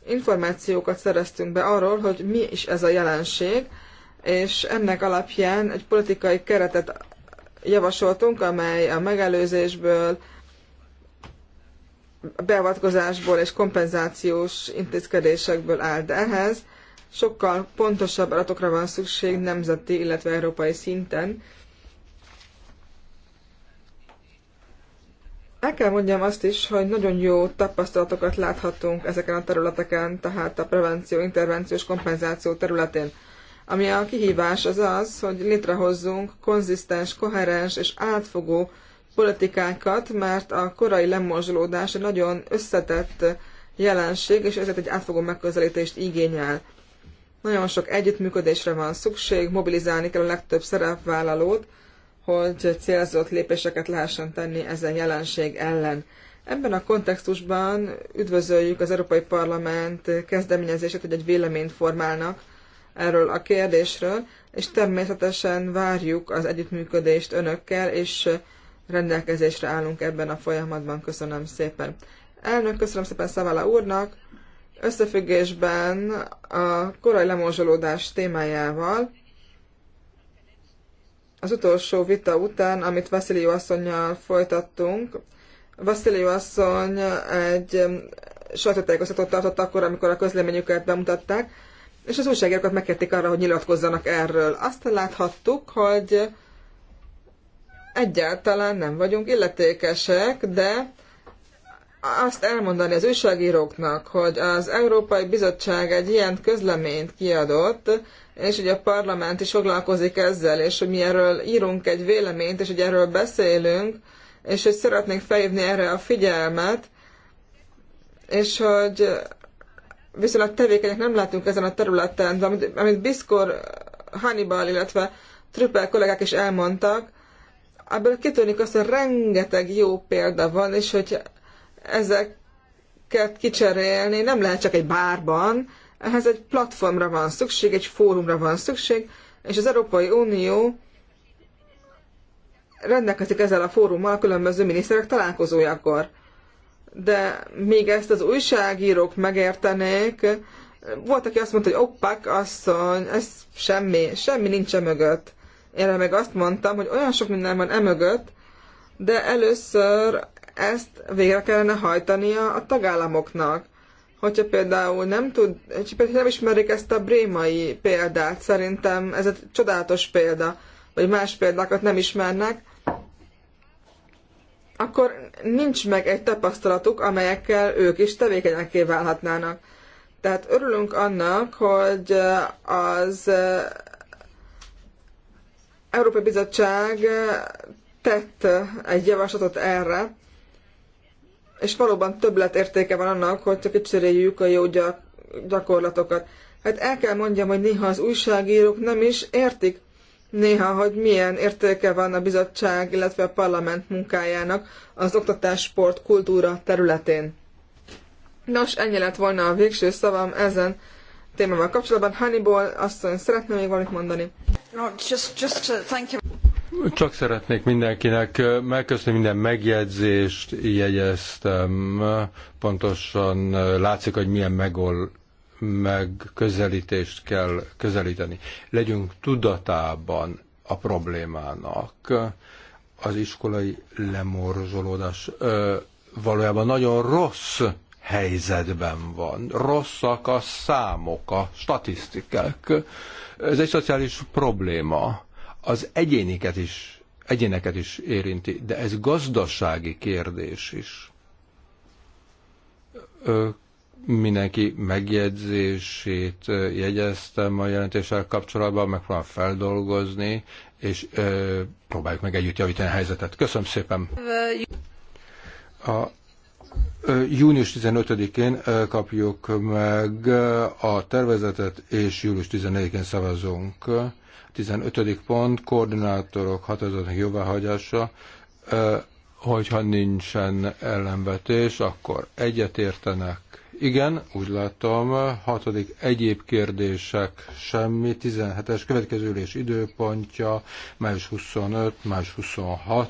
információkat szereztünk be arról, hogy mi is ez a jelenség, és ennek alapján egy politikai keretet javasoltunk, amely a megelőzésből, beavatkozásból és kompenzációs intézkedésekből áll, de ehhez sokkal pontosabb adatokra van szükség nemzeti, illetve európai szinten, el kell mondjam azt is, hogy nagyon jó tapasztalatokat láthatunk ezeken a területeken, tehát a prevenció, intervenció és kompenzáció területén. Ami a kihívás az az, hogy létrehozzunk konzisztens, koherens és átfogó politikákat, mert a korai lemorzsolódás egy nagyon összetett jelenség, és ezért egy átfogó megközelítést igényel. Nagyon sok együttműködésre van szükség, mobilizálni kell a legtöbb szerepvállalót, hogy célzott lépéseket lehessen tenni ezen jelenség ellen. Ebben a kontextusban üdvözöljük az Európai Parlament kezdeményezését, hogy egy véleményt formálnak erről a kérdésről, és természetesen várjuk az együttműködést önökkel, és rendelkezésre állunk ebben a folyamatban. Köszönöm szépen. Elnök, köszönöm szépen Szavala úrnak. Összefüggésben a korai lemorzsolódás témájával az utolsó vita után, amit Vasilió asszonynal folytattunk, Vasilió asszony egy sajtótájékoztatót tartott akkor, amikor a közleményüket bemutatták, és az újságírókat megkérték arra, hogy nyilatkozzanak erről. Azt láthattuk, hogy egyáltalán nem vagyunk illetékesek, de azt elmondani az újságíróknak, hogy az Európai Bizottság egy ilyen közleményt kiadott, és hogy a parlament is foglalkozik ezzel, és hogy mi erről írunk egy véleményt, és hogy erről beszélünk, és hogy szeretnénk felhívni erre a figyelmet, és hogy viszonylag tevékenyek nem látunk ezen a területen, de amit, amit Biszkor, Hannibal, illetve Trüppel kollégák is elmondtak, ebből kitűnik azt, hogy rengeteg jó példa van, és hogy ezeket kicserélni nem lehet csak egy bárban, ehhez egy platformra van szükség, egy fórumra van szükség, és az Európai Unió rendelkezik ezzel a fórummal a különböző miniszterek találkozójakor. De még ezt az újságírók megértenék, volt, aki azt mondta, hogy oppak, asszony, ez semmi, semmi nincs emögött. Erre meg azt mondtam, hogy olyan sok minden van emögött, de először ezt végre kellene hajtania a tagállamoknak. Hogyha például nem tud, hogyha például nem ismerik ezt a brémai példát, szerintem ez egy csodálatos példa, vagy más példákat nem ismernek, akkor nincs meg egy tapasztalatuk, amelyekkel ők is tevékenyeké válhatnának. Tehát örülünk annak, hogy eh, az eh, Európai Bizottság eh, tett egy javaslatot erre, és valóban többletértéke van annak, hogy csak kicseréljük a jó gyakorlatokat. Hát el kell mondjam, hogy néha az újságírók nem is értik néha, hogy milyen értéke van a bizottság, illetve a parlament munkájának az oktatás, sport, kultúra területén. Nos, ennyi lett volna a végső szavam ezen témával kapcsolatban. Hannibal azt szeretném még valamit mondani? No, just, just, thank you. Csak szeretnék mindenkinek megköszönni minden megjegyzést, jegyeztem. Pontosan látszik, hogy milyen megol, megközelítést kell közelíteni. Legyünk tudatában a problémának. Az iskolai lemorzsolódás ö, valójában nagyon rossz helyzetben van. Rosszak a számok, a statisztikák. Ez egy szociális probléma az egyéniket is, egyéneket is érinti, de ez gazdasági kérdés is. Ö, mindenki megjegyzését jegyeztem a jelentéssel kapcsolatban, fogom feldolgozni, és ö, próbáljuk meg együtt javítani a helyzetet. Köszönöm szépen! A Június 15-én kapjuk meg a tervezetet, és július 14-én szavazunk. 15. pont, koordinátorok határozatnak jóváhagyása, hogyha nincsen ellenvetés, akkor egyetértenek. Igen, úgy látom, hatodik egyéb kérdések semmi, 17-es következő ülés időpontja, május 25, május 26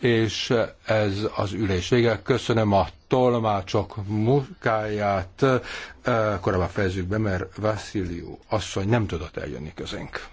és ez az ülés vége. Köszönöm a tolmácsok munkáját. Korábban fejezzük be, mert Vasszilió asszony nem tudott eljönni közénk.